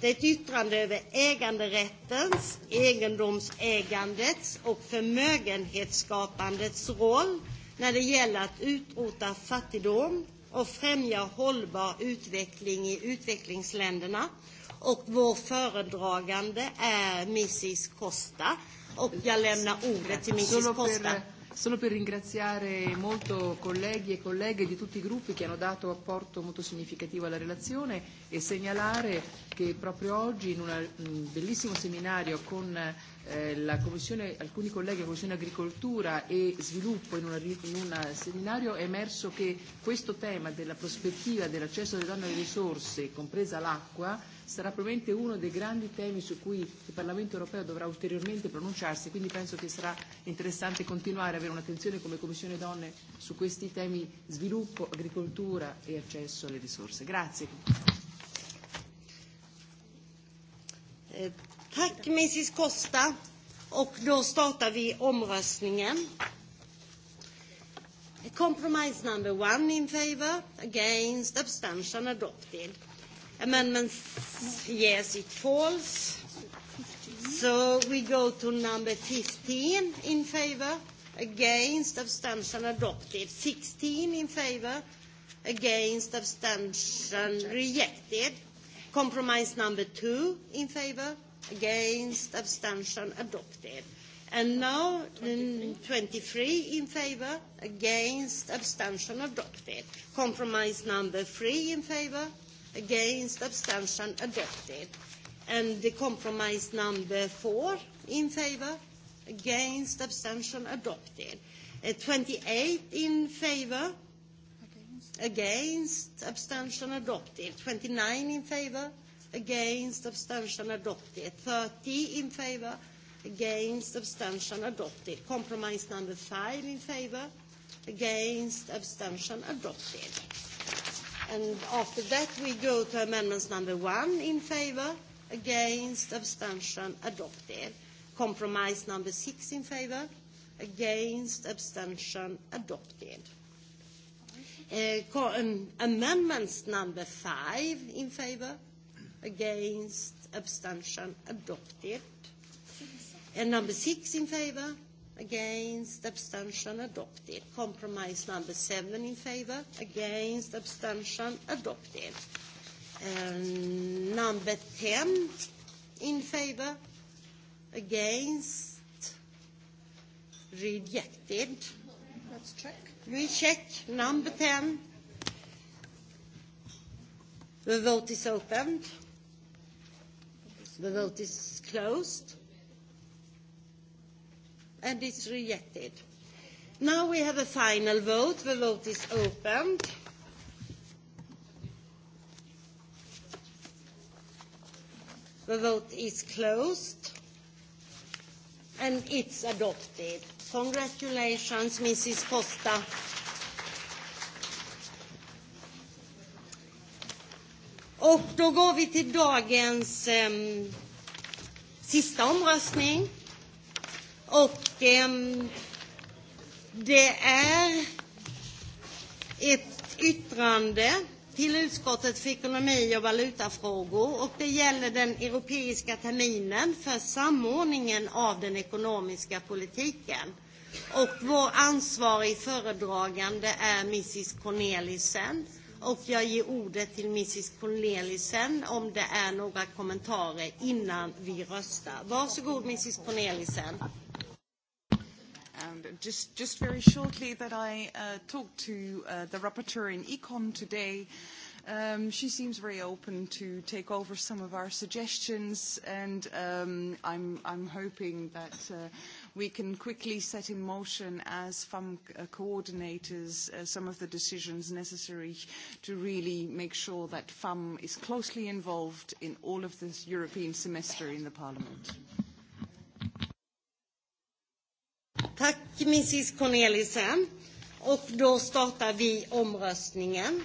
Det är ett yttrande över äganderättens, egendomsägandets och förmögenhetsskapandets roll när det gäller att utrota fattigdom och främja hållbar utveckling i utvecklingsländerna och vår föredragande är Mrs Costa och jag lämnar ordet till Mrs Costa. Solo per ringraziare molto colleghi e colleghe di tutti i gruppi che hanno dato apporto molto significativo alla relazione e segnalare che proprio oggi in un bellissimo seminario con eh, la Commissione, alcuni colleghi della Commissione Agricoltura e Sviluppo in, una, in un seminario è emerso che questo tema della prospettiva dell'accesso delle donne alle risorse, compresa l'acqua, sarà probabilmente uno dei grandi temi su cui il Parlamento europeo dovrà ulteriormente pronunciarsi, quindi penso che sarà interessante continuare a avere un'attenzione come Commissione Donne su questi temi sviluppo, agricoltura e accesso alle risorse. Grazie. Eh, Tack Mrs Costa. Och då startar vi omröstningen. Compromise number one in favour, against, abstention adopted. Amendments, yes, it falls. So we go to number 15 in favour, against, abstention adopted. 16 in favour, against, abstention rejected. Compromise number two in favour, against, abstention, adopted. And now 23. 23 in favor, against, abstention, adopted. Compromise number 3 in favor, against, abstention, adopted. And the compromise number 4 in favor, against, abstention, adopted. Uh, 28 in favor, against, against abstention, adopted. 29 in favor, against, abstention adopted. 30 in favor, against, abstention adopted. Compromise number 5 in favor, against, abstention adopted. And after that, we go to amendments number 1 in favor, against, abstention adopted. Compromise number 6 in favor, against, abstention adopted. Uh, co- um, amendments number 5 in favor, against, abstention adopted. And number six in favor, against, abstention adopted. Compromise number seven in favor, against, abstention adopted. And number 10 in favor, against, rejected. Let's check. We check number 10. The vote is opened. The vote is closed, and it's rejected. Now we have a final vote. The vote is opened. The vote is closed, and it's adopted. Congratulations, Mrs. Costa. Och då går vi till dagens eh, sista omröstning. Och eh, det är ett yttrande till utskottet för ekonomi och valutafrågor och det gäller den europeiska terminen för samordningen av den ekonomiska politiken. Och vår ansvarig föredragande är Mrs Cornelissen. Eh, och jag ger ordet till Mrs Cornelissen om det är några kommentarer innan vi röstar. Varsågod Mrs Cornelissen. And just, just very shortly that I uh, talked to uh, the rapporteur in Econ today. Um, she seems very open to take over some of our suggestions, and um, I'm, I'm hoping that uh, we can quickly set in motion as FAM uh, coordinators uh, some of the decisions necessary to really make sure that FAM is closely involved in all of this European semester in the Parliament. Tack Mrs Cornelissen. Och då startar vi omröstningen.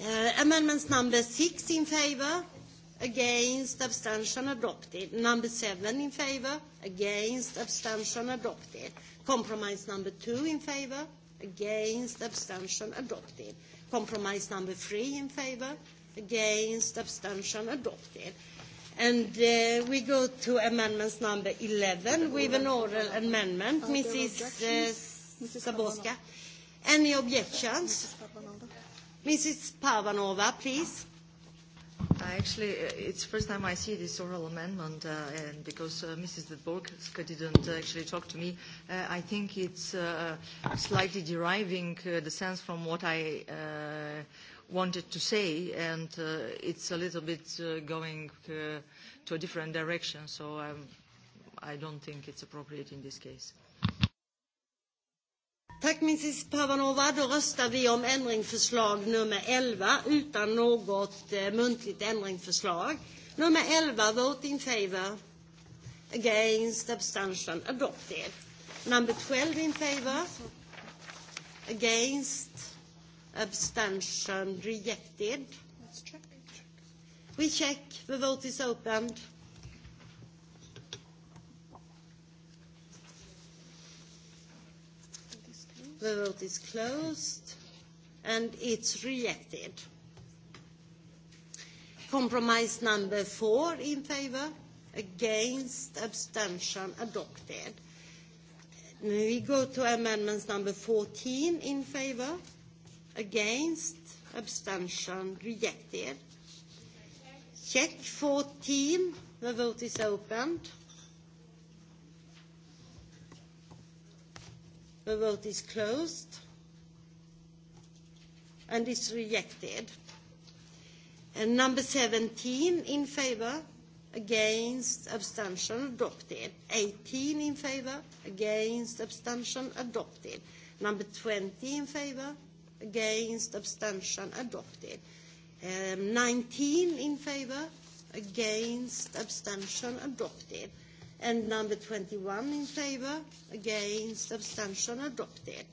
Uh, amendments number six in favour against, abstention adopted. Number seven in favor, against, abstention adopted. Compromise number two in favor, against, abstention adopted. Compromise number three in favor, against, abstention adopted. And uh, we go to amendments number 11 with an oral amendment. Are Mrs. Uh, Saborska. Any objections? Mrs. Pavanova, please. I actually, uh, it's the first time I see this oral amendment, uh, and because uh, Mrs. Borgska didn't uh, actually talk to me, uh, I think it's uh, slightly deriving uh, the sense from what I uh, wanted to say, and uh, it's a little bit uh, going uh, to a different direction, so um, I don't think it's appropriate in this case. Tack Mrs Pavanova. Då röstar vi om ändringsförslag nummer 11 utan något eh, muntligt ändringsförslag. Nummer 11, vote in favor. Against, abstention, adopted. Number 12 in favor. Against, abstention, rejected. Let's check. We check. The vote is opened. The vote is closed, and it's rejected. Compromise number four in favor, against, abstention, adopted. We go to amendments number 14 in favor, against, abstention, rejected. Check 14. The vote is opened. The vote is closed, and it's rejected. And number 17 in favor, against, abstention, adopted. 18 in favor, against, abstention, adopted. Number 20 in favor, against, abstention, adopted. Um, 19 in favor, against, abstention, adopted and number 21 in favor, against, abstention adopted.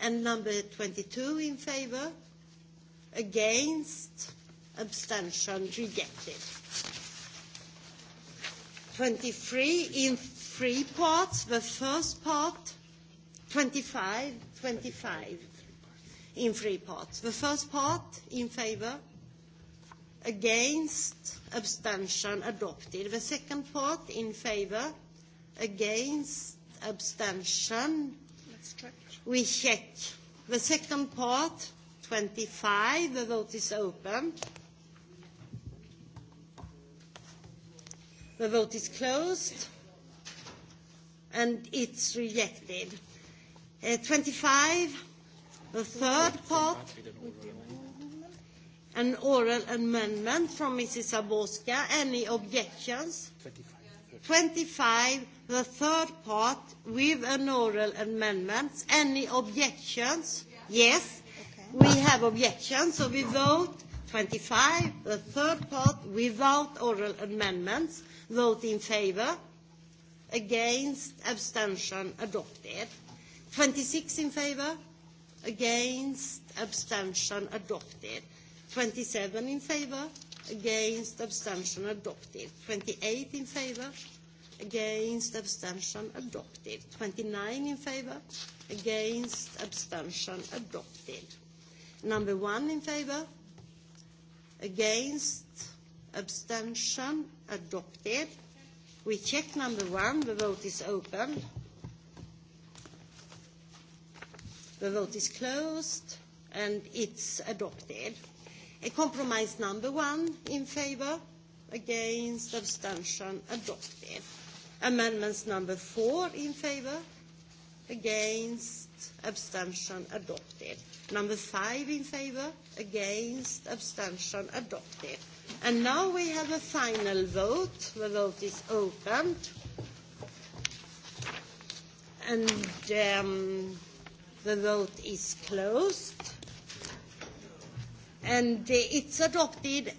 And number 22 in favor, against, abstention rejected. 23 in three parts, the first part, 25, 25 in three parts. The first part in favor, against, abstention adopted. The second part in favor, against, abstention. Let's check. We check. The second part, 25, the vote is open. The vote is closed, and it's rejected. Uh, 25, the third part an oral amendment from Mrs. Zaborska. Any objections? 25. 25, the third part with an oral amendment. Any objections? Yes. Okay. We have objections, so we vote 25, the third part without oral amendments. Vote in favor. Against, abstention, adopted. 26 in favor. Against, abstention, adopted. 27 in favor, against, abstention adopted. 28 in favor, against, abstention adopted. 29 in favor, against, abstention adopted. Number one in favor, against, abstention adopted. We check number one. The vote is open. The vote is closed, and it's adopted. A compromise number one in favour, against, abstention, adopted. Amendments number four in favour, against, abstention, adopted. Number five in favour, against, abstention, adopted. And now we have a final vote. The vote is opened. And um, the vote is closed and uh, it's adopted.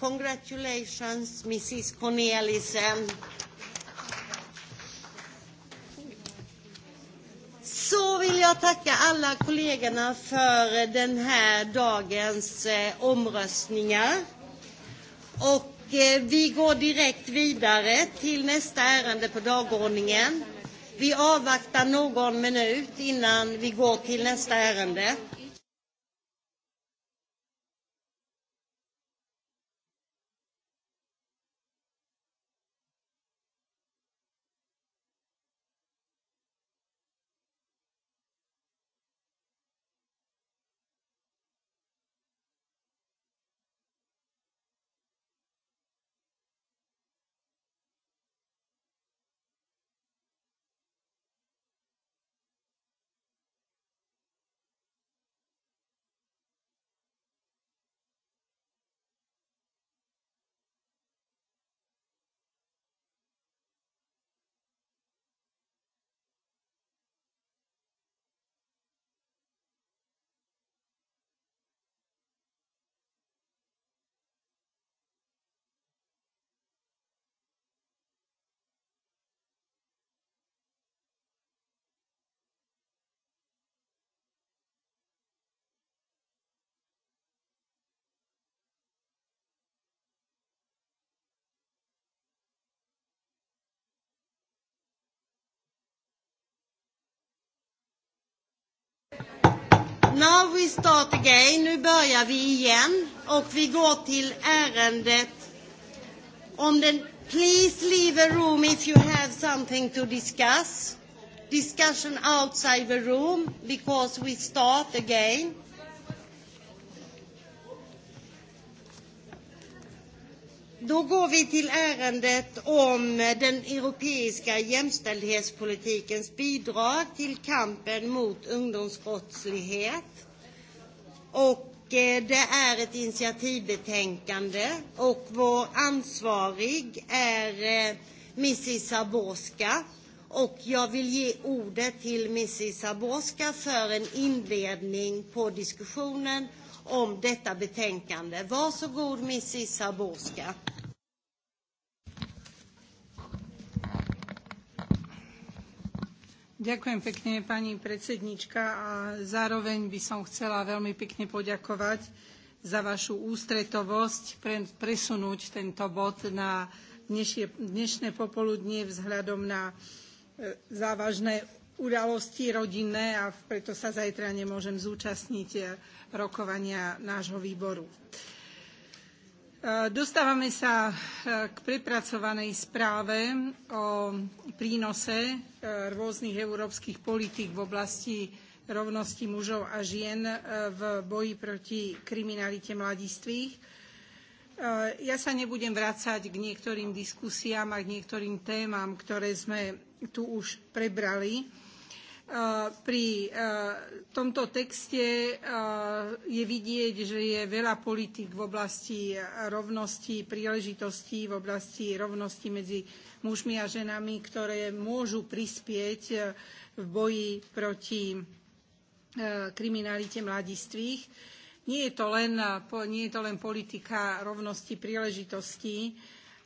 Congratulations, Mrs. Cornelissen. Så vill jag tacka alla kollegorna för den här dagens eh, omröstningar. Och eh, vi går direkt vidare till nästa ärende på dagordningen. Vi avvaktar någon minut innan vi går till nästa ärende. we start again. Nu börjar vi igen och vi går till ärendet om den... Please leave a room if you have something to discuss. Discussion outside the room because we start again. Då går vi till ärendet om den europeiska jämställdhetspolitikens bidrag till kampen mot ungdomsbrottslighet. Och eh, det är ett initiativbetänkande och vår ansvarig är eh, Mrs Saborska. Och jag vill ge ordet till Mrs Saborska för en inledning på diskussionen om detta betänkande. Varsågod Mrs Saborska. Ďakujem pekne, pani predsednička, a zároveň by som chcela veľmi pekne poďakovať za vašu ústretovosť pre, presunúť tento bod na dnešie, dnešné popoludnie vzhľadom na e, závažné udalosti rodinné a preto sa zajtra nemôžem zúčastniť e, rokovania nášho výboru. E, E, dostávame sa e, k prepracovanej správe o prínose e, rôznych európskych politík v oblasti rovnosti mužov a žien v boji proti kriminalite mladistvých. Ja sa nebudem vrácať k niektorým diskusiám a k niektorým témam, ktoré sme tu už prebrali Pri tomto texte je vidieť, že je veľa politik v oblasti rovnosti, príležitostí v oblasti rovnosti medzi mužmi a ženami, ktoré môžu prispieť v boji proti kriminalite mladistvých. Nie je to len, nie je to len politika rovnosti príležitostí,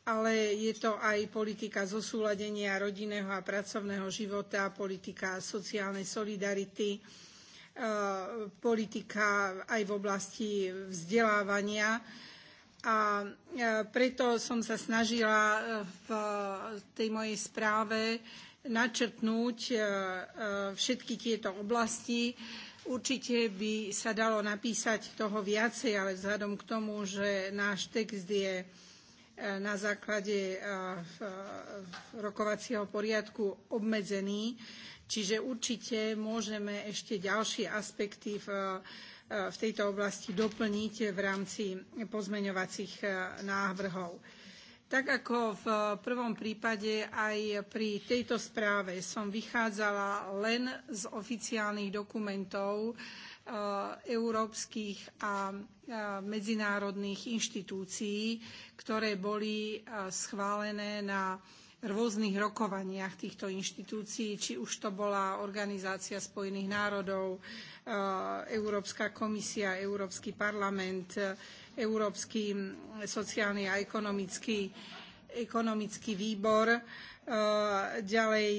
ale je to aj politika zosúladenia rodinného a pracovného života, politika sociálnej solidarity, e, politika aj v oblasti vzdelávania. A e, preto som sa snažila e, v tej mojej správe načrtnúť všetky tieto oblasti. Určite by sa dalo napísať toho viacej, ale vzhľadom k tomu, že náš text je na základe e, rokovacieho poriadku obmedzený, čiže určite môžeme ešte ďalšie aspekty v, e, v tejto oblasti doplniť v rámci pozmeňovacích e, návrhov. Tak ako v prvom prípade aj pri tejto správe som vychádzala len z oficiálnych dokumentov, Eh, európskych a eh, medzinárodných inštitúcií, ktoré boli eh, schválené na rôznych rokovaniach týchto inštitúcií, či už to bola Organizácia spojených národov, Európska komisia, Európsky parlament, Európsky hm, sociálny a ekonomický, ekonomický výbor, ďalej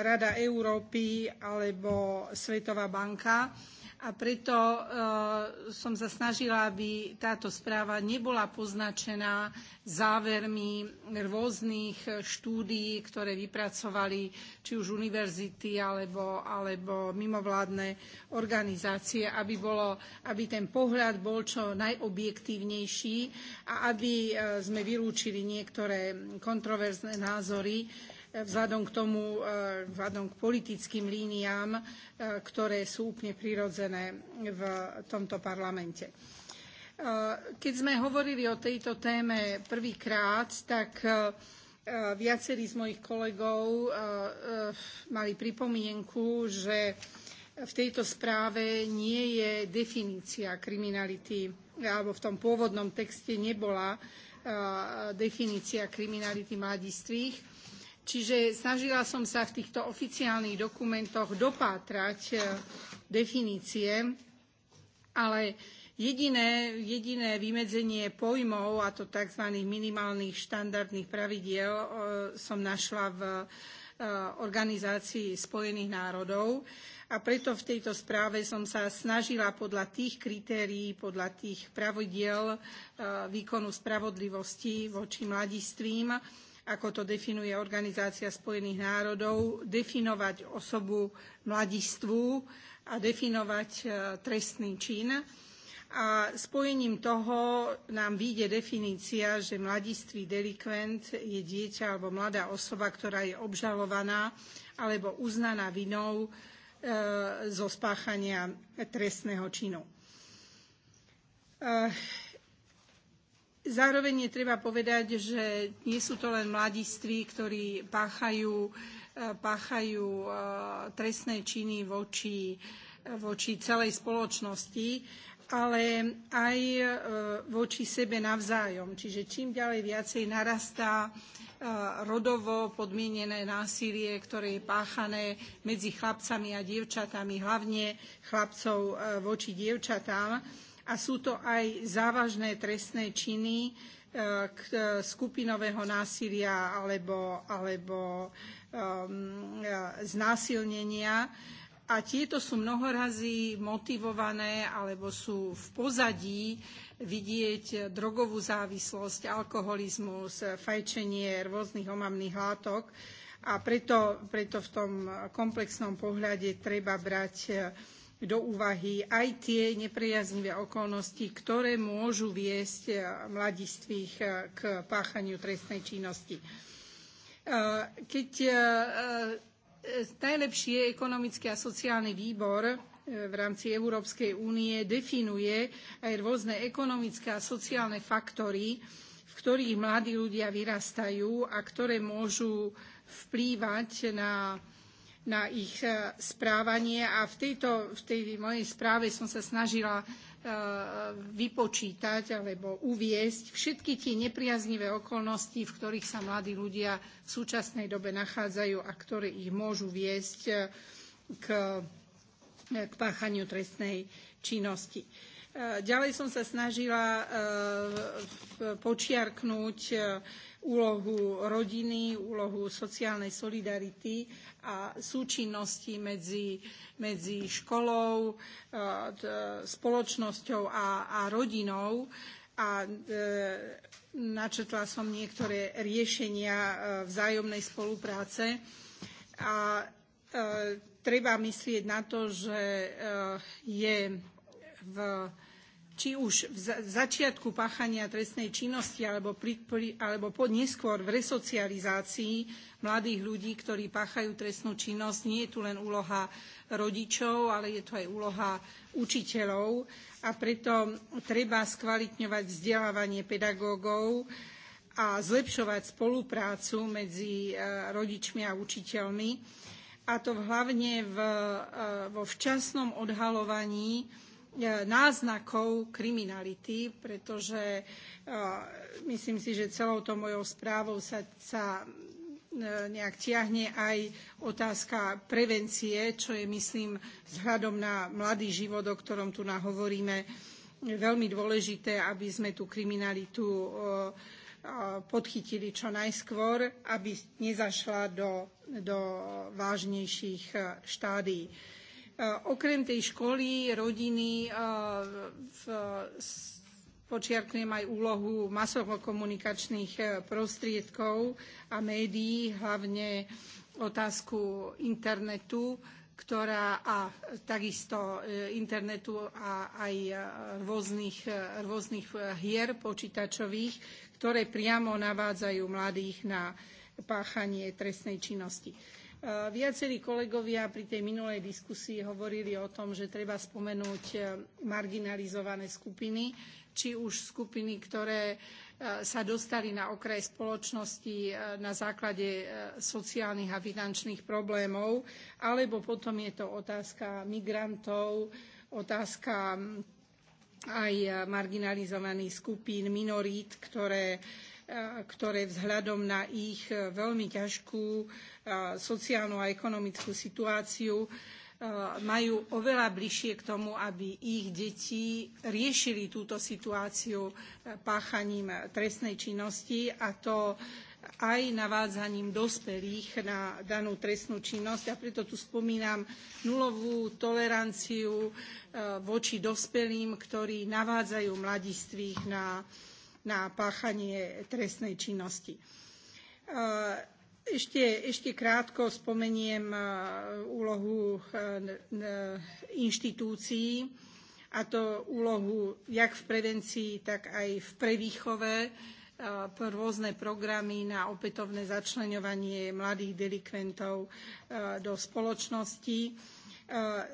Rada Európy alebo Svetová banka a preto e, som sa snažila, aby táto správa nebola poznačená závermi rôznych štúdií, ktoré vypracovali či už univerzity alebo, alebo mimovládne organizácie, aby, bolo, aby ten pohľad bol čo najobjektívnejší a aby e, sme vylúčili niektoré kontroverzné názory, vzhľadom k tomu, e, vzhľadom k politickým líniám, e, ktoré sú úplne prirodzené v tomto parlamente. E, keď sme hovorili o tejto téme prvýkrát, tak viacerí z mojich kolegov mali pripomienku, že v tejto správe nie je definícia kriminality, alebo v tom pôvodnom texte nebola definícia kriminality mladistvých Čiže snažila som sa v týchto oficiálnych dokumentoch dopátrať e, definície, ale jediné, jediné vymedzenie pojmov, a to tzv. minimálnych štandardných pravidiel, e, som našla v e, Organizácii spojených národov a preto v tejto správe som sa snažila podľa tých kritérií, podľa tých pravidiel výkonu spravodlivosti voči mladistvím ako to definuje Organizácia spojených národov, definovať osobu mladistvu a definovať e, trestný čin. A spojením toho nám vyjde definícia, že mladistvý delikvent je dieťa alebo mladá osoba, ktorá je obžalovaná alebo uznaná vinou e, zo spáchania trestného činu. E, Zároveň je treba povedať, že nie sú to len mladiství, ktorí páchajú, eh, páchajú eh, trestné činy voči, eh, voči celej spoločnosti, ale aj voči sebe navzájom. Čiže čím ďalej viacej narastá rodovo podmienené násilie, ktoré je páchané medzi chlapcami a dievčatami, hlavne chlapcov voči dievčatám a sú to aj závažné trestné činy e, k e, skupinového násilia alebo, alebo um, znásilnenia. A tieto sú mnohorazí motivované alebo sú v pozadí vidieť drogovú závislosť, alkoholizmus, fajčenie rôznych omamných látok. A preto, preto v tom komplexnom pohľade treba brať uh, do úvahy aj tie nepriaznivé okolnosti, ktoré môžu viesť eh, mladistvých eh, k páchaniu trestnej činnosti. Eh, keď najlepšie ekonomický a sociálny výbor v rámci Európskej únie definuje aj rôzne ekonomické a sociálne faktory, v ktorých mladí ľudia vyrastajú a ktoré môžu vplývať na na ich e, správanie a v tejto v tej mojej správe som sa snažila e, vypočítať alebo uviesť všetky tie nepriaznivé okolnosti, v ktorých sa mladí ľudia v súčasnej dobe nachádzajú a ktoré ich môžu viesť e, k, k páchaniu trestnej činnosti. Ďalej som sa snažila počiarknúť úlohu rodiny, úlohu sociálnej solidarity a súčinnosti medzi, medzi školou, e, spoločnosťou a, a rodinou. A e, načetla som niektoré riešenia e, vzájomnej spolupráce. A treba myslieť na to, že je v či už v začiatku páchania trestnej činnosti alebo, pri, pri, alebo pod neskôr v resocializácii mladých ľudí, ktorí páchajú trestnú činnosť, nie je tu len úloha rodičov, ale je to aj úloha učiteľov a preto treba skvalitňovať vzdelávanie pedagógov a zlepšovať spoluprácu medzi e, rodičmi a učiteľmi a to hlavne v, e, vo včasnom odhalovaní E, náznakov kriminality, pretože e, myslím si, že celou tou mojou správou sa, sa e, nejak tiahne aj otázka prevencie, čo je, myslím, vzhľadom na mladý život, o ktorom tu hovoríme, veľmi dôležité, aby sme tú kriminalitu podchytili čo najskôr, aby nezašla do, do vážnejších štádií. Eh, okrem tej školy, rodiny eh, v, počiarknem aj úlohu masovo-komunikačných eh, prostriedkov a médií, hlavne otázku internetu, ktorá a takisto internetu a aj rôznych, rôznych hier počítačových, ktoré priamo navádzajú mladých na páchanie trestnej činnosti. E, viacerí kolegovia pri tej minulej diskusii hovorili o tom, že treba spomenúť e, marginalizované skupiny, či už skupiny, ktoré e, sa dostali na okraj spoločnosti na základe sociálnych a finančných problémov, alebo potom je to otázka migrantov, otázka aj marginalizovaných skupín, minorít, ktoré uh, E, ktoré vzhľadom na ich e, veľmi ťažkú e, sociálnu a ekonomickú situáciu majú oveľa bližšie k tomu, aby ich deti riešili túto situáciu páchaním trestnej činnosti a to aj navádzaním dospelých na danú trestnú činnosť. A preto tu spomínam nulovú toleranciu voči dospelým, ktorí navádzajú mladistvých na na páchanie trestnej činnosti. E, ešte, ešte krátko spomeniem e, úlohu e, inštitúcií, a to úlohu jak v prevencii, tak aj v prevýchove, rôzne programy na opätovné začleňovanie mladých delikventov do spoločnosti,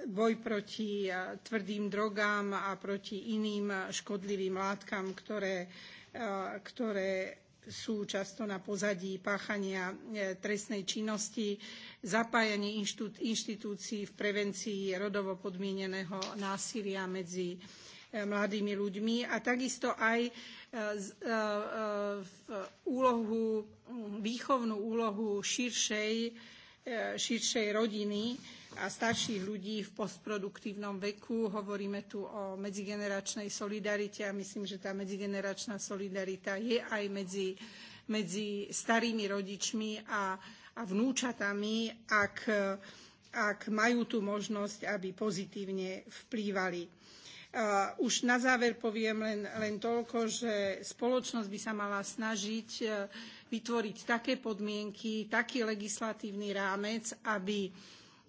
boj proti tvrdým drogám a proti iným škodlivým látkam, ktoré E, ktoré sú často na pozadí páchania e, trestnej činnosti, zapájanie inštitúcií v prevencii rodovo podmieneného násilia medzi e, mladými ľuďmi a takisto aj úlohu, výchovnú úlohu širšej, širšej rodiny, a starších ľudí v postproduktívnom veku. Hovoríme tu o medzigeneračnej solidarite a myslím, že tá medzigeneračná solidarita je aj medzi, medzi starými rodičmi a, a vnúčatami, ak, ak majú tú možnosť, aby pozitívne vplývali. Uh, už na záver poviem len, len toľko, že spoločnosť by sa mala snažiť uh, vytvoriť také podmienky, taký legislatívny rámec, aby uh,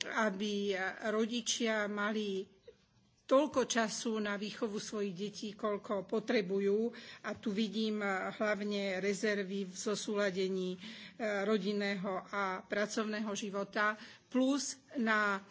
aby eh, rodičia mali toľko času na výchovu svojich detí, koľko potrebujú. A tu vidím eh, hlavne rezervy v zosúladení eh, rodinného a pracovného života, plus na,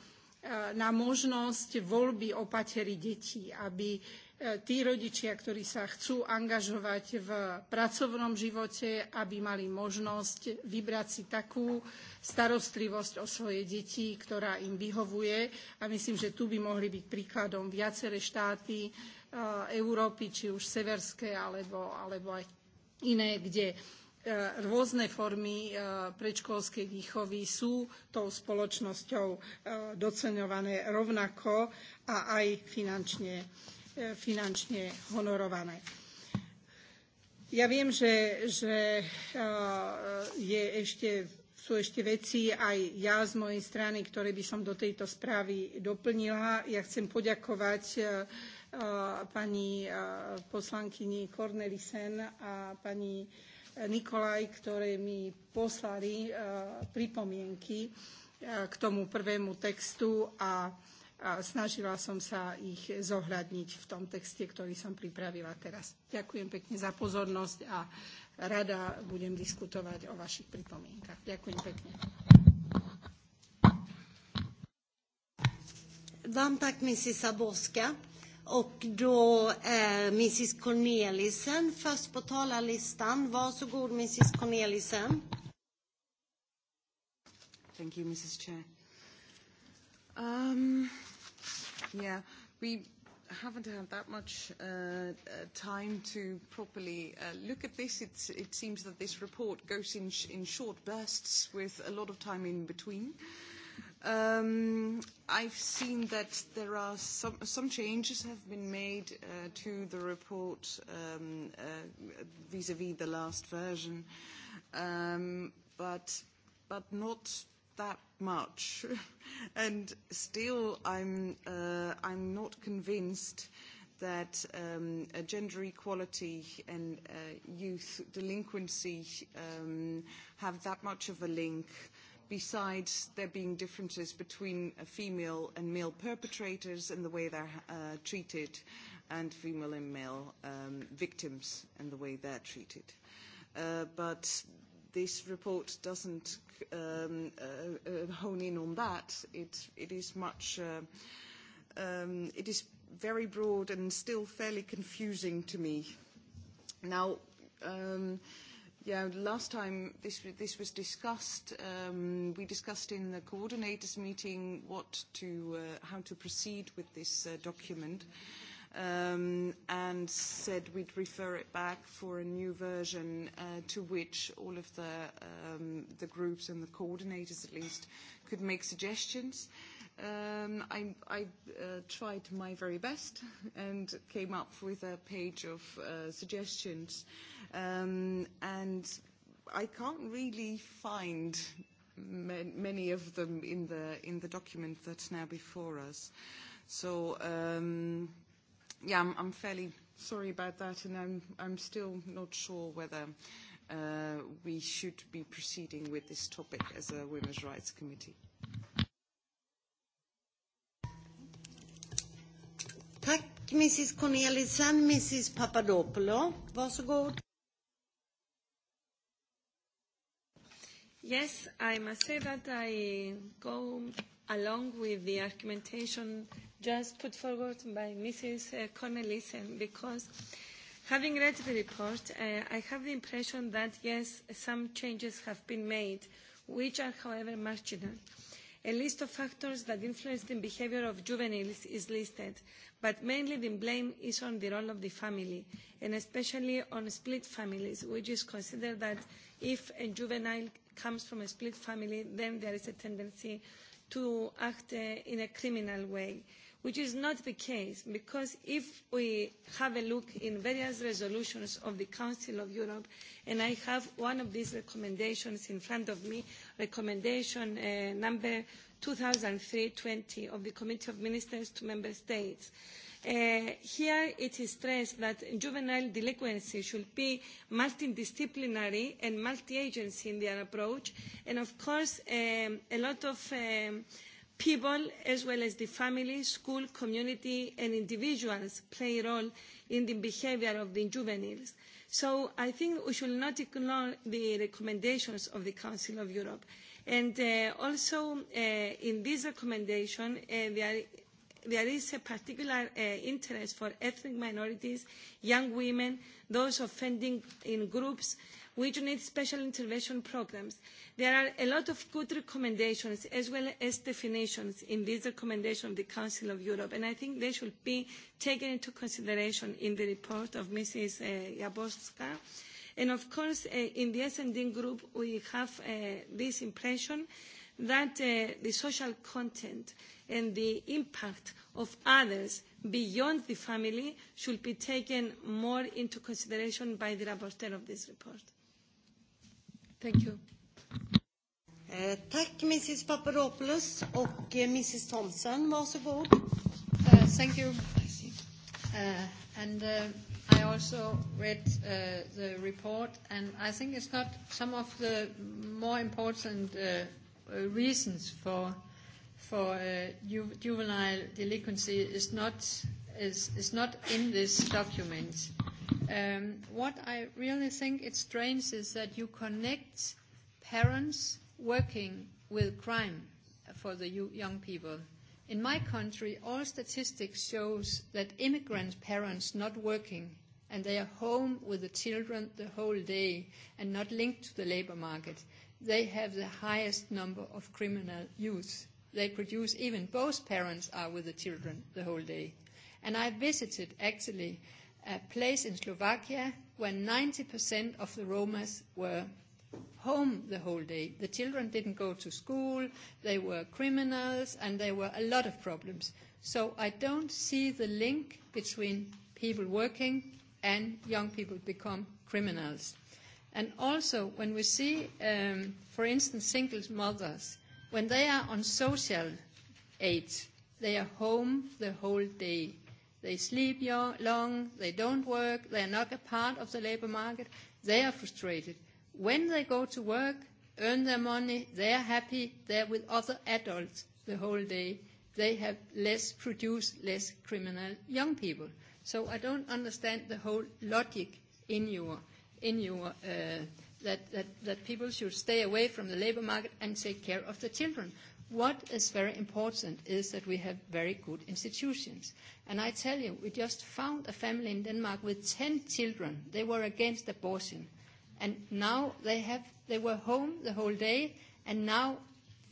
na možnosť voľby opatery detí, aby E, tí rodičia, ktorí sa chcú angažovať v pracovnom živote, aby mali možnosť vybrať si takú starostlivosť o svoje deti, ktorá im vyhovuje. A myslím, že tu by mohli byť príkladom viaceré štáty e, Európy, či už severské, alebo, alebo aj iné, kde e, rôzne formy predškolskej výchovy sú tou spoločnosťou doceňované rovnako a aj finančne. E, finančne honorované. Ja viem, že, že e, je ešte, sú ešte veci aj ja z mojej strany, ktoré by som do tejto správy doplnila. Ja chcem poďakovať e, pani poslankyni Cornelisen a pani Nikolaj, ktoré mi poslali pripomienky k tomu prvému textu a a snažila som sa ich zohľadniť v tom texte, ktorý som pripravila teraz. Ďakujem pekne za pozornosť a rada budem diskutovať o vašich pripomienkach. Ďakujem pekne. Varmt tack Mrs. Saborska. Och då är eh, Mrs Cornelissen först på talarlistan. Varsågod Mrs Cornelissen. Thank you Mrs Chair. Um, Yeah, we haven't had that much uh, uh, time to properly uh, look at this. It's, it seems that this report goes in, sh- in short bursts with a lot of time in between. Um, I've seen that there are some, some changes have been made uh, to the report um, uh, vis-à-vis -vis the last version, um, but, but not that much. and still, I'm, uh, I'm not convinced that um, uh, gender equality and uh, youth delinquency um, have that much of a link. Besides there being differences between uh, female and male perpetrators and the way they're uh, treated, and female and male um, victims and the way they're treated. Uh, but this report doesn't um, uh, uh, hone in on that. It, it is much, uh, um, it is very broad and still fairly confusing to me. Now, um, yeah, last time this, this was discussed, um, we discussed in the coordinators meeting what to, uh, how to proceed with this uh, document. Mm-hmm um, and said we'd refer it back for a new version uh, to which all of the, um, the groups and the coordinators at least could make suggestions. Um, I, I uh, tried my very best and came up with a page of uh, suggestions. Um, and I can't really find many of them in the in the document that's now before us. So um, yeah, I'm, I'm fairly sorry about that, and I'm, I'm still not sure whether uh, we should be proceeding with this topic as a Women's Rights Committee. Tack, Mrs Cornelissen. Mrs Papadopoulou, varsågod. Yes, I must say that I go along with the argumentation just put forward by Mrs. Uh, Cornelissen um, because having read the report, uh, I have the impression that yes, some changes have been made, which are however marginal. A list of factors that influence the behaviour of juveniles is listed, but mainly the blame is on the role of the family, and especially on split families, which is considered that if a juvenile comes from a split family, then there is a tendency to act uh, in a criminal way. Uh, which is not the case because if we have a look in various resolutions of the Council of Europe, and I have one of these recommendations in front of me, recommendation uh, number 2003-20 of the Committee of Ministers to Member States. Uh, here it is stressed that juvenile delinquency should be multidisciplinary and multi-agency in their approach, and of course um, a lot of um, uh, People, as well as the family, school, community, and individuals play a role in the behavior of the juveniles. So I think we should not ignore the recommendations of the Council of Europe. And uh, also uh, in this recommendation, uh, there, there is a particular uh, interest for ethnic minorities, young women, those offending in groups uh, which need special intervention programs. There are a lot of good recommendations as well as definitions in this recommendation of the Council of Europe, and I think they should be taken into consideration in the report of Mrs. Uh, Jaborska. And of course, uh, in the S&D group, we have uh, this impression that uh, the social content and the impact of others beyond the family should be taken more into consideration by the rapporteur of this report. Thank you. Eh, tack Mrs Papadopoulos och eh, Mrs Thompson. Varsågod. Uh, thank you. Uh, and uh, I also read uh, the report, and I think it's got some of the more important uh, reasons for for uh, ju- juvenile delinquency is not is, is not in this document. Uh, Um, what I really think it's strange is that you connect parents working with crime for the young people. In my country, all statistics shows that immigrant parents not working and they are home with the children the whole day and not linked to the labor market, they have the highest number of criminal youth. They produce even both parents are with the children the whole day. And I visited actually uh, uh, place in Slovakia where 90% of the Romas were home the whole day. The children didn't go to school, they were criminals, and there were a lot of problems. So I don't see the link between people working and young people become criminals. And also, when we see, um, for instance, single mothers, when they are on social aid, they are home the whole day. They sleep long, they don't work, they're not a part of the labor market, they are frustrated. When they go to work, earn their money, they're happy, they're with other adults the whole day. They have less, produce less criminal young people. So I don't understand the whole logic in your, in your uh, that, that, that people should stay away from the labor market and take care of the children. What is very important is that we have very good institutions. And I tell you, we just found a family in Denmark with 10 children. They were against abortion. And now they, have, they were home the whole day. And now,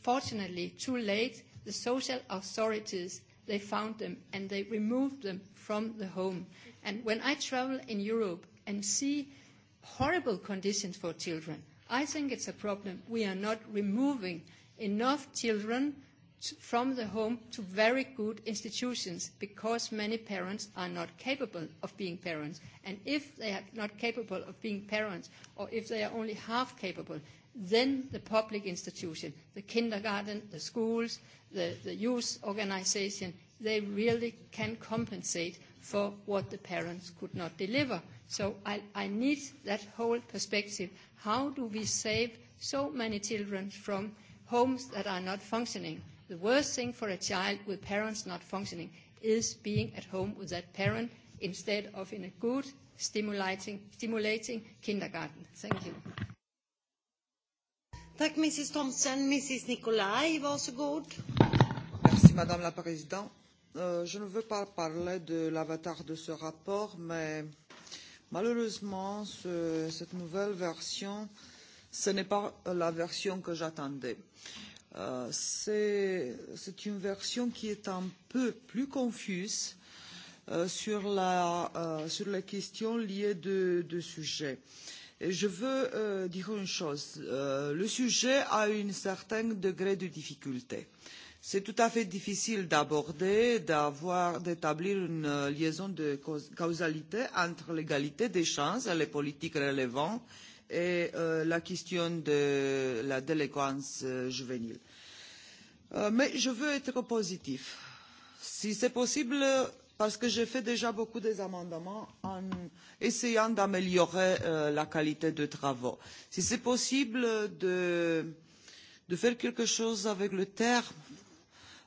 fortunately, too late, the social authorities, they found them and they removed them from the home. And when I travel in Europe and see horrible conditions for children, I think it's a problem we are not removing – enough children to, from the home to very good institutions because many parents are not capable of being parents. And if they are not capable of being parents, or if they are only half capable, then the public institution, the kindergarten, the schools, the, the youth organization, they really can compensate for what the parents could not deliver. So I, I need that whole perspective. How do we save so many children from uh, homes that are not functioning. The worst thing for a child with parents not functioning is being at home with that parent instead of in a good, stimulating, stimulating kindergarten. Thank you. Tack Mrs Thompson. Mrs Nicolai, varsågod. Merci Madame la Présidente. Euh, je ne veux pas parler de l'avatar de ce rapport, mais malheureusement, ce, cette nouvelle version euh, ce n'est pas euh, la version que j'attendais. Euh, C'est une version qui est un peu plus confuse euh, sur, la, euh, sur la question liée de, de sujet. Et je veux euh, dire une chose. Euh, le sujet a un certain degré de difficulté. C'est tout à fait difficile d'aborder, d'avoir, d'établir une euh, liaison de causalité entre l'égalité des chances et les politiques relevantes euh, et euh, la question de la délinquance euh, juvénile. Euh, mais je veux être positif, si c'est possible, parce que j'ai fait déjà beaucoup d'amendements en essayant d'améliorer euh, la qualité de travaux. Si c'est possible de, de faire quelque chose avec le terme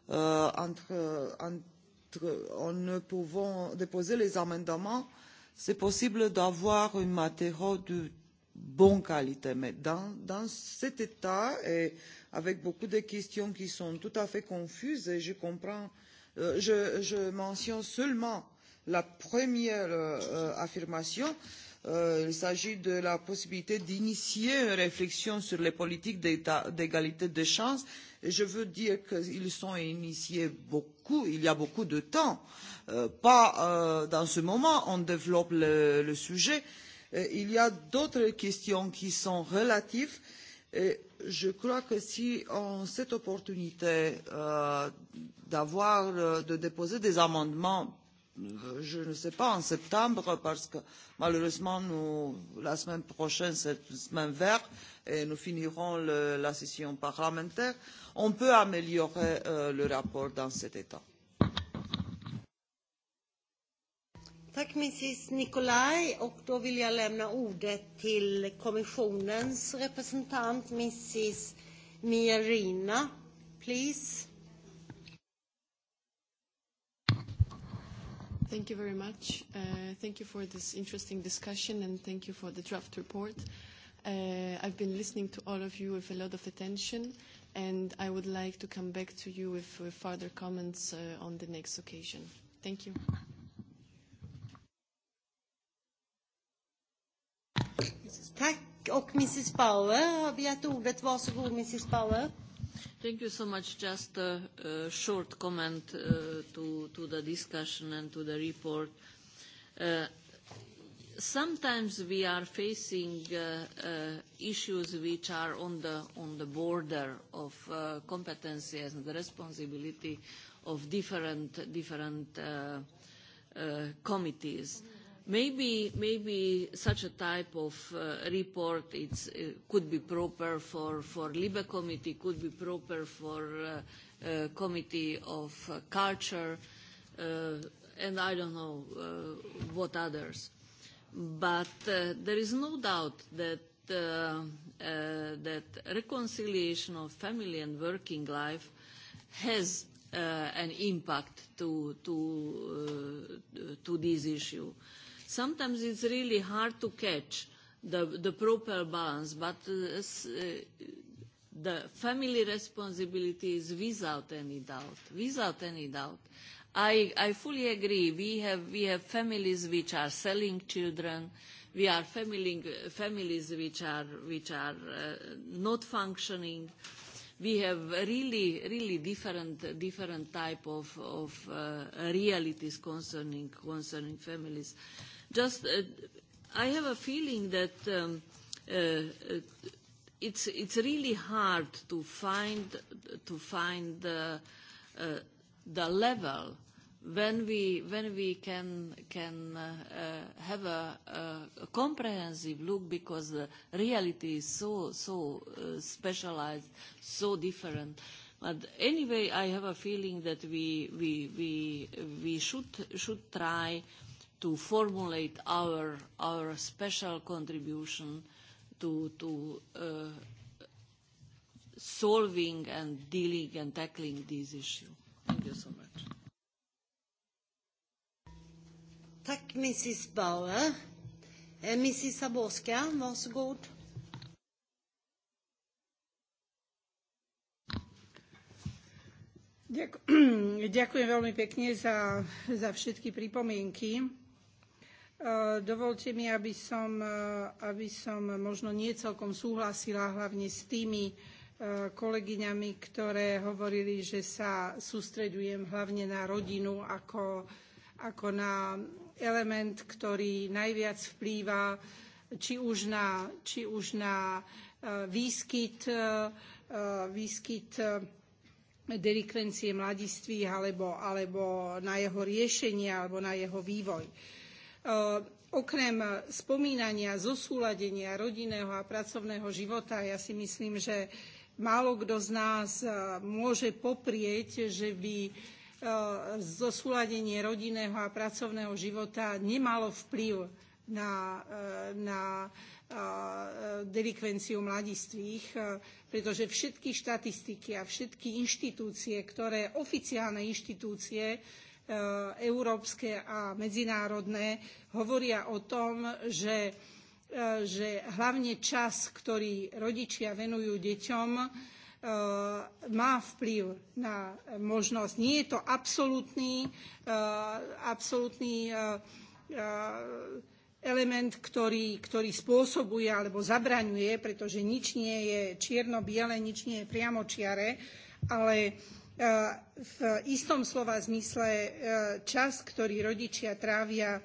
euh, entre, entre en ne pouvant déposer les amendements, c'est possible d'avoir un matériau du bonne qualité. Mais dans, dans cet état, et avec beaucoup de questions qui sont tout à fait confuses, et je comprends, euh, je, je mentionne seulement la première euh, affirmation. Euh, il s'agit de la possibilité d'initier une réflexion sur les politiques d'égalité des chances. Et je veux dire qu'ils sont initiés beaucoup, il y a beaucoup de temps. Euh, pas euh, dans ce moment, on développe le, le sujet. Euh, Euh, il y a d'autres questions qui sont relatives et je crois que si on a cette opportunité euh, d'avoir euh, de déposer des amendements euh, je ne sais pas en septembre parce que malheureusement nous, la semaine prochaine c'est une semaine verte et nous finirons le, la session parlementaire on peut améliorer euh, le rapport dans cet état. Tack Mrs Nikolaj och då vill jag lämna ordet till kommissionens representant Mrs Mierina, please. Thank you very much. Uh, thank you for this interesting discussion and thank you for the draft report. Uh, I've been listening to all of you with a lot of attention and I would like to come back to you with, with further comments uh, on the next occasion. Thank you. Tack. Och Mrs Bauer har begärt ordet. Varsågod Mrs Bauer. Thank you so much. Just a, a short comment uh, to, to the discussion and to the report. Uh, sometimes we are facing uh, uh, issues which are on the, on the border of uh, competency and the responsibility of different, different uh, uh, committees. Mm -hmm. Maybe, maybe such a type of uh, report it's, uh, could be proper for, for LIBE committee, could be proper for uh, uh, committee of uh, culture, uh, and I don't know uh, what others. But uh, there is no doubt that uh, uh, that reconciliation of family and working life has uh, an impact to to uh, to this issue. Uh, Sometimes it's really hard to catch the, the proper balance, but uh, uh, the family responsibility is without any doubt, without any doubt. I, I fully agree. We have, we have families which are selling children. We are family, families which are, which are uh, not functioning. We have really, really different, different type of, of uh, realities concerning, concerning families. Uh, Just, uh, I have a feeling that um, uh, uh it's it's really hard to find to find uh, uh, the level when we when we can can uh, uh, have a, a comprehensive look because the reality is so so uh, specialized so different but anyway i have a feeling that we we we we should should try uh, to formulate our, our special contribution to, to uh, solving and dealing and tackling this issue. Thank you so much. Tack, Mrs. Bauer. Eh, Mrs. Zaborska, varsågod. Ďakujem veľmi pekne za, za všetky pripomienky Eh, dovolte mi, aby som, eh, aby som možno nie celkom súhlasila hlavne s tými eh, kolegyňami, ktoré hovorili, že sa sústreďujem hlavne na rodinu ako, ako na element, ktorý najviac vplýva či už na, či už na výskyt, výskyt delikvencie mladistvých alebo, alebo na jeho riešenie alebo na jeho vývoj. Uh, Okrem spomínania zosúladenia rodinného a pracovného života, ja si myslím, že málo kto z nás môže poprieť, že by zosúladenie rodinného a pracovného života nemalo vplyv na, na delikvenciu mladistvých, pretože všetky štatistiky a všetky inštitúcie, ktoré oficiálne inštitúcie E, európske a medzinárodné hovoria o tom, že, e, že hlavne čas, ktorý rodičia venujú deťom, e, má vplyv na možnosť. Nie je to absolútny, absolútny element, ktorý, ktorý spôsobuje alebo zabraňuje, pretože nič nie je čierno-biele, nič nie je priamočiare, ale E, v istom slova zmysle e, čas, ktorý rodičia trávia e,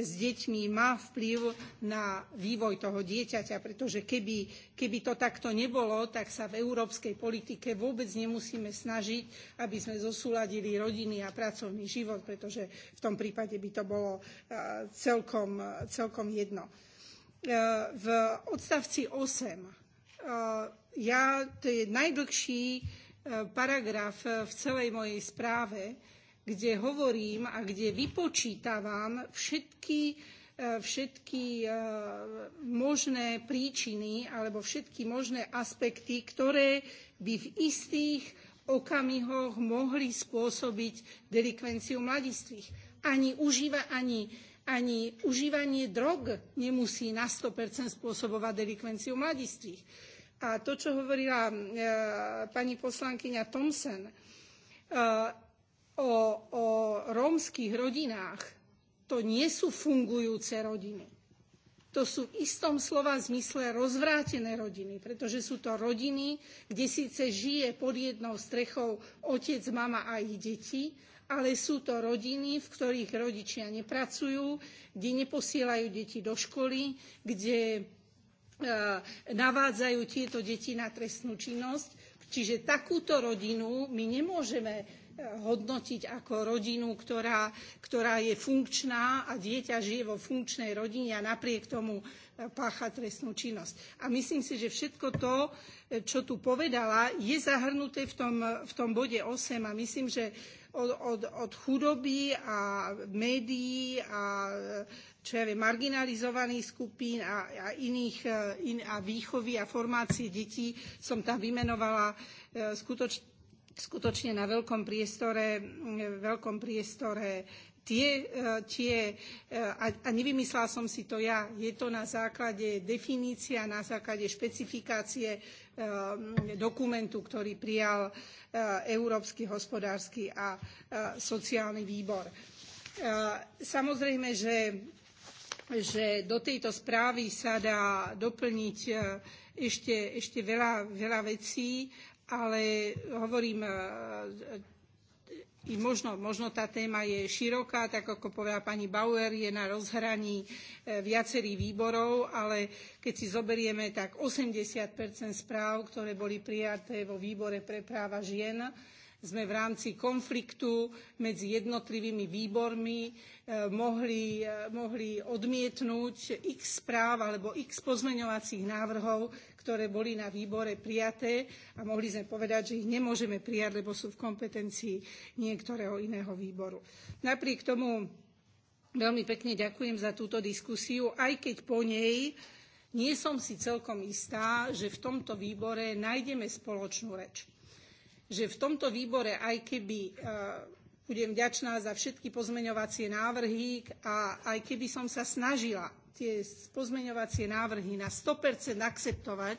s deťmi má vplyv na vývoj toho dieťaťa, pretože keby, keby to takto nebolo, tak sa v európskej politike vôbec nemusíme snažiť, aby sme zosúladili rodiny a pracovný život, pretože v tom prípade by to bolo celkom, celkom jedno. V odstavci 8 ja, to je najdlhší paragraf v celej mojej správe, kde hovorím a kde vypočítavam všetky, e, všetky e, možné príčiny alebo všetky možné aspekty, ktoré by v istých okamihoch mohli spôsobiť delikvenciu mladistvých. Ani, užíva, ani, ani užívanie drog nemusí na 100% spôsobovať delikvenciu mladistvých A to, čo hovorila e, pani poslankyňa Thompson e, o, o rómskych rodinách, to nie sú fungujúce rodiny. To sú v istom slova zmysle rozvrátené rodiny, pretože sú to rodiny, kde síce žije pod jednou strechou otec, mama a ich deti, ale sú to rodiny, v ktorých rodičia nepracujú, kde neposielajú deti do školy, kde E, navádzajú tieto deti na trestnú činnosť. Čiže takúto rodinu my nemôžeme hodnotiť ako rodinu, ktorá, ktorá je funkčná a dieťa žije vo funkčnej rodine a napriek tomu e, pácha trestnú činnosť. A myslím si, že všetko to, e, čo tu povedala, je zahrnuté v tom, v tom bode 8 a myslím, že od, od, od chudoby a médií a čo ja viem, marginalizovaných skupín a, a iných e, in, a výchovy a formácie detí som tam vymenovala skutočne skutočne na veľkom priestore, veľkom priestore tie, e, tie e, a, a nevymyslela som si to ja, je to na základe definícia, na základe špecifikácie e, dokumentu, ktorý prijal Európsky hospodársky a sociálny výbor. Samozrejme, že že do tejto správy sa dá doplniť ešte, ešte veľa, veľa vecí ale hovorím, e, i možno, možno tá téma je široká, tak ako povedala pani Bauer, je na rozhraní e, viacerých výborov, ale keď si zoberieme, tak 80 správ, ktoré boli prijaté vo výbore pre práva žien, sme v rámci konfliktu medzi jednotlivými výbormi e, mohli, mohli odmietnúť x správ alebo x pozmeňovacích návrhov, ktoré boli na výbore prijaté a mohli sme povedať, že ich nemôžeme prijať, lebo sú v kompetencii niektorého iného výboru. Napriek tomu veľmi pekne ďakujem za túto diskusiu, aj keď po nej nie som si celkom istá, že v tomto výbore nájdeme spoločnú reč. Že v tomto výbore, aj keby e, budem vďačná za všetky pozmeňovacie návrhy a aj keby som sa snažila tie pozmeňovacie návrhy na 100% akceptovať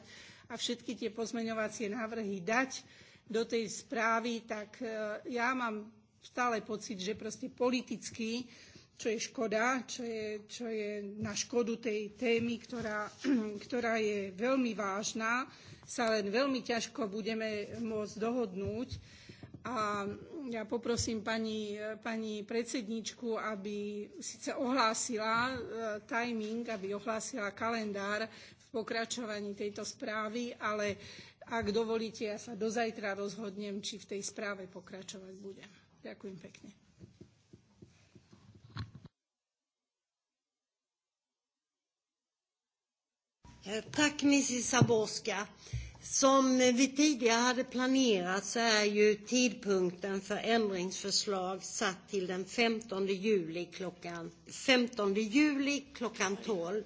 a všetky tie pozmeňovacie návrhy dať do tej správy, tak e, ja mám stále pocit, že proste politicky, čo je škoda, čo je, čo je na škodu tej témy, ktorá, ktorá je veľmi vážna, sa len veľmi ťažko budeme môcť dohodnúť A ja poprosím pani, pani predsedničku, aby síce ohlásila e, timing, aby ohlásila kalendár v pokračovaní tejto správy, ale ak dovolíte, ja sa do zajtra rozhodnem, či v tej správe pokračovať budem. Ďakujem pekne. E, Tack, Mrs. Saborska. Som vi tidigare hade planerat så är ju tidpunkten för ändringsförslag satt till den 15 juli klockan, 15 juli klockan 12.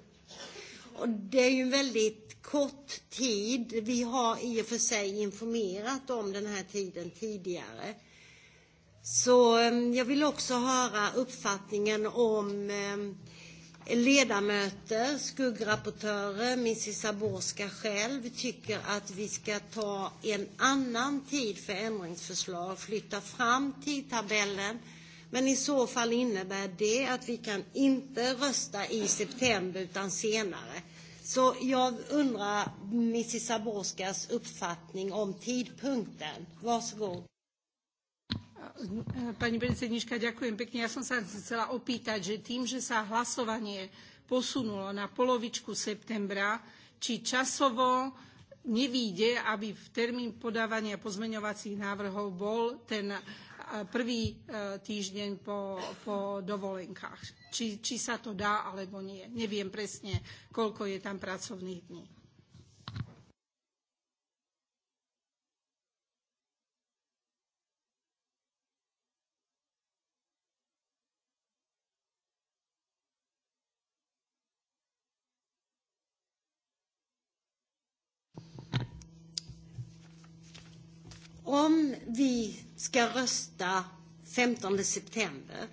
Och det är ju en väldigt kort tid. Vi har i och för sig informerat om den här tiden tidigare. Så ehm, jag vill också höra uppfattningen om eh, ledamöter, skuggrapportörer, Mrs Zaborska själv tycker att vi ska ta en annan tid för ändringsförslag, flytta fram tidtabellen. Men i så fall innebär det att vi kan inte rösta i september utan senare. Så jag undrar Mrs Zaborskas uppfattning om tidpunkten. Varsågod. Pani predsednička, ďakujem pekne. Ja som sa chcela opýtať, že tým, že sa hlasovanie posunulo na polovičku septembra, či časovo nevíde, aby v termín podávania pozmeňovacích návrhov bol ten prvý e, týždeň po, po dovolenkách. Či, či sa to dá, alebo nie. Neviem presne, koľko je tam pracovných dní. om vi ska rösta 15 september,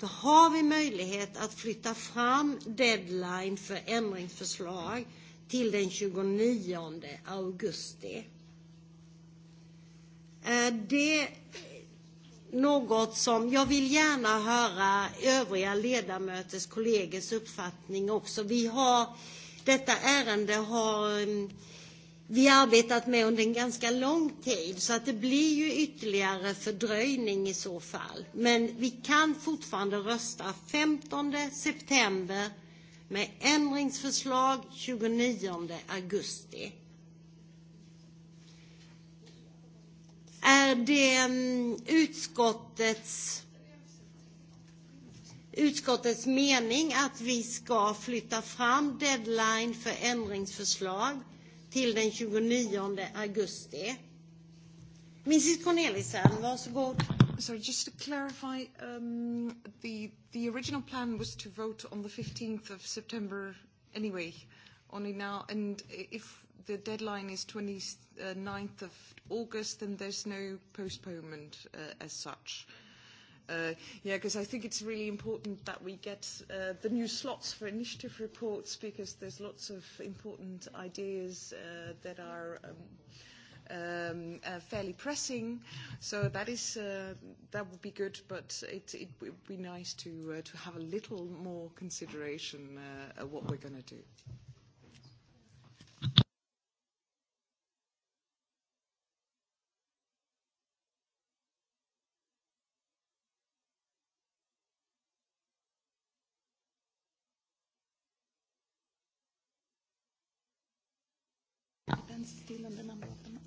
då har vi möjlighet att flytta fram deadline för ändringsförslag till den 29 augusti. Är eh, det er något som jag vill gärna höra övriga ledamöters kollegers uppfattning också. Vi har, detta ärende har mm, vi har arbetat med under en ganska lång tid så att det blir ju ytterligare fördröjning i så fall. Men vi kan fortfarande rösta 15 september med ändringsförslag 29 augusti. Är det mm, utskottets, utskottets mening att vi ska flytta fram deadline för ändringsförslag till den 29 augusti. Mrs. Cornelissen, varsågod. Sorry, just to clarify, um, the, the original plan was to vote on the 15th of September anyway, only now, and if the deadline is 29th of August, then there's no postponement uh, as such. Uh, Uh, yeah, because I think it's really important that we get uh, the new slots for initiative reports because there's lots of important ideas uh, that are um, um, uh, fairly pressing. So that is uh, that would be good, but it, it would be nice to uh, to have a little more consideration uh, of what we're going to do. still on the number of them.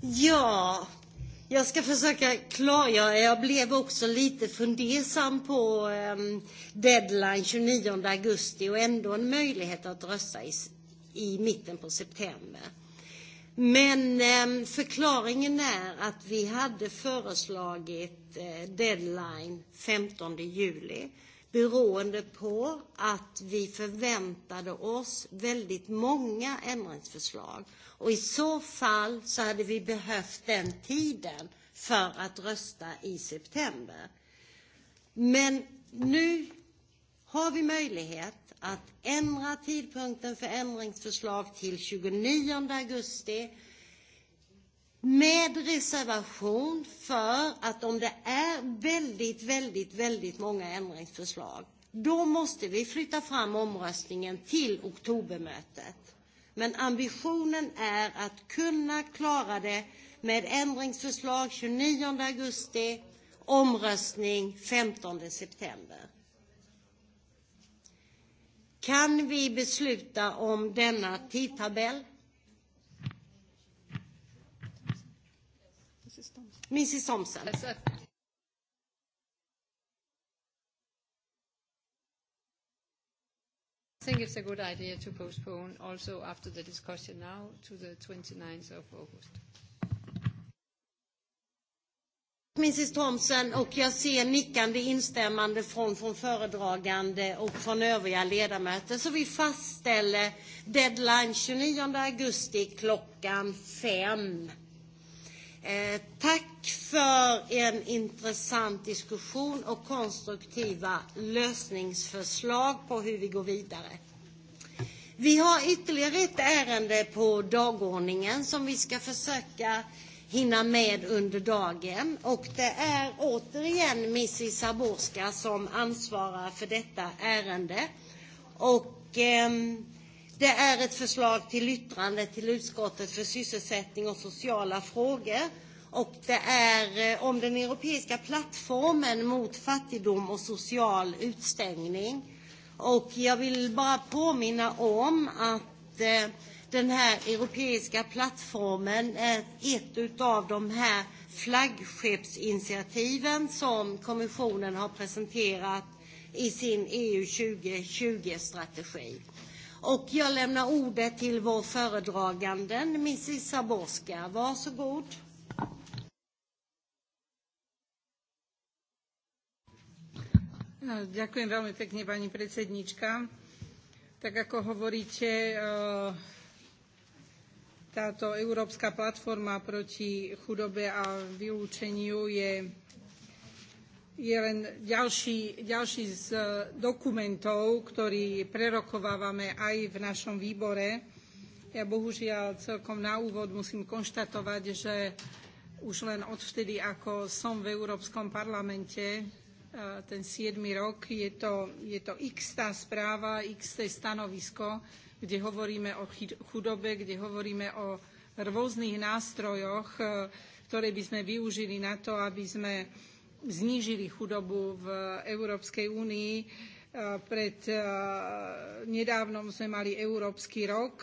Ja, jag ska försöka klargöra. Jag blev också lite fundersam på um, deadline 29 augusti och ändå en möjlighet att rösta i, i mitten på september. Men eh, förklaringen är att vi hade föreslagit eh, deadline 15 juli beroende på att vi förväntade oss väldigt många ändringsförslag. Och i så fall så hade vi behövt den tiden för att rösta i september. Men nu har vi möjlighet att ändra tidpunkten för ändringsförslag till 29 augusti med reservation för att om det är väldigt, väldigt, väldigt många ändringsförslag, då måste vi flytta fram omröstningen till oktobermötet. Men ambitionen är att kunna klara det med ändringsförslag 29 augusti, omröstning 15 september. Kan vi besluta om denna tidtabell? Mrs Thompson. I think it's a good idea to postpone also after the discussion now to the 29th of August. Mrs Thomsen och jag ser nickande instämmande från, från föredragande och från övriga ledamöter. Så vi fastställer deadline 29 augusti klockan fem. Eh, tack för en intressant diskussion och konstruktiva lösningsförslag på hur vi går vidare. Vi har ytterligare ett ärende på dagordningen som vi ska försöka hinna med under dagen. Och det är återigen Missy Saborska som ansvarar för detta ärende. Och eh, det är ett förslag till yttrande till utskottet för sysselsättning och sociala frågor. Och det är eh, om den europeiska plattformen mot fattigdom och social utstängning. Och jag vill bara påminna om att eh, den här europeiska plattformen är ett av de här flaggskeppsinitiativen som kommissionen har presenterat i sin EU 2020-strategi. Och jag lämnar ordet till vår föredragande, Mrs Zaborska. Varsågod. Ďakujem veľmi pekne, pani predsednička. Tak ako hovoríte, eh, Táto Európska platforma proti chudobe a vylúčeniu je, je len ďalší, ďalší z dokumentov, ktorý prerokovávame aj v našom výbore. Ja bohužiaľ celkom na úvod musím konštatovať, že už len odvtedy, ako som v Európskom parlamente, eh, ten 7. rok, je to, je to x tá správa, x té stanovisko, kde hovoríme o chudobe, kde hovoríme o rôznych nástrojoch, e, ktoré by sme využili na to, aby sme znížili chudobu v Európskej únii. E, pred e, nedávnom sme mali Európsky rok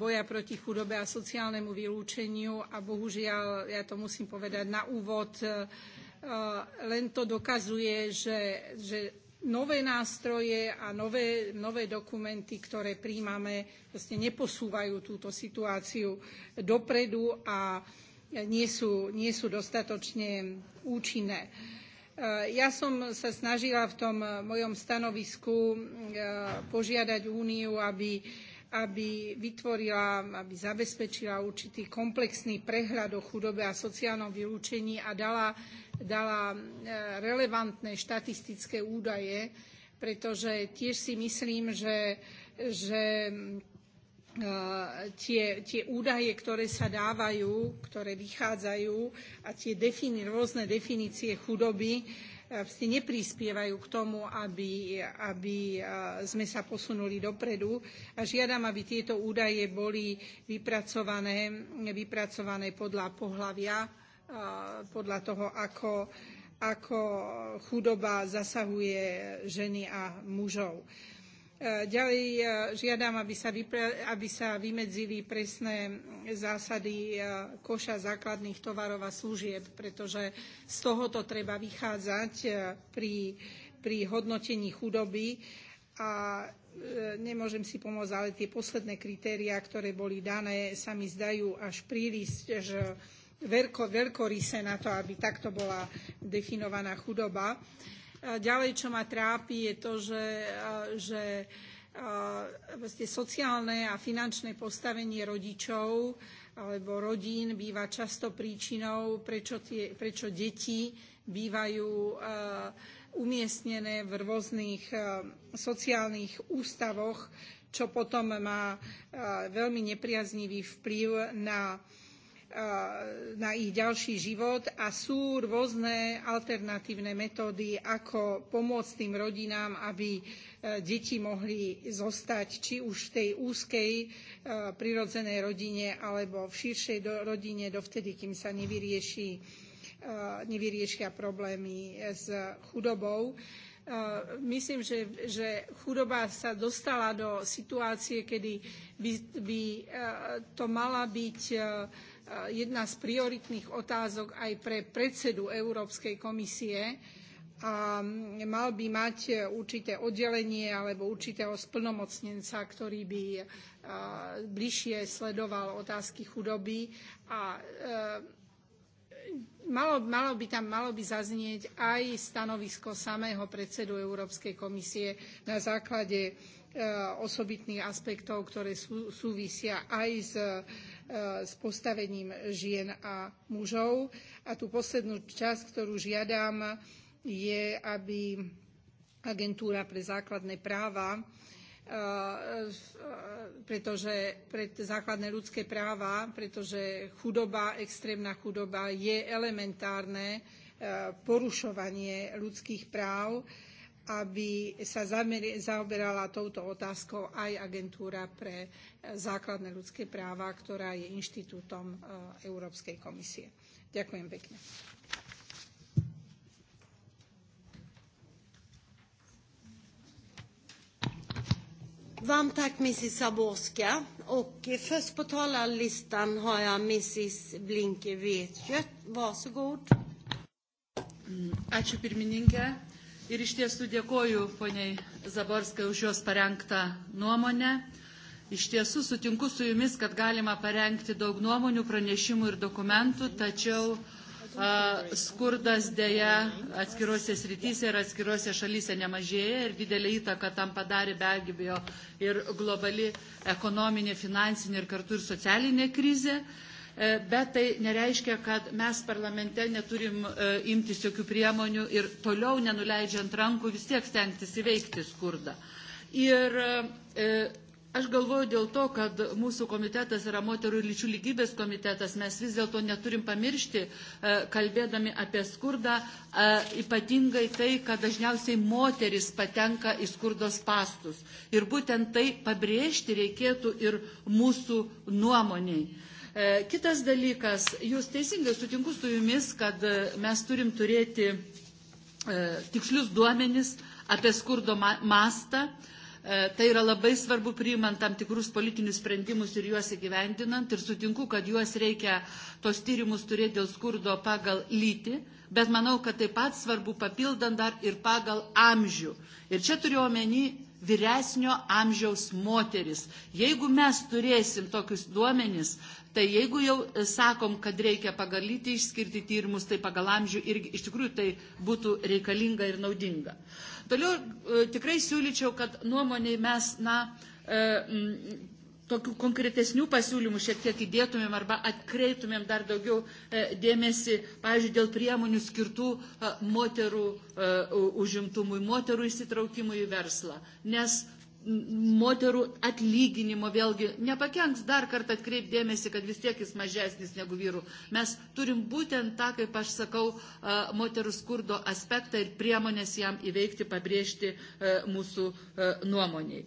boja proti chudobe a sociálnemu vylúčeniu a bohužiaľ, ja to musím povedať na úvod, len to dokazuje, že, že nové nástroje a nové, nové dokumenty, ktoré príjmame, vlastne neposúvajú túto situáciu dopredu a nie sú, nie sú dostatočne účinné. E, ja som sa snažila v tom mojom stanovisku e, požiadať Úniu, aby, aby vytvorila, aby zabezpečila určitý komplexný prehľad o chudobe a sociálnom vylúčení a dala dala e, relevantné štatistické údaje, pretože tiež si myslím, že, že e, tie, tie údaje, ktoré sa dávajú, ktoré vychádzajú a tie defini- rôzne definície chudoby vlastne e, neprispievajú k tomu, aby, aby sme sa posunuli dopredu. A žiadam, aby tieto údaje boli vypracované, vypracované podľa pohľavia podľa toho, ako, ako chudoba zasahuje ženy a mužov. E, ďalej e, žiadam, aby sa, vypre, aby sa vymedzili presné zásady e, koša základných tovarov a služieb, pretože z tohoto treba vychádzať pri, pri hodnotení chudoby a nemôžem si pomôcť, ale tie posledné kritéria, ktoré boli dané, sa mi zdajú až príliš, že veľko, veľkorysé na to, aby takto bola definovaná chudoba. Ďalej, čo ma trápi, je to, že, že vlastne sociálne a finančné postavenie rodičov alebo rodín býva často príčinou, prečo, tie, prečo deti bývajú umiestnené v rôznych sociálnych ústavoch, čo potom má veľmi nepriaznivý vplyv na na ich ďalší život a sú rôzne alternatívne metódy, ako pomôcť tým rodinám, aby e, deti mohli zostať či už v tej úzkej e, prirodzenej rodine alebo v širšej do, rodine dovtedy, kým sa nevyrieši, e, nevyriešia problémy s chudobou. Myslím, že, že chudoba sa dostala do situácie, kedy by, by to mala byť Eh, jedna z prioritných otázok aj pre predsedu Európskej komisie. A ehm, mal by mať určité oddelenie alebo určitého splnomocnenca, ktorý by eh, bližšie sledoval otázky chudoby a eh, malo, malo by tam malo by zaznieť aj stanovisko samého predsedu Európskej komisie na základe Eh, osobitných aspektov, ktoré sú, súvisia aj s, eh, s postavením žien a mužov. A tú poslednú časť, ktorú žiadam, je, aby agentúra pre základné práva eh, pretože pred základné ľudské práva, pretože chudoba, extrémna chudoba je elementárne porušovanie ľudských práv aby sa zameri- zaoberala touto otázkou aj agentúra pre e, základné ľudské práva, ktorá je inštitútom e, Európskej komisie. Ďakujem pekne. Varmt tack Mrs Zaborska. Och eh, först på talarlistan har jag Mrs Blinke Vetjött. Varsågod. Mm, ačiū pirmininkė. Ir iš tiesų dėkoju poniai Zaborskai už jos parengtą nuomonę. Iš tiesų sutinku su jumis, kad galima parengti daug nuomonių, pranešimų ir dokumentų, tačiau skurdas dėja atskiruose srityse ir atskiruose šalyse nemažėja ir didelį įtaką tam padarė be abejo ir globali ekonominė, finansinė ir kartu ir socialinė krizė. E, bet tai nereiškia, kad mes parlamente neturim e, imtis jokių priemonių ir toliau nenuleidžiant rankų vis tiek stengtis įveikti skurdą. Ir e, Aš galvoju dėl to, kad mūsų komitetas yra moterų ir lyčių lygybės komitetas, mes vis dėlto neturim pamiršti, kalbėdami apie skurdą, ypatingai tai, kad dažniausiai moteris patenka į skurdos pastus. Ir būtent tai pabrėžti reikėtų ir mūsų nuomoniai. E, kitas dalykas, jūs teisingai sutinku su jumis, kad e, mes turim turėti e, tikslius duomenis apie skurdo mastą. Tai yra labai svarbu priimant tam tikrus politinius sprendimus ir juos įgyvendinant. Ir sutinku, kad juos reikia tos tyrimus turėti dėl skurdo pagal lytį, bet manau, kad taip pat svarbu papildant dar ir pagal amžių. Ir čia turiu omeny vyresnio amžiaus moteris. Jeigu mes turėsim tokius duomenis, Tai jeigu jau e, sakom, kad reikia pagal lytį išskirti tyrimus, tai pagal amžių irgi iš tikrųjų tai būtų reikalinga ir naudinga. Toliau e, tikrai siūlyčiau, kad nuomoniai mes, na, e, tokių konkretesnių pasiūlymų šiek tiek įdėtumėm arba atkreiptumėm dar daugiau dėmesį, pavyzdžiui, dėl priemonių skirtų moterų užimtumui, moterų įsitraukimui į verslą. Nes moterų atlyginimo vėlgi nepakenks dar kartą atkreipdėmėsi, kad vis tiek jis mažesnis negu vyrų. Mes turim būtent tą, kaip aš sakau, moterų skurdo aspektą ir priemonės jam įveikti, pabrėžti mūsų nuomoniai.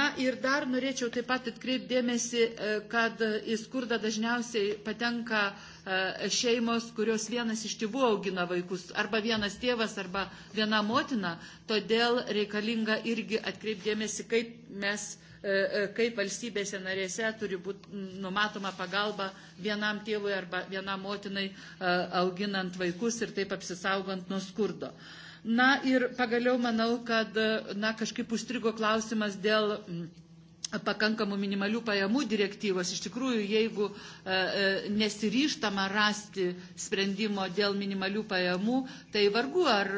Na ir dar norėčiau taip pat atkreipdėmėsi, kad į skurdą dažniausiai patenka uh, E, šeimos, kurios vienas iš tėvų augina vaikus, arba vienas tėvas, arba viena motina, todėl reikalinga irgi atkreipdėmėsi, kaip mes e, e, kaip valstybėse narėse turi būti numatoma pagalba vienam tėvui arba vienam motinai auginant vaikus ir taip apsisaugant nuo skurdo. Na ir pagaliau manau, kad na, kažkaip užstrigo klausimas dėl mm, pakankamų minimalių pajamų direktyvos, iš tikrųjų, jeigu e, e, nesiryštama rasti sprendimo dėl minimalių pajamų, tai vargu ar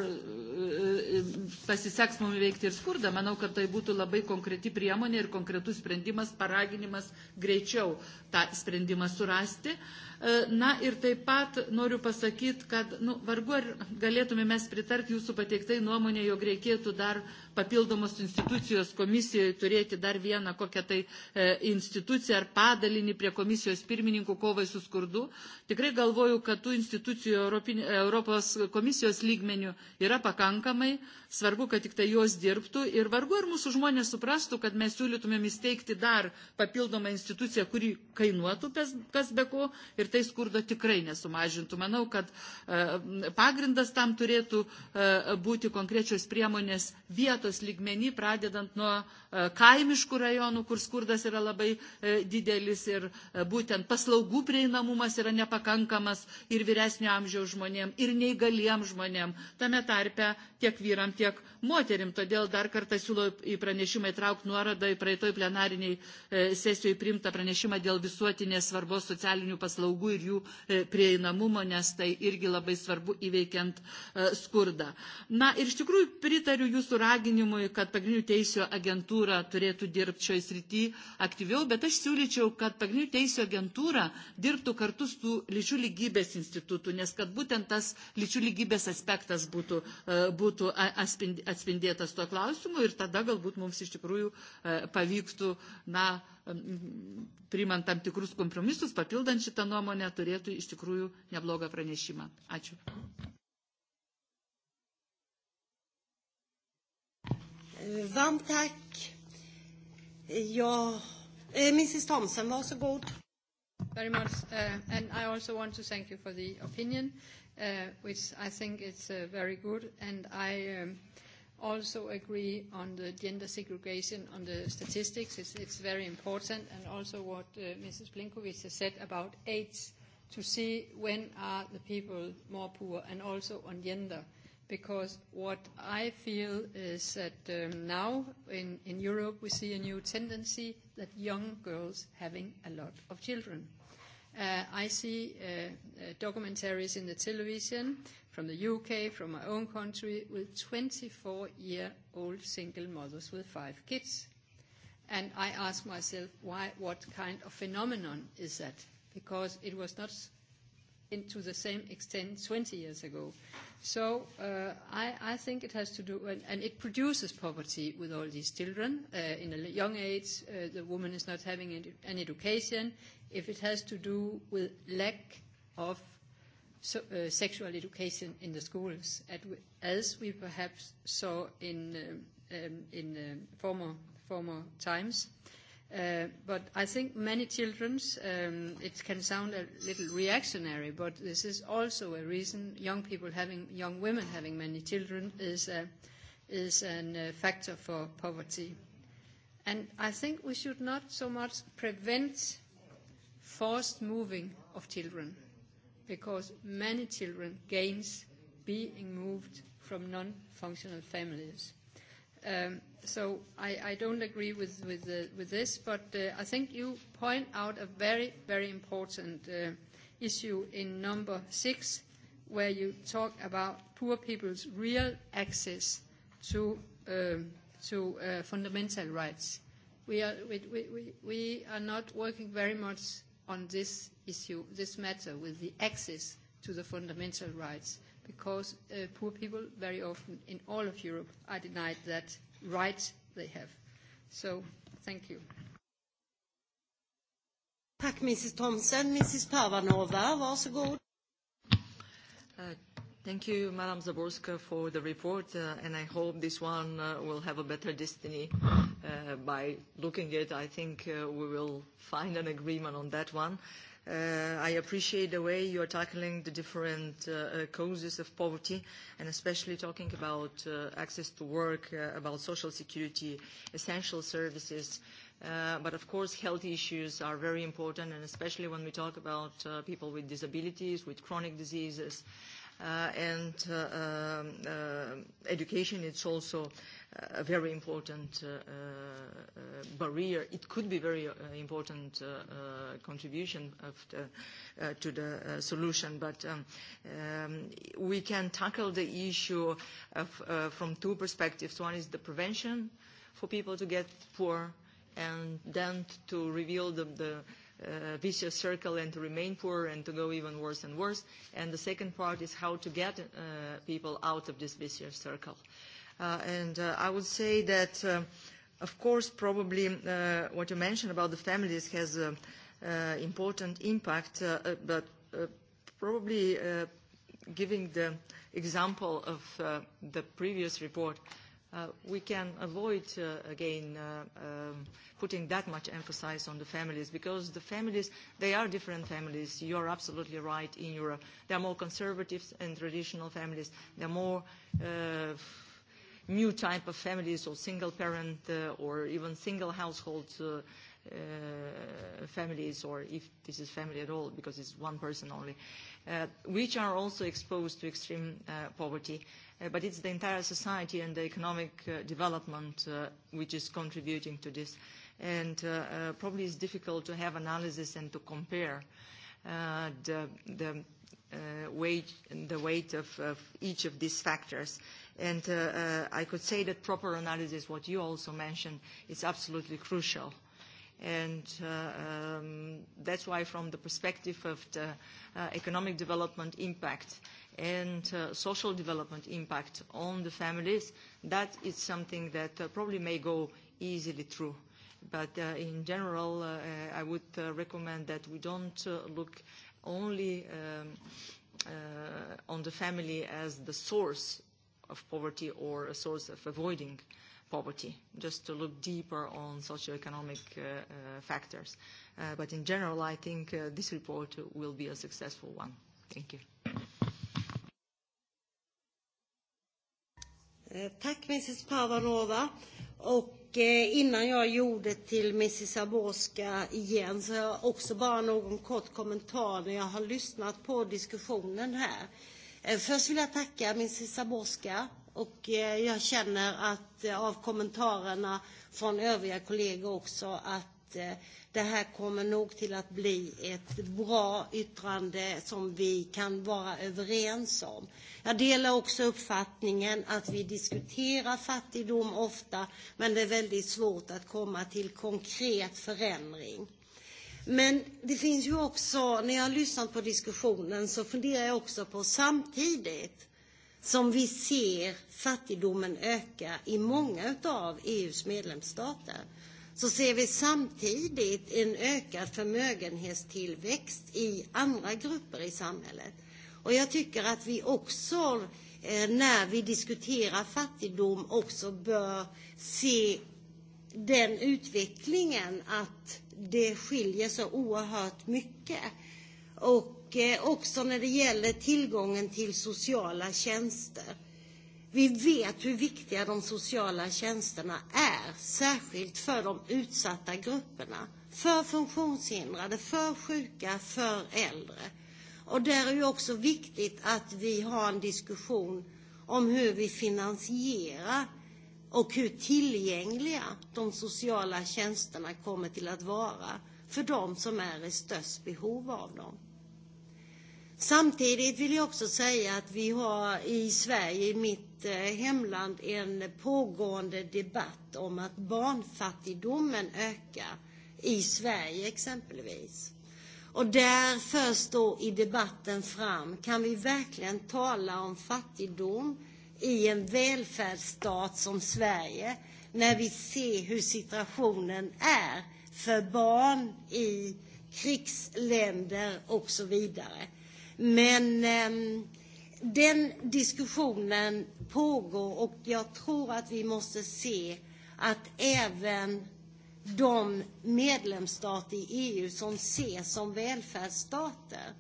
E, pasiseks mums veikti ir skurdą, manau, kad tai būtų labai konkreti priemonė ir konkretus sprendimas, paraginimas greičiau tą sprendimą surasti. E, na ir taip pat noriu pasakyti, kad nu, vargu ar galėtume mes pritarti jūsų pateiktai nuomonė, jog reikėtų dar papildomos institucijos komisijoje turėti dar vieną kokią tai e, instituciją ar padalinį prie komisijos pirmininkų kovai su skurdu. Tikrai galvoju, kad tų institucijų Europos komisijos lygmenių yra pakankamai pakankamai, svarbu, kad tik tai jos dirbtų ir vargu ar mūsų žmonės suprastų, kad mes siūlytumėm įsteigti dar papildomą instituciją, kuri kainuotų kas be ko ir tai skurdo tikrai nesumažintų. Manau, kad e, pagrindas tam turėtų e, būti konkrečios priemonės vietos lygmenį, pradedant nuo e, kaimiškų rajonų, kur skurdas yra labai didelis ir būtent paslaugų prieinamumas yra nepakankamas ir vyresnio amžiaus žmonėm, ir neįgaliem žmonėm, tame tarpe tiek vyram, tiek moterim. Todėl dar kartą siūlau į pranešimą įtraukti nuorodą į praeitoj plenariniai e, sesijoje primtą pranešimą dėl visuotinės svarbos socialinių paslaugų ir jų e, prieinamumo, nes tai irgi labai svarbu įveikiant e, skurdą. Na ir iš tikrųjų pritariu jūsų raginimui, kad pagrindinių teisų agentūra turėtų dirbti šioje srityje aktyviau, bet aš siūlyčiau, kad pagrindinių teisų agentūra dirbtų kartu su lyčių lygybės institutu, nes kad būtent tas lyčių lygybės aspektas būtų, būtų aspindi, atspindėtas tuo klausimu ir tada galbūt mums iš tikrųjų e, pavyktų, na, priimant tam tikrus kompromisus, papildant šitą nuomonę, turėtų iš tikrųjų neblogą pranešimą. Ačiū. Varmt tack. Ja, eh, Mrs Thompson, varsågod. Very much, uh, and I also want to thank you for the opinion, uh, which I think it's uh, very good, and I um, also agree on the gender segregation on the statistics. It's, it's very important, and also what uh, Mrs. Blinkovic has said about AIDS, to see when are the people more poor, and also on gender. Because what I feel is that um, now in, in Europe we see a new tendency that young girls having a lot of children. Uh, I see uh, uh, documentaries in the television from the UK, from my own country, with 24-year-old single mothers with five kids. And I asked myself, why, what kind of phenomenon is that? Because it was not in, to the same extent 20 years ago. So uh, I, I think it has to do, and, and it produces poverty with all these children. Uh, in a young age, uh, the woman is not having an education. If it has to do with lack of so, uh, sexual education in the schools, at, as we perhaps saw in, um, um, in um, former, former times. Uh, but I think many children's, um, it can sound a little reactionary, but this is also a reason young people having, young women having many children is, a, is a uh, factor for poverty. And I think we should not so much prevent forced moving of children. Uh, because many children gains being moved from non-functional families. Um, so I, I don't agree with, with, the, uh, with this, but uh, I think you point out a very, very important uh, issue in number six, where you talk about poor people's real access to, um, to uh, fundamental rights. We are, we, we, we are not working very much on this issue, this matter with the access to the fundamental rights because uh, poor people very often in all of Europe are denied that right they have. So thank you. Tack Mrs Thompson. Mrs Parvanova, varsågod. Uh, thank you, Madam Zaborska, for the report, uh, and I hope this one uh, will have a better destiny uh, by looking at, I think uh, we will find an agreement on that one. Uh, I appreciate the way you are tackling the different uh, uh, causes of poverty and especially talking about uh, access to work, uh, about social security, essential services. Uh, but of course, health issues are very important, and especially when we talk about uh, people with disabilities, with chronic diseases. Uh, and uh, um, uh, education, it's also a very important uh, uh, barrier. It could be very uh, important uh, uh, contribution of the, uh, to the uh, solution, but um, um, we can tackle the issue of, uh, from two perspectives. One is the prevention for people to get poor, and then to reveal the, the uh, vicious circle and to remain poor and to go even worse and worse. And the second part is how to get uh, people out of this vicious circle. Uh, Uh, and uh, I would say that, uh, of course, probably uh, what you mentioned about the families has an uh, uh, important impact, uh, uh, but uh, probably uh, giving the example of uh, the previous report, uh, we can avoid, uh, again, uh, um, putting that much emphasis on the families because the families, they are different families. You are absolutely right in Europe. There are more conservative and traditional families. There are more uh, new type of families or single parent uh, or even single household uh, uh, families or if this is family at all because it's one person only, uh, which are also exposed to extreme uh, poverty. Uh, but it's the entire society and the economic uh, development uh, which is contributing to this. And uh, uh, probably it's difficult to have analysis and to compare uh, the, the, uh, weight, the weight of, of each of these factors. Uh, And uh, uh, I could say that proper analysis, what you also mentioned, is absolutely crucial. And uh, um, that's why from the perspective of the uh, economic development impact and uh, social development impact on the families, that is something that uh, probably may go easily through. But uh, in general, uh, I would uh, recommend that we don't uh, look only um, uh, on the family as the source of poverty or a source of avoiding poverty, just to look deeper on socioeconomic uh, uh, factors. Uh, but in general, I think uh, this report will be a successful one. Thank you. Eh, tack Mrs Pavanova. Och eh, innan jag gjorde till Mrs Zaborska igen så har jag också bara någon kort kommentar när jag har lyssnat på diskussionen här. Eh, Eh, först vill jag tacka Mrs Zaborska och eh, jag känner att eh, av kommentarerna från övriga kollegor också att det här kommer nog till att bli ett bra yttrande som vi kan vara överens om. Jag delar också uppfattningen att vi diskuterar fattigdom ofta, men det är väldigt svårt att komma till konkret förändring. Men det finns ju också, när jag har lyssnat på diskussionen så funderar jag också på samtidigt som vi ser fattigdomen öka i många av EUs medlemsstater så ser vi samtidigt en ökad förmögenhetstillväxt i andra grupper i samhället. Och jag tycker att vi också eh, när vi diskuterar fattigdom också bör se den utvecklingen att det skiljer så oerhört mycket. Och eh, också när det gäller tillgången till sociala tjänster. Vi vet hur viktiga de sociala tjänsterna är, särskilt för de utsatta grupperna. För funktionshindrade, för sjuka, för äldre. Och där är det också viktigt att vi har en diskussion om hur vi finansierar och hur tillgängliga de sociala tjänsterna kommer till att vara för de som är i störst behov av dem. Samtidigt vill jag också säga att vi har i Sverige, i mitt eh, hemland, en pågående debatt om att barnfattigdomen ökar i Sverige exempelvis. Och där förs då i debatten fram, kan vi verkligen tala om fattigdom i en välfärdsstat som Sverige när vi ser hur situationen är för barn i krigsländer och så vidare. Men eh, den diskussionen pågår och jag tror att vi måste se att även de medlemsstater i EU som ses som välfärdsstater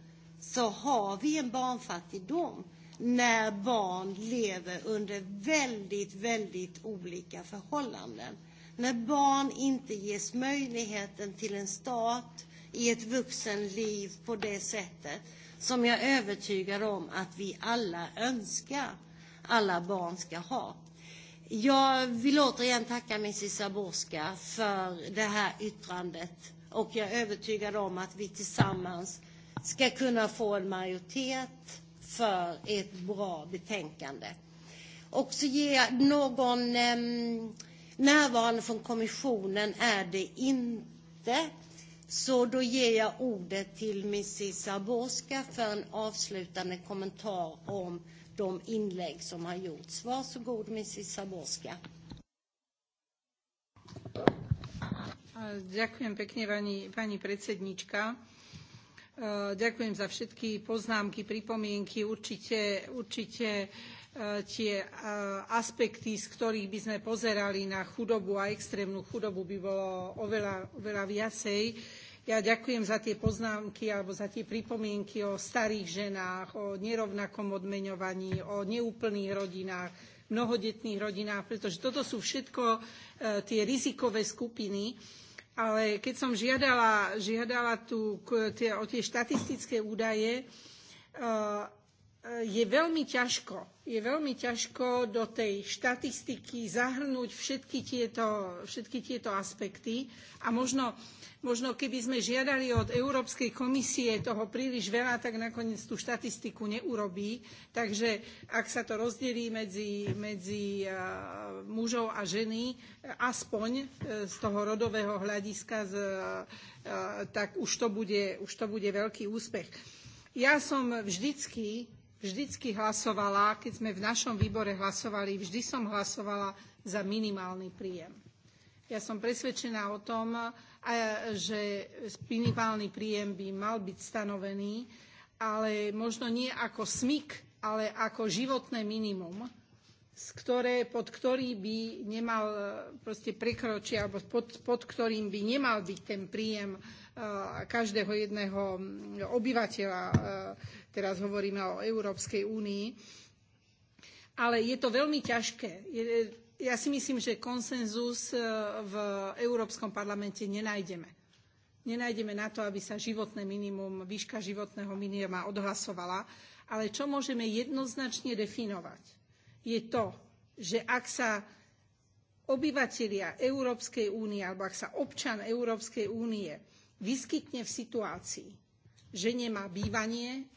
så har vi en barnfattigdom när barn lever under väldigt, väldigt olika förhållanden. När barn inte ges möjligheten till en start i ett vuxenliv på det sättet som jag är övertygad om att vi alla önskar alla barn ska ha. Jag vill återigen tacka Mrs Zaborska för det här yttrandet och jag är övertygad om att vi tillsammans ska kunna få en majoritet för ett bra betänkande. Också ge någon eh, närvarande från kommissionen är det inte. Så då ger jag ordet till Mrs Zaborska för en avslutande kommentar om de inlägg som har gjorts. Varsågod Mrs Zaborska. Ďakujem pekne, pani, pani predsednička. Ďakujem za všetky poznámky, pripomienky. Určite, určite tie aspekty, z ktorých by sme pozerali na chudobu a extrémnu chudobu, by bolo oveľa, oveľa viacej. Ja ďakujem za tie poznámky alebo za tie pripomienky o starých ženách, o nerovnakom odmeňovaní, o neúplných rodinách, mnohodetných rodinách, pretože toto sú všetko tie rizikové skupiny, ale keď som žiadala, žiadala tú, tie, o tie štatistické údaje, je veľmi ťažko, je veľmi ťažko do tej štatistiky zahrnúť všetky tieto, všetky tieto aspekty a možno, možno keby sme žiadali od Európskej komisie toho príliš veľa, tak nakoniec tú štatistiku neurobí. Takže ak sa to rozdelí medzi, medzi uh, mužov a ženy, aspoň uh, z toho rodového hľadiska, z, uh, tak už to bude, už to bude veľký úspech. Ja som vždycky vždycky hlasovala, keď sme v našom výbore hlasovali, vždy som hlasovala za minimálny príjem. Ja som presvedčená o tom, že minimálny príjem by mal byť stanovený, ale možno nie ako smyk, ale ako životné minimum, z ktoré, pod ktorý by nemal e, proste prekročiť, alebo pod, pod ktorým by nemal byť ten príjem uh, každého jedného obyvateľa. Teraz hovoríme o Európskej únii. Ale je to veľmi ťažké. Je, ja si myslím, že konsenzus e, v Európskom parlamente nenájdeme. Nenájdeme na to, aby sa životné minimum, výška životného minima odhlasovala. Ale čo môžeme jednoznačne definovať, je to, že ak sa obyvatelia Európskej únie alebo ak sa občan Európskej únie vyskytne v situácii, že nemá bývanie,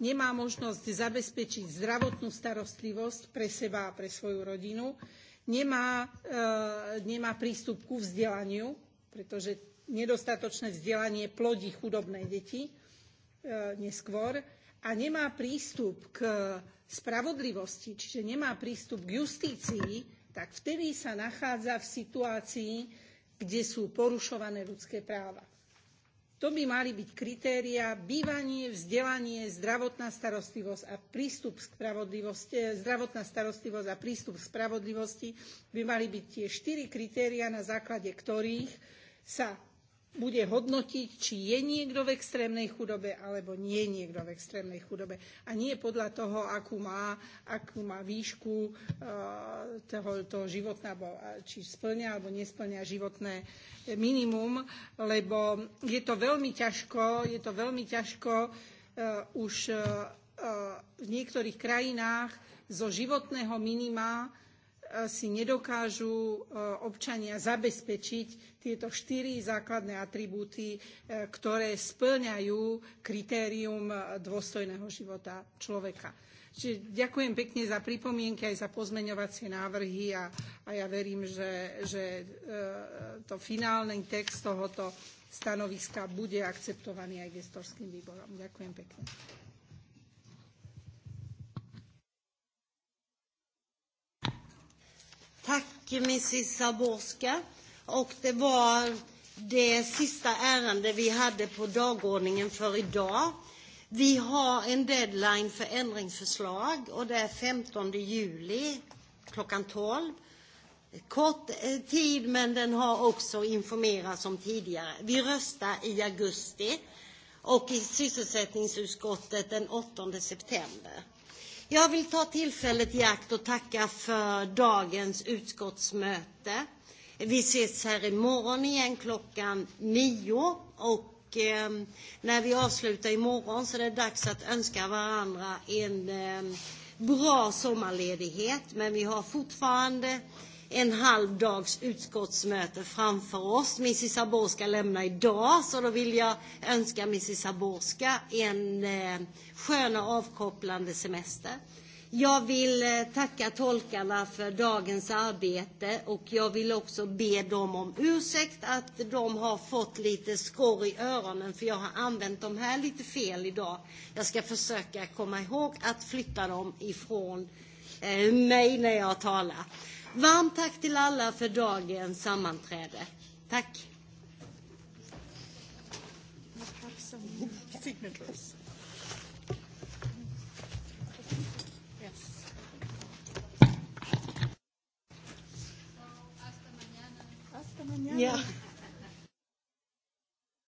nemá možnosť zabezpečiť zdravotnú starostlivosť pre seba a pre svoju rodinu, nemá, e, nemá prístup ku vzdelaniu, pretože nedostatočné vzdelanie plodí chudobné deti e, neskôr a nemá prístup k spravodlivosti, čiže nemá prístup k justícii, tak vtedy sa nachádza v situácii, kde sú porušované ľudské práva. To by mali byť kritéria bývanie, vzdelanie, zdravotná starostlivosť a prístup k spravodlivosti, zdravotná starostlivosť a prístup k spravodlivosti by mali byť tie štyri kritéria, na základe ktorých sa bude hodnotiť, či je niekto v extrémnej chudobe alebo nie je niekto v extrémnej chudobe. A nie podľa toho, akú má, akú má výšku e, toho, toho životná, či splňa alebo nesplňa životné minimum, lebo je to veľmi ťažko, je to veľmi ťažko e, už e, v niektorých krajinách zo životného minima si nedokážu e, občania zabezpečiť tieto štyri základné atribúty, e, ktoré splňajú kritérium e, dôstojného života človeka. Čiže ďakujem pekne za pripomienky aj za pozmeňovacie návrhy a, a ja verím, že, že to finálny text tohoto stanoviska bude akceptovaný aj gestorským výborom. Ďakujem pekne. Tack Mrs Saborska. Och det var det sista ärende vi hade på dagordningen för idag. Vi har en deadline för ändringsförslag och det är 15 juli klockan 12. Kort eh, tid, men den har också informerats om tidigare. Vi röstar i augusti och i sysselsättningsutskottet den 8 september. Jag vill ta tillfället i akt och tacka för dagens utskottsmöte. Vi ses här imorgon igen klockan nio och eh, när vi avslutar imorgon så är det dags att önska varandra en eh, bra sommarledighet men vi har fortfarande en halv dags utskottsmöte framför oss. Mrs Sabor ska lämna idag, så då vill jag önska Mrs Saborska en eh, skön och avkopplande semester. Jag vill eh, tacka tolkarna för dagens arbete och jag vill också be dem om ursäkt att de har fått lite skorr i öronen för jag har använt de här lite fel idag. Jag ska försöka komma ihåg att flytta dem ifrån eh, mig när jag talar. Varmt tack till alla för dagens sammanträde. Tack. Signatures. Yeah.